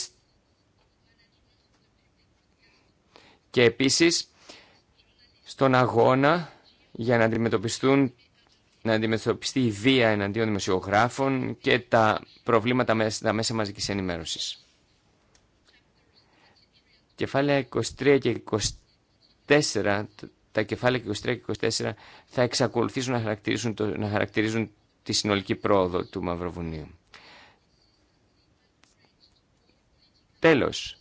και επίσης στον αγώνα για να αντιμετωπιστούν να αντιμετωπιστεί η βία εναντίον δημοσιογράφων και τα προβλήματα μέσα μαζικής ενημέρωσης. Κεφάλαια 23 και 24, τα κεφάλαια 23 και 24 θα εξακολουθήσουν να χαρακτηρίζουν, να χαρακτηρίζουν τη συνολική πρόοδο του Μαυροβουνίου. Τέλος,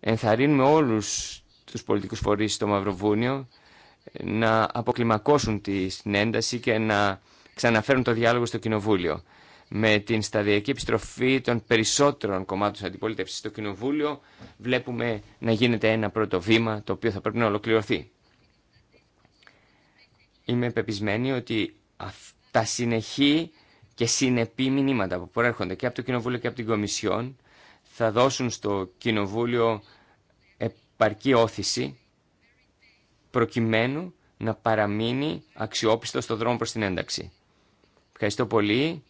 ενθαρρύνουμε όλους τους πολιτικούς φορείς στο Μαυροβούνιο να αποκλιμακώσουν τη συνένταση και να ξαναφέρουν το διάλογο στο Κοινοβούλιο. Με την σταδιακή επιστροφή των περισσότερων κομμάτων της αντιπολίτευσης στο Κοινοβούλιο βλέπουμε να γίνεται ένα πρώτο βήμα το οποίο θα πρέπει να ολοκληρωθεί. Είμαι πεπισμένη ότι τα συνεχή και συνεπή μηνύματα που προέρχονται και από το Κοινοβούλιο και από την Κομισιόν θα δώσουν στο Κοινοβούλιο επαρκή όθηση προκειμένου να παραμείνει αξιόπιστο στο δρόμο προς την ένταξη. Ευχαριστώ πολύ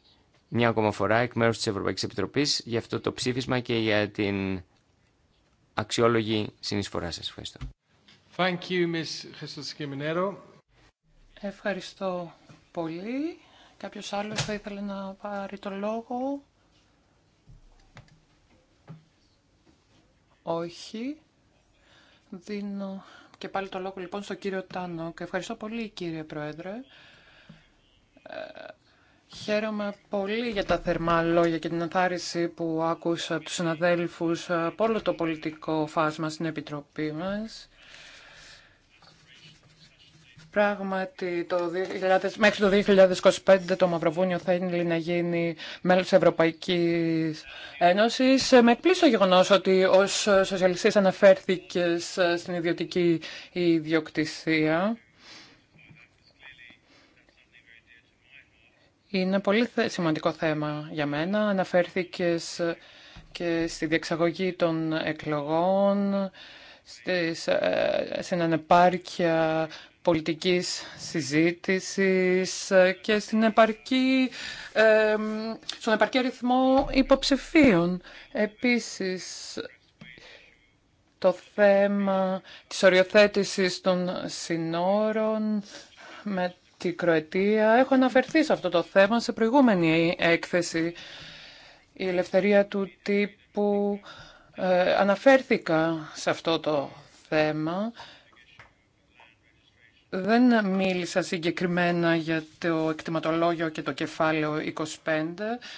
μια ακόμα φορά εκ μέρους της Ευρωπαϊκής Επιτροπής για αυτό το ψήφισμα και για την αξιόλογη συνεισφορά σας. Ευχαριστώ. Thank you, Ευχαριστώ πολύ. Κάποιος άλλος θα ήθελε να πάρει το λόγο. Όχι. Δίνω και πάλι το λόγο λοιπόν στον κύριο Τάνο. Και ευχαριστώ πολύ κύριε Πρόεδρε. Ε, χαίρομαι πολύ για τα θερμά λόγια και την ενθάρρυνση που άκουσα από τους συναδέλφους από όλο το πολιτικό φάσμα στην Επιτροπή μας. Πράγματι, μέχρι το 2025 το Μαυροβούνιο θα είναι να γίνει μέλος τη Ευρωπαϊκής Ένωσης. Ε, με εκπλήσει το γεγονό ότι ως σοσιαλιστής αναφέρθηκε ε, στην ιδιωτική ιδιοκτησία. Είναι πολύ σημαντικό θέμα για μένα. Αναφέρθηκε ε, και στη διεξαγωγή των εκλογών, στις, στην ανεπάρκεια πολιτικής συζήτησης και στην επαρκή, στον επαρκή αριθμό υποψηφίων. Επίσης, το θέμα της οριοθέτησης των συνόρων με την Κροατία. Έχω αναφερθεί σε αυτό το θέμα σε προηγούμενη έκθεση. Η ελευθερία του τύπου ε, αναφέρθηκα σε αυτό το θέμα δεν μίλησα συγκεκριμένα για το εκτιματολόγιο και το κεφάλαιο 25.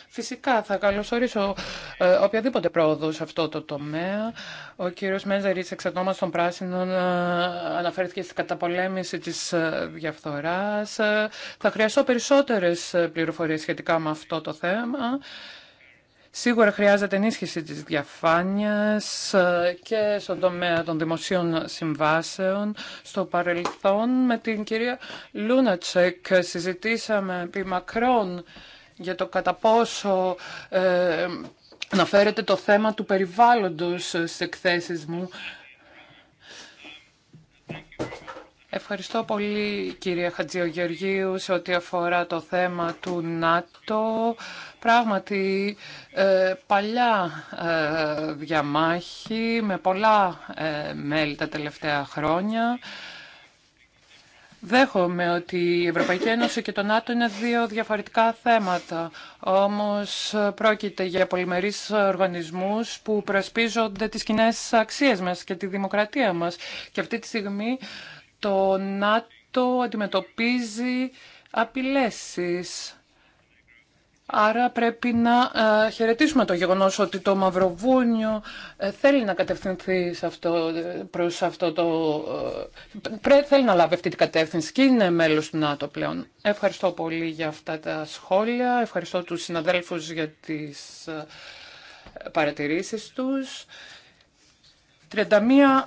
Φυσικά θα καλωσορίσω ε, οποιαδήποτε πρόοδο σε αυτό το τομέα. Ο κύριος Μέζερης εξ των Πράσινων ε, αναφέρθηκε στην καταπολέμηση της ε, διαφθοράς. Θα χρειαστώ περισσότερες πληροφορίες σχετικά με αυτό το θέμα Σίγουρα χρειάζεται ενίσχυση της διαφάνειας ε, και στον τομέα των δημοσίων συμβάσεων. Στο παρελθόν με την κυρία Λούνατσεκ συζητήσαμε επί μακρόν για το κατά πόσο ε, αναφέρεται το θέμα του περιβάλλοντος στις εκθέσεις μου. Ευχαριστώ πολύ κύριε Χατζιογεωργίου σε ό,τι αφορά το θέμα του ΝΑΤΟ. Πράγματι ε, παλιά ε, διαμάχη με πολλά ε, μέλη τα τελευταία χρόνια. Δέχομαι ότι η Ευρωπαϊκή Ένωση και το ΝΑΤΟ είναι δύο διαφορετικά θέματα. Όμως πρόκειται για πολυμερείς οργανισμούς που προσπίζονται τις κοινέ αξίες μας και τη δημοκρατία μας. Και αυτή τη στιγμή το ΝΑΤΟ αντιμετωπίζει απειλέσεις. Άρα πρέπει να ε, χαιρετήσουμε το γεγονός ότι το Μαυροβούνιο ε, θέλει να κατευθυνθεί σε αυτό, προς αυτό το... Ε, πρέ, θέλει να λάβει αυτή την κατεύθυνση και είναι μέλος του ΝΑΤΟ πλέον. Ευχαριστώ πολύ για αυτά τα σχόλια. Ευχαριστώ τους συναδέλφους για τις παρατηρήσεις τους. 31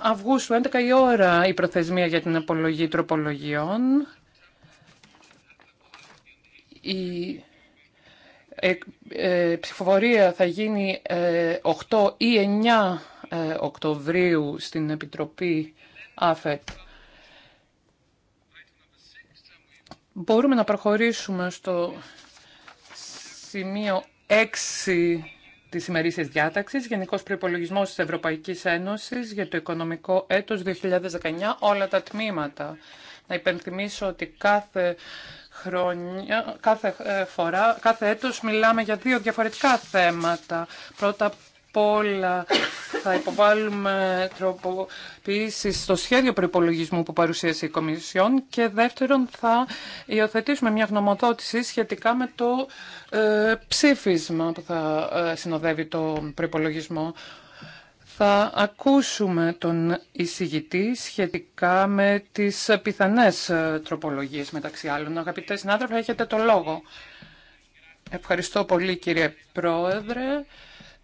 Αυγούστου, 11 η ώρα η προθεσμία για την απολογή τροπολογιών. Η ε, ε, ψηφοφορία θα γίνει 8 ε, ή 9 Οκτωβρίου στην Επιτροπή ΑΦΕΤ. Μπορούμε να προχωρήσουμε στο σημείο 6 τη ημερήσια διάταξη, Γενικό Προπολογισμό τη Ευρωπαϊκή Ένωση για το οικονομικό έτο 2019, όλα τα τμήματα. Να υπενθυμίσω ότι κάθε χρόνια, κάθε ε, φορά, κάθε έτος μιλάμε για δύο διαφορετικά θέματα. Πρώτα όλα θα υποβάλουμε τροποποίηση στο σχέδιο προπολογισμού που παρουσίασε η Κομισιόν και δεύτερον θα υιοθετήσουμε μια γνωμοδότηση σχετικά με το ε, ψήφισμα που θα ε, συνοδεύει το προπολογισμό. Θα ακούσουμε τον εισηγητή σχετικά με τις πιθανές ε, τροπολογίες μεταξύ άλλων. Αγαπητέ συνάδελφοι, έχετε το λόγο. Ευχαριστώ πολύ κύριε Πρόεδρε.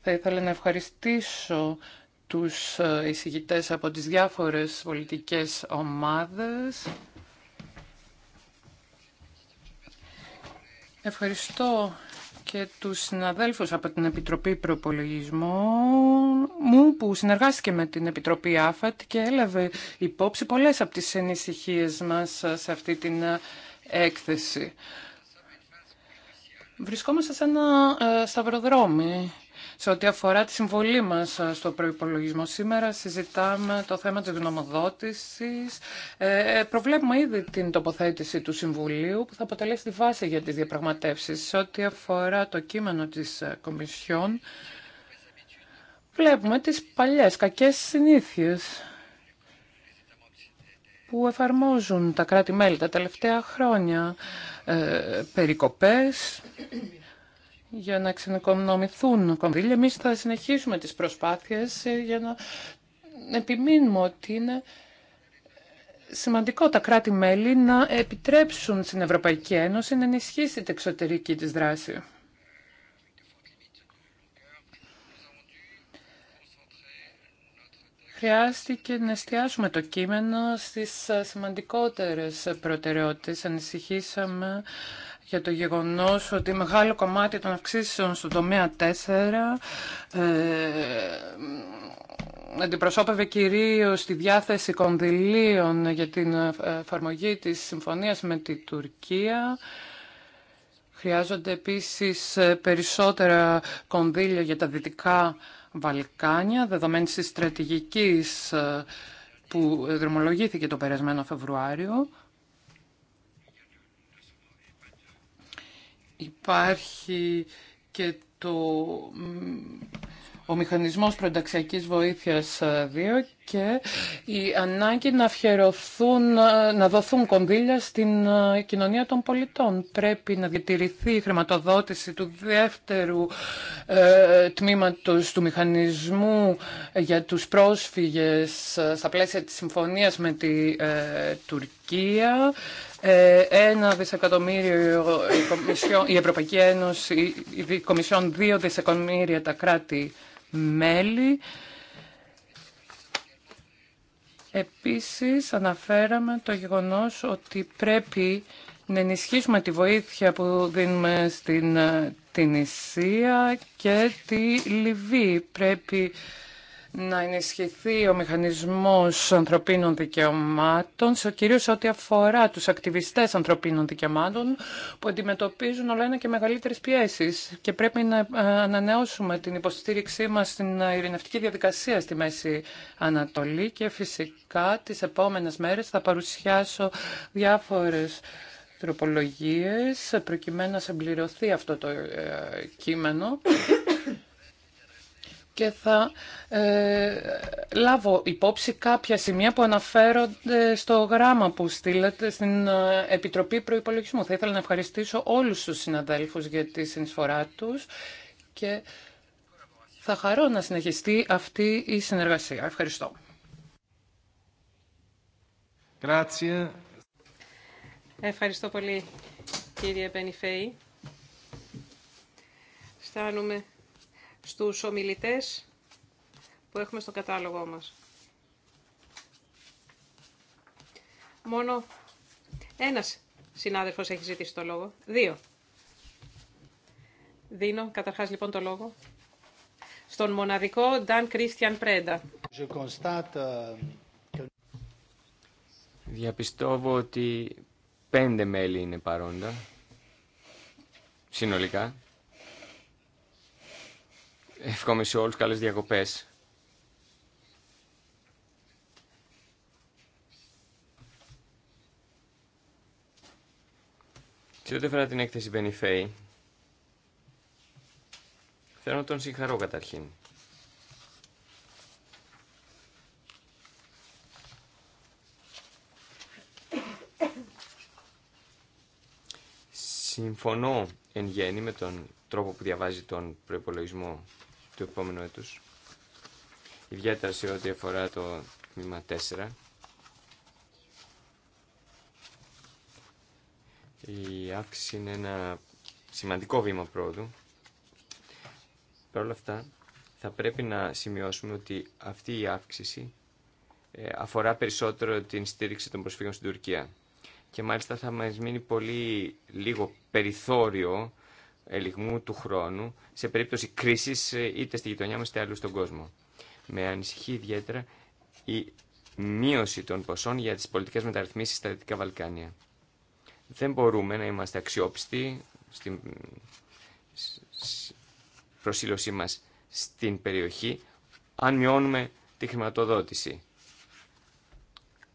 Θα ήθελα να ευχαριστήσω τους ε, εισηγητές από τις διάφορες πολιτικές ομάδες. Ευχαριστώ και τους συναδέλφους από την Επιτροπή Προπολογισμών μου που συνεργάστηκε με την Επιτροπή ΑΦΑΤ και έλαβε υπόψη πολλές από τις ανησυχίε μας σε αυτή την ε, έκθεση. Βρισκόμαστε σε ένα ε, σταυροδρόμι σε ό,τι αφορά τη συμβολή μας ε, στο προϋπολογισμό. Σήμερα συζητάμε το θέμα της γνωμοδότησης. Ε, ε, προβλέπουμε ήδη την τοποθέτηση του Συμβουλίου που θα αποτελέσει τη βάση για τις διαπραγματεύσεις. Σε ό,τι αφορά το κείμενο της ε, Κομισιόν, βλέπουμε τις παλιές κακές συνήθειες που εφαρμόζουν τα κράτη-μέλη τα τελευταία χρόνια. Ε, περικοπές, για να ξενοικονομηθούν. κονδύλια. Εμεί θα συνεχίσουμε τις προσπάθειες ε, για να επιμείνουμε ότι είναι σημαντικό τα κράτη-μέλη να επιτρέψουν στην Ευρωπαϊκή Ένωση να ενισχύσει την εξωτερική της δράση. Χρειάστηκε να εστιάσουμε το κείμενο στις σημαντικότερες προτεραιότητες. Ανησυχήσαμε για το γεγονός ότι μεγάλο κομμάτι των αυξήσεων στον τομέα 4 ε, αντιπροσώπευε κυρίως τη διάθεση κονδυλίων για την εφαρμογή της συμφωνίας με τη Τουρκία. Χρειάζονται επίσης περισσότερα κονδύλια για τα Δυτικά Βαλκάνια, δεδομένης της στρατηγικής που δρομολογήθηκε το περασμένο Φεβρουάριο. υπάρχει και το, ο μηχανισμός προνταξιακής βοήθειας 2 ε, και η ανάγκη να ε, να δοθούν κονδύλια στην ε, κοινωνία των πολιτών. Πρέπει να διατηρηθεί η χρηματοδότηση του δεύτερου ε, τμήματος του μηχανισμού για τους πρόσφυγες στα πλαίσια της συμφωνίας με τη Τουρκία ε, ένα δισεκατομμύριο η, η Ευρωπαϊκή Ένωση, η Κομισιόν δύο δισεκατομμύρια τα κράτη-μέλη. Επίσης αναφέραμε το γεγονός ότι πρέπει να ενισχύσουμε τη βοήθεια που δίνουμε στην ε, την Ισία και τη Λιβύη. Πρέπει να ενισχυθεί ο μηχανισμός ανθρωπίνων δικαιωμάτων, κυρίως ό,τι αφορά τους ακτιβιστές ανθρωπίνων δικαιωμάτων που αντιμετωπίζουν όλα ένα και μεγαλύτερες πιέσεις και πρέπει να ε, ανανεώσουμε την υποστήριξή μας στην ειρηνευτική διαδικασία στη Μέση Ανατολή και φυσικά τις επόμενες μέρες θα παρουσιάσω διάφορες τροπολογίες προκειμένου να συμπληρωθεί αυτό το ε, κείμενο και θα ε, λάβω υπόψη κάποια σημεία που αναφέρονται στο γράμμα που στείλετε στην ε, Επιτροπή Προϋπολογισμού. Θα ήθελα να ευχαριστήσω όλους τους συναδέλφους για τη συνεισφορά τους και θα χαρώ να συνεχιστεί αυτή η συνεργασία. Ευχαριστώ. Ευχαριστώ πολύ κύριε Πενιφέη. Φτάνουμε στους ομιλητές που έχουμε στο κατάλογό μας. Μόνο ένας συνάδελφος έχει ζητήσει το λόγο. Δύο. Δίνω καταρχάς λοιπόν το λόγο στον μοναδικό Νταν Christian Πρέντα. Euh, Διαπιστώβω ότι πέντε μέλη είναι παρόντα, συνολικά. Εύχομαι σε όλους καλές διακοπές. και φέρα την έκθεση Μπενιφέη. θέλω να τον συγχαρώ καταρχήν. Συμφωνώ εν γέννη με τον τρόπο που διαβάζει τον προϋπολογισμό του επόμενου έτους. Ιδιαίτερα σε ό,τι αφορά το τμήμα 4. Η αύξηση είναι ένα σημαντικό βήμα πρόοδου. Παρ' αυτά, θα πρέπει να σημειώσουμε ότι αυτή η αύξηση ε, αφορά περισσότερο την στήριξη των προσφύγων στην Τουρκία. Και μάλιστα θα μας μείνει πολύ λίγο περιθώριο ελιγμού του χρόνου σε περίπτωση κρίσης ε, είτε στη γειτονιά μας είτε αλλού στον κόσμο. Με ανησυχεί ιδιαίτερα η μείωση των ποσών για τις πολιτικές μεταρρυθμίσεις στα Δυτικά Βαλκάνια. Δεν μπορούμε να είμαστε αξιόπιστοι στην προσήλωσή μας στην περιοχή αν μειώνουμε τη χρηματοδότηση.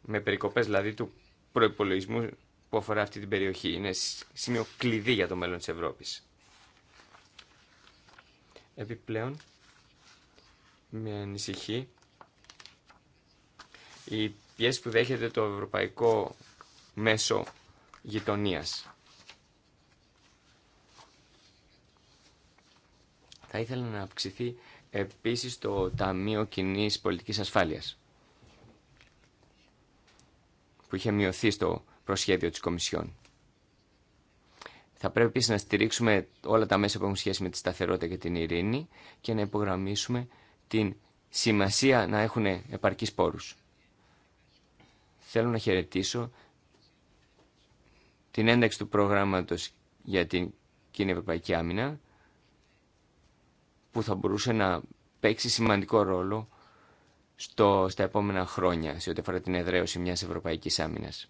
Με περικοπές δηλαδή του προπολογισμού που αφορά αυτή την περιοχή. Είναι σημείο κλειδί για το μέλλον της Ευρώπης. Επιπλέον, με ανησυχή, η πιέση που δέχεται το ευρωπαϊκό μέσο γειτονίας. Θα ήθελα να αυξηθεί επίσης το Ταμείο κοινή Πολιτικής Ασφάλειας που είχε μειωθεί στο προσχέδιο της Κομισιόν. Θα πρέπει επίση να στηρίξουμε όλα τα μέσα που έχουν σχέση με τη σταθερότητα και την ειρήνη και να υπογραμμίσουμε την σημασία να έχουν επαρκείς πόρους. Θέλω να χαιρετήσω την ένταξη του προγράμματος για την κοινή ευρωπαϊκή άμυνα που θα μπορούσε να παίξει σημαντικό ρόλο στο, στα επόμενα χρόνια σε ό,τι αφορά την εδραίωση μιας ευρωπαϊκής άμυνας.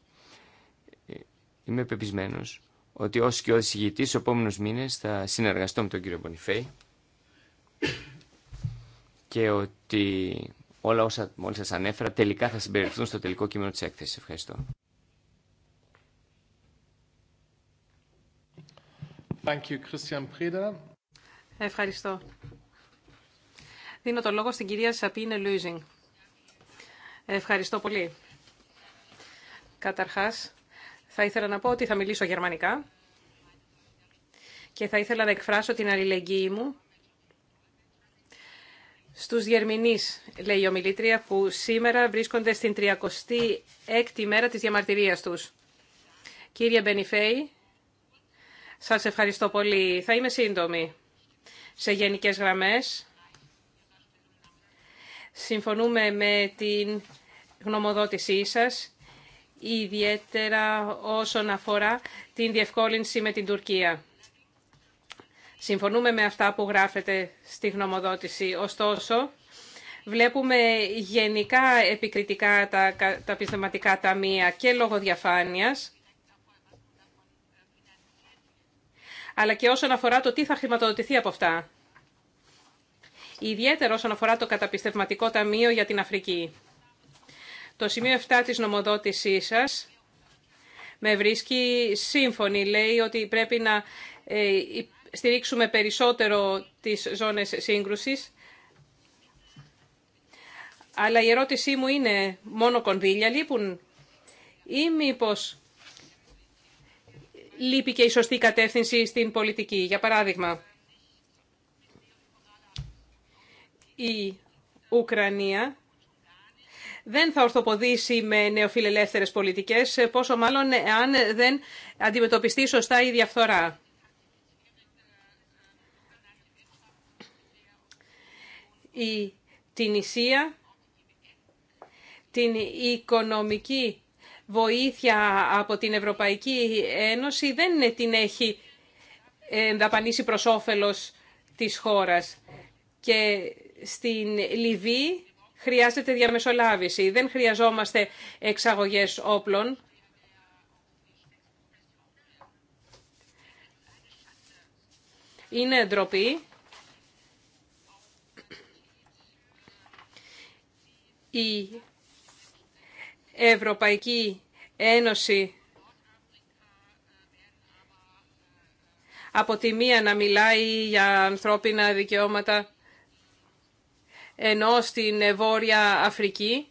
Ε, είμαι πεπισμένος ότι ως και ως ηγητής στους επόμενους μήνες θα συνεργαστώ με τον κύριο Μπονιφέη και ότι όλα όσα μόλις σας ανέφερα τελικά θα συμπεριληφθούν στο τελικό κείμενο της έκθεσης. Ευχαριστώ. Thank you, Ευχαριστώ. Δίνω το λόγο στην κυρία Σαπίνε Λούιζινγκ. Ευχαριστώ πολύ. Καταρχάς, θα ήθελα να πω ότι θα μιλήσω γερμανικά και θα ήθελα να εκφράσω την αλληλεγγύη μου στους γερμινείς, λέει η ομιλήτρια, που σήμερα βρίσκονται στην 36η μέρα της διαμαρτυρίας τους. Κύριε Μπενιφέη, σας ευχαριστώ πολύ. Θα είμαι σύντομη. Σε γενικές γραμμές, συμφωνούμε με την γνωμοδότησή σας ιδιαίτερα όσον αφορά την διευκόλυνση με την Τουρκία. Συμφωνούμε με αυτά που γράφεται στη γνωμοδότηση. Ωστόσο, βλέπουμε γενικά επικριτικά τα, τα πιστευματικά ταμεία και λόγω διαφάνειας, αλλά και όσον αφορά το τι θα χρηματοδοτηθεί από αυτά. Ιδιαίτερα όσον αφορά το καταπιστευματικό ταμείο για την Αφρική. Το σημείο 7 της νομοδότησής σας με βρίσκει σύμφωνη. Λέει ότι πρέπει να ε, στηρίξουμε περισσότερο τις ζώνες σύγκρουσης. Αλλά η ερώτησή μου είναι μόνο κονδύλια λείπουν ή μήπως λείπει και η σωστή κατεύθυνση στην πολιτική. Για παράδειγμα, η Ουκρανία δεν θα ορθοποδήσει με νεοφιλελεύθερες πολιτικές, πόσο μάλλον αν δεν αντιμετωπιστεί σωστά η διαφθορά. Η Τινησία, την οικονομική βοήθεια από την Ευρωπαϊκή Ένωση δεν την έχει ε, δαπανίσει προς όφελος της χώρας. Και στην Λιβύη χρειάζεται διαμεσολάβηση. Δεν χρειαζόμαστε εξαγωγές όπλων. Είναι ντροπή. Η Ευρωπαϊκή Ένωση από τη μία να μιλάει για ανθρώπινα δικαιώματα ενώ στην Βόρεια Αφρική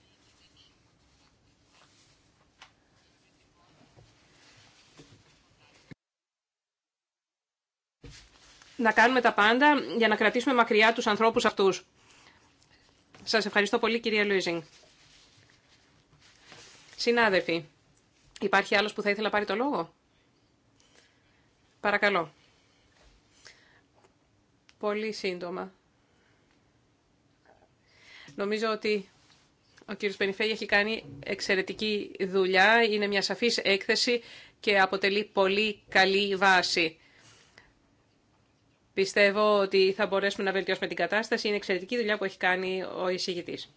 να κάνουμε τα πάντα για να κρατήσουμε μακριά τους ανθρώπους αυτούς. Σας ευχαριστώ πολύ κυρία Λουίζινγκ. Συνάδελφοι, υπάρχει άλλος που θα ήθελα πάρει το λόγο. Παρακαλώ. Πολύ σύντομα. Νομίζω ότι ο κύριος Πενιφέη έχει κάνει εξαιρετική δουλειά. Είναι μια σαφής έκθεση και αποτελεί πολύ καλή βάση. Πιστεύω ότι θα μπορέσουμε να βελτιώσουμε την κατάσταση. Είναι εξαιρετική δουλειά που έχει κάνει ο εισηγητής.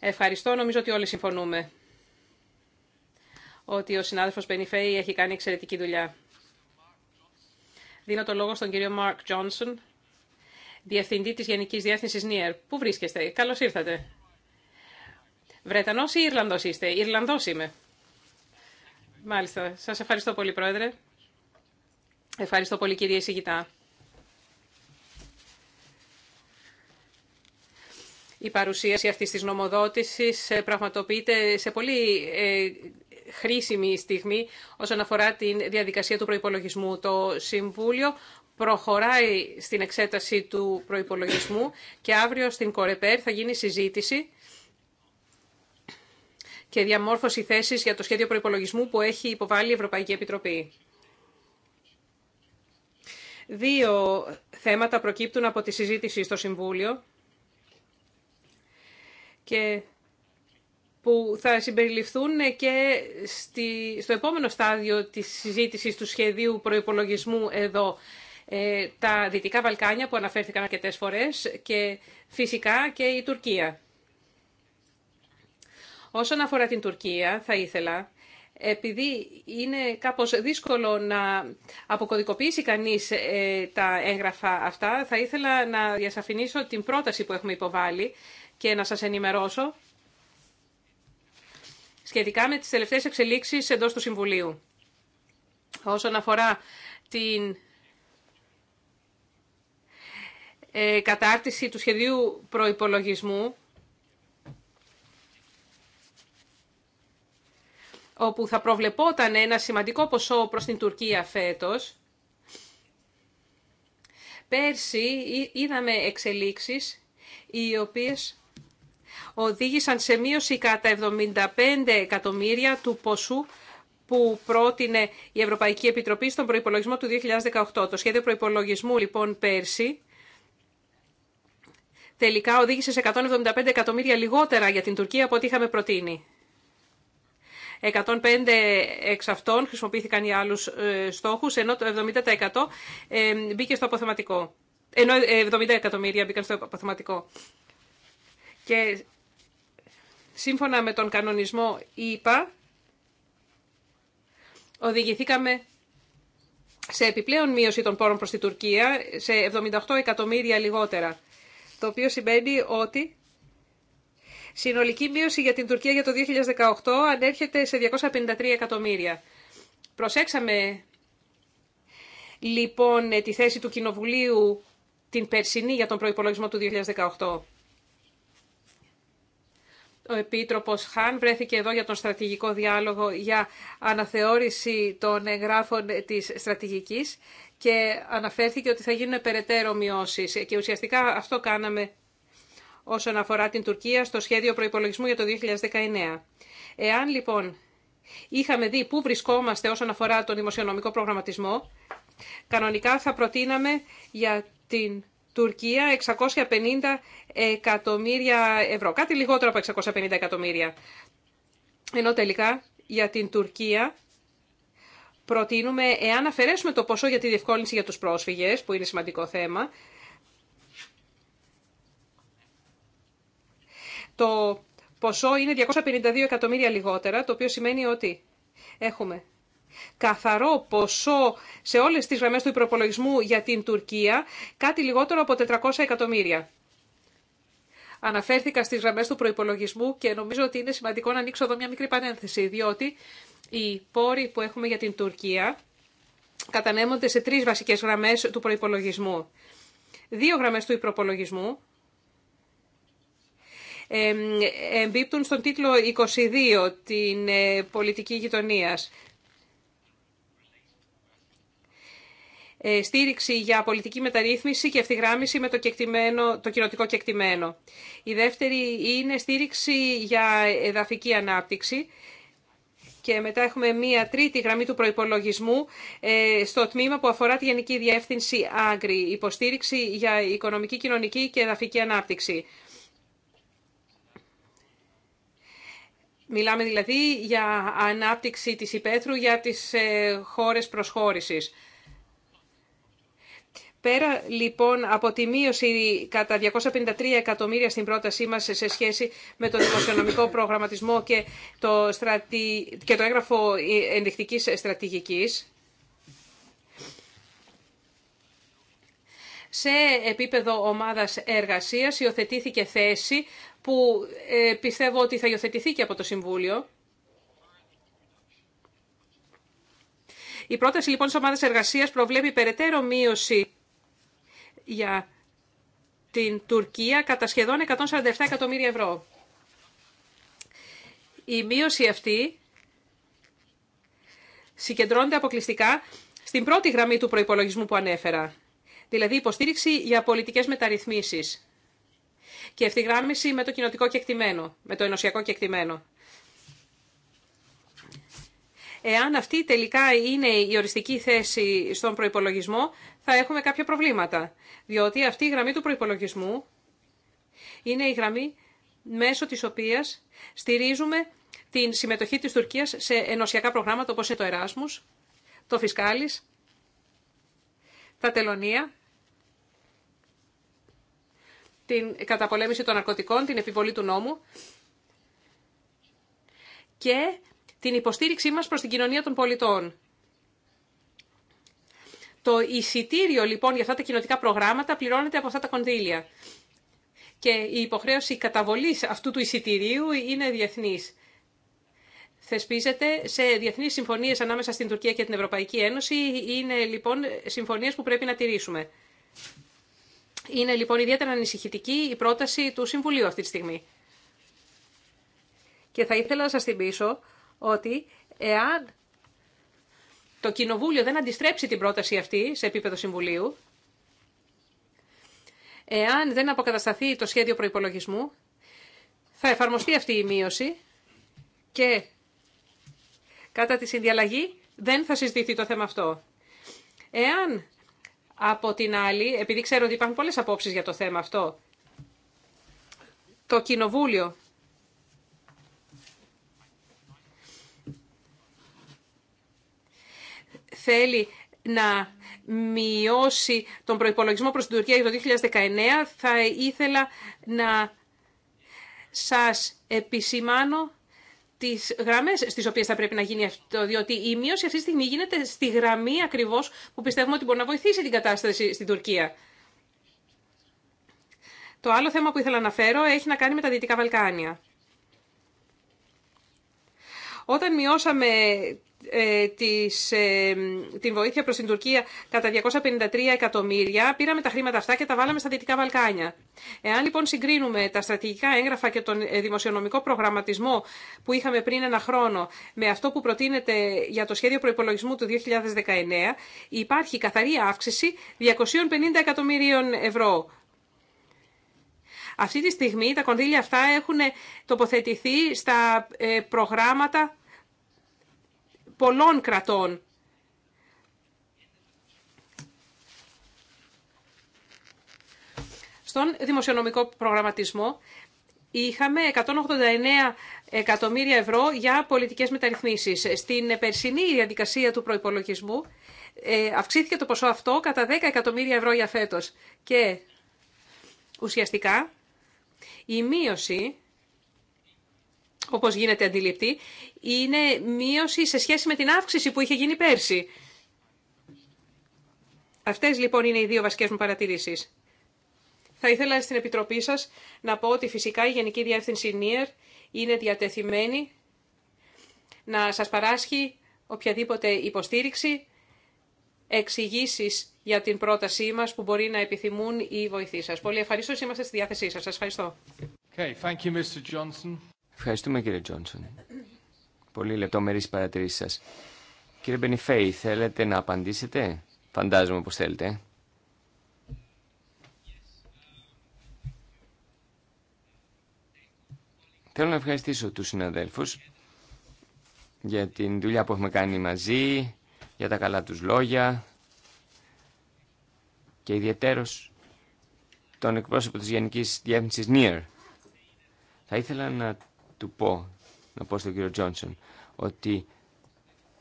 Ευχαριστώ. Νομίζω ότι όλοι συμφωνούμε ότι ο συνάδελφος Πενιφέη έχει κάνει εξαιρετική δουλειά. Δίνω το λόγο στον κύριο Μάρκ Τζόνσον Διευθυντή της Γενικής Διεύθυνσης ΝΙΕΡ. Πού βρίσκεστε, καλώς ήρθατε. Βρετανός ή Ιρλανδός είστε, Ιρλανδός είμαι. Μάλιστα, σας ευχαριστώ πολύ Πρόεδρε. Ευχαριστώ πολύ κύριε Σιγητά. Η παρουσίαση αυτής της νομοδότησης ε, πραγματοποιείται σε πολύ ε, χρήσιμη στιγμή όσον αφορά τη διαδικασία του προϋπολογισμού. Το Συμβούλιο προχωράει στην εξέταση του προϋπολογισμού και αύριο στην Κορεπέρ θα γίνει συζήτηση και διαμόρφωση θέσης για το σχέδιο προϋπολογισμού που έχει υποβάλει η Ευρωπαϊκή Επιτροπή. Δύο θέματα προκύπτουν από τη συζήτηση στο Συμβούλιο και που θα συμπεριληφθούν και στη, στο επόμενο στάδιο της συζήτησης του σχεδίου προϋπολογισμού εδώ ε, τα Δυτικά Βαλκάνια που αναφέρθηκαν αρκετέ φορές και φυσικά και η Τουρκία. Όσον αφορά την Τουρκία, θα ήθελα, επειδή είναι κάπως δύσκολο να αποκωδικοποιήσει κανείς ε, τα έγγραφα αυτά, θα ήθελα να διασαφηνίσω την πρόταση που έχουμε υποβάλει και να σας ενημερώσω σχετικά με τις τελευταίες εξελίξεις εντός του Συμβουλίου. Όσον αφορά την ε, κατάρτιση του σχεδίου προϋπολογισμού όπου θα προβλεπόταν ένα σημαντικό ποσό προς την Τουρκία φέτος. Πέρσι είδαμε εξελίξεις οι οποίες οδήγησαν σε μείωση κατά 75 εκατομμύρια του ποσού που πρότεινε η Ευρωπαϊκή Επιτροπή στον προϋπολογισμό του 2018. Το σχέδιο προϋπολογισμού λοιπόν πέρσι τελικά οδήγησε σε 175 εκατομμύρια λιγότερα για την Τουρκία από ό,τι είχαμε προτείνει. 105 εξ αυτών χρησιμοποιήθηκαν οι άλλους ε, στόχους, ενώ το 70% ε, μπήκε στο αποθεματικό. Ενώ 70 ε, εκατομμύρια μπήκαν στο αποθεματικό. Και σύμφωνα με τον κανονισμό ΙΠΑ, οδηγηθήκαμε σε επιπλέον μείωση των πόρων προς τη Τουρκία, σε 78 εκατομμύρια λιγότερα. Το οποίο σημαίνει ότι συνολική μείωση για την Τουρκία για το 2018 ανέρχεται σε 253 εκατομμύρια. Προσέξαμε λοιπόν τη θέση του Κοινοβουλίου την περσινή για τον προϋπολογισμό του 2018. Ο Επίτροπος Χάν βρέθηκε εδώ για τον στρατηγικό διάλογο για αναθεώρηση των εγγράφων της στρατηγικής και αναφέρθηκε ότι θα γίνουν περαιτέρω μειώσει. Και ουσιαστικά αυτό κάναμε όσον αφορά την Τουρκία στο σχέδιο προϋπολογισμού για το 2019. Εάν λοιπόν είχαμε δει πού βρισκόμαστε όσον αφορά τον δημοσιονομικό προγραμματισμό, κανονικά θα προτείναμε για την Τουρκία 650 εκατομμύρια ευρώ, κάτι λιγότερο από 650 εκατομμύρια. Ενώ τελικά για την Τουρκία προτείνουμε, εάν αφαιρέσουμε το ποσό για τη διευκόλυνση για τους πρόσφυγες, που είναι σημαντικό θέμα, το ποσό είναι 252 εκατομμύρια λιγότερα, το οποίο σημαίνει ότι έχουμε καθαρό ποσό σε όλες τις γραμμές του υπροπολογισμού για την Τουρκία, κάτι λιγότερο από 400 εκατομμύρια. Αναφέρθηκα στις γραμμές του προϋπολογισμού και νομίζω ότι είναι σημαντικό να ανοίξω εδώ μια μικρή παρένθεση. διότι οι πόροι που έχουμε για την Τουρκία κατανέμονται σε τρεις βασικές γραμμές του προϋπολογισμού. Δύο γραμμές του υπροπολογισμού εμπίπτουν στον τίτλο 22, την ε, πολιτική γειτονίας. Ε, στήριξη για πολιτική μεταρρύθμιση και ευθυγράμμιση με το, κεκτημένο, το κοινοτικό κεκτημένο. Η δεύτερη είναι στήριξη για εδαφική ανάπτυξη και μετά έχουμε μία τρίτη γραμμή του προϋπολογισμού ε, στο τμήμα που αφορά τη Γενική Διεύθυνση Άγκρη, υποστήριξη για οικονομική, κοινωνική και εδαφική ανάπτυξη. Μιλάμε δηλαδή για ανάπτυξη της υπαίθρου για τις ε, χώρες προσχώρησης. Πέρα λοιπόν από τη μείωση κατά 253 εκατομμύρια στην πρότασή μας σε σχέση με το δημοσιονομικό προγραμματισμό και το, στρατη... και το έγγραφο ενδεικτικής στρατηγικής, σε επίπεδο ομάδας εργασίας υιοθετήθηκε θέση που ε, πιστεύω ότι θα υιοθετηθεί και από το Συμβούλιο. Η πρόταση λοιπόν της ομάδας εργασίας προβλέπει περαιτέρω μείωση για την Τουρκία κατά σχεδόν 147 εκατομμύρια ευρώ. Η μείωση αυτή συγκεντρώνεται αποκλειστικά στην πρώτη γραμμή του προϋπολογισμού που ανέφερα, δηλαδή υποστήριξη για πολιτικές μεταρρυθμίσεις και ευθυγράμμιση με το κοινοτικό κεκτημένο, με το ενωσιακό κεκτημένο. Εάν αυτή τελικά είναι η οριστική θέση στον προϋπολογισμό, θα έχουμε κάποια προβλήματα, διότι αυτή η γραμμή του προϋπολογισμού είναι η γραμμή μέσω της οποίας στηρίζουμε την συμμετοχή της Τουρκίας σε ενωσιακά προγράμματα όπως είναι το Εράσμους, το Φισκάλις, τα Τελωνία, την καταπολέμηση των ναρκωτικών, την επιβολή του νόμου και την υποστήριξή μας προς την κοινωνία των πολιτών. Το εισιτήριο λοιπόν για αυτά τα κοινοτικά προγράμματα πληρώνεται από αυτά τα κονδύλια. Και η υποχρέωση καταβολής αυτού του εισιτηρίου είναι διεθνής. Θεσπίζεται σε διεθνείς συμφωνίες ανάμεσα στην Τουρκία και την Ευρωπαϊκή Ένωση. Είναι λοιπόν συμφωνίες που πρέπει να τηρήσουμε. Είναι λοιπόν ιδιαίτερα ανησυχητική η πρόταση του Συμβουλίου αυτή τη στιγμή. Και θα ήθελα να σας θυμίσω ότι εάν το Κοινοβούλιο δεν αντιστρέψει την πρόταση αυτή σε επίπεδο Συμβουλίου, εάν δεν αποκατασταθεί το σχέδιο προϋπολογισμού, θα εφαρμοστεί αυτή η μείωση και κατά τη συνδιαλλαγή δεν θα συζητηθεί το θέμα αυτό. Εάν από την άλλη, επειδή ξέρω ότι υπάρχουν πολλές απόψεις για το θέμα αυτό, το Κοινοβούλιο θέλει να μειώσει τον προϋπολογισμό προς την Τουρκία για το 2019, θα ήθελα να σας επισημάνω τις γραμμές στις οποίες θα πρέπει να γίνει αυτό, διότι η μείωση αυτή τη στιγμή γίνεται στη γραμμή ακριβώς που πιστεύουμε ότι μπορεί να βοηθήσει την κατάσταση στην Τουρκία. Το άλλο θέμα που ήθελα να φέρω έχει να κάνει με τα Δυτικά Βαλκάνια. Όταν μειώσαμε ε, της, ε, την βοήθεια προς την Τουρκία κατά 253 εκατομμύρια, πήραμε τα χρήματα αυτά και τα βάλαμε στα Δυτικά Βαλκάνια. Εάν λοιπόν συγκρίνουμε τα στρατηγικά έγγραφα και τον ε, δημοσιονομικό προγραμματισμό που είχαμε πριν ένα χρόνο με αυτό που προτείνεται για το σχέδιο προϋπολογισμού του 2019, υπάρχει καθαρή αύξηση 250 εκατομμυρίων ευρώ. Αυτή τη στιγμή τα κονδύλια αυτά έχουν τοποθετηθεί στα προγράμματα πολλών κρατών. Στον δημοσιονομικό προγραμματισμό είχαμε 189 εκατομμύρια ευρώ για πολιτικές μεταρρυθμίσεις. Στην περσινή διαδικασία του προϋπολογισμού ε, αυξήθηκε το ποσό αυτό κατά 10 εκατομμύρια ευρώ για φέτος. Και ουσιαστικά η μείωση Όπω γίνεται αντιληπτή, είναι μείωση σε σχέση με την αύξηση που είχε γίνει πέρσι. Αυτές λοιπόν είναι οι δύο βασικές μου παρατηρήσεις. Θα ήθελα στην Επιτροπή σας να πω ότι φυσικά η Γενική Διεύθυνση ΝΙΕΡ είναι διατεθειμένη να σας παράσχει οποιαδήποτε υποστήριξη, εξηγήσει για την πρότασή μας που μπορεί να επιθυμούν οι βοηθοί σας. Πολύ ευχαριστώ, είμαστε στη διάθεσή σας. Σας ευχαριστώ. Okay, Ευχαριστούμε κύριε Τζόνσον. Πολύ λεπτομερείς παρατηρήσεις σας. Κύριε Μπενιφέη, θέλετε να απαντήσετε. Φαντάζομαι πως θέλετε. Θέλω να ευχαριστήσω τους συναδέλφους για την δουλειά που έχουμε κάνει μαζί, για τα καλά τους λόγια και ιδιαίτερος τον εκπρόσωπο της Γενικής Διεύθυνσης ΝΙΕΡ. Θα ήθελα να του πω, να πω στον κύριο Τζόνσον, ότι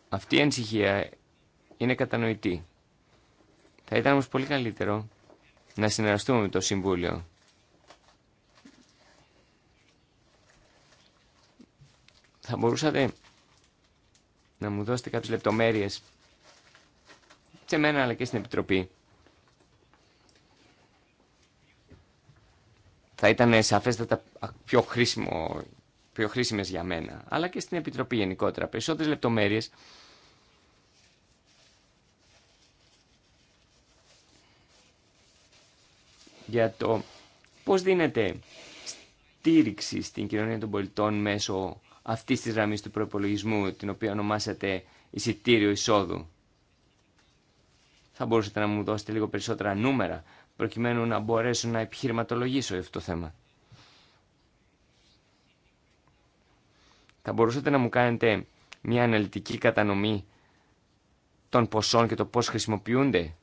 αυτή η ανησυχία είναι κατανοητή. Θα ήταν όμως πολύ καλύτερο να συνεργαστούμε με το Συμβούλιο. Θα μπορούσατε να μου δώσετε κάποιες λεπτομέρειες σε μένα αλλά και στην Επιτροπή. Θα ήταν σαφέστατα πιο χρήσιμο πιο χρήσιμες για μένα, αλλά και στην Επιτροπή γενικότερα. Περισσότερες λεπτομέρειες για το πώς δίνεται στήριξη στην κοινωνία των πολιτών μέσω αυτής της γραμμή του προπολογισμού, την οποία ονομάσατε εισιτήριο εισόδου. Θα μπορούσατε να μου δώσετε λίγο περισσότερα νούμερα, προκειμένου να μπορέσω να επιχειρηματολογήσω αυτό το θέμα. Θα μπορούσατε να μου κάνετε μια αναλυτική κατανομή των ποσών και το πώς χρησιμοποιούνται.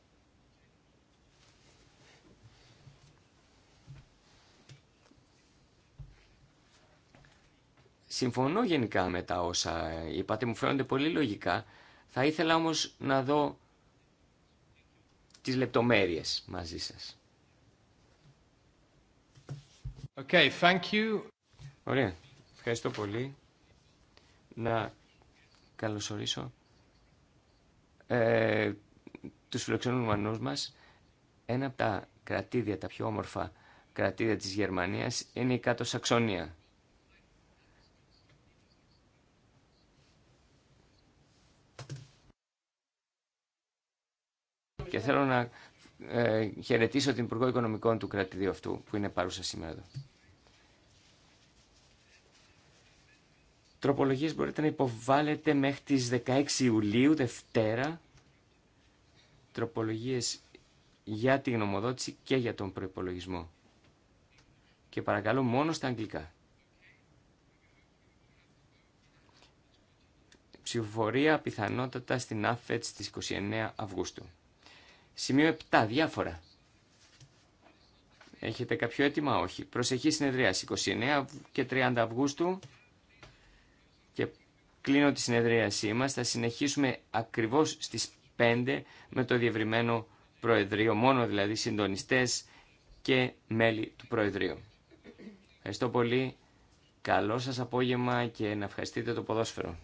Συμφωνώ γενικά με τα όσα είπατε, μου φαίνονται πολύ λογικά. Θα ήθελα όμως να δω τις λεπτομέρειες μαζί σας. Okay, thank you. Ωραία. Ευχαριστώ πολύ να καλωσορίσω ε, τους φιλοξενούμενους μας. Ένα από τα κρατήδια, τα πιο όμορφα κρατήδια της Γερμανίας είναι η κάτω Σαξονία. Και θέλω να ε, χαιρετήσω την Υπουργό Οικονομικών του κρατηδίου αυτού που είναι παρούσα σήμερα εδώ. Τροπολογίες μπορείτε να υποβάλλετε μέχρι τις 16 Ιουλίου, Δευτέρα. Τροπολογίες για τη γνωμοδότηση και για τον προϋπολογισμό. Και παρακαλώ μόνο στα αγγλικά. Ψηφοφορία πιθανότατα στην ΑΦΕΤ στις 29 Αυγούστου. Σημείο 7. Διάφορα. Έχετε κάποιο έτοιμα, όχι. Προσεχή συνεδρία 29 και 30 Αυγούστου. Κλείνω τη συνεδρίασή μας. Θα συνεχίσουμε ακριβώς στις 5 με το διευρυμένο Προεδρείο, μόνο δηλαδή συντονιστές και μέλη του Προεδρείου. Ευχαριστώ πολύ. Καλό σας απόγευμα και να ευχαριστείτε το ποδόσφαιρο.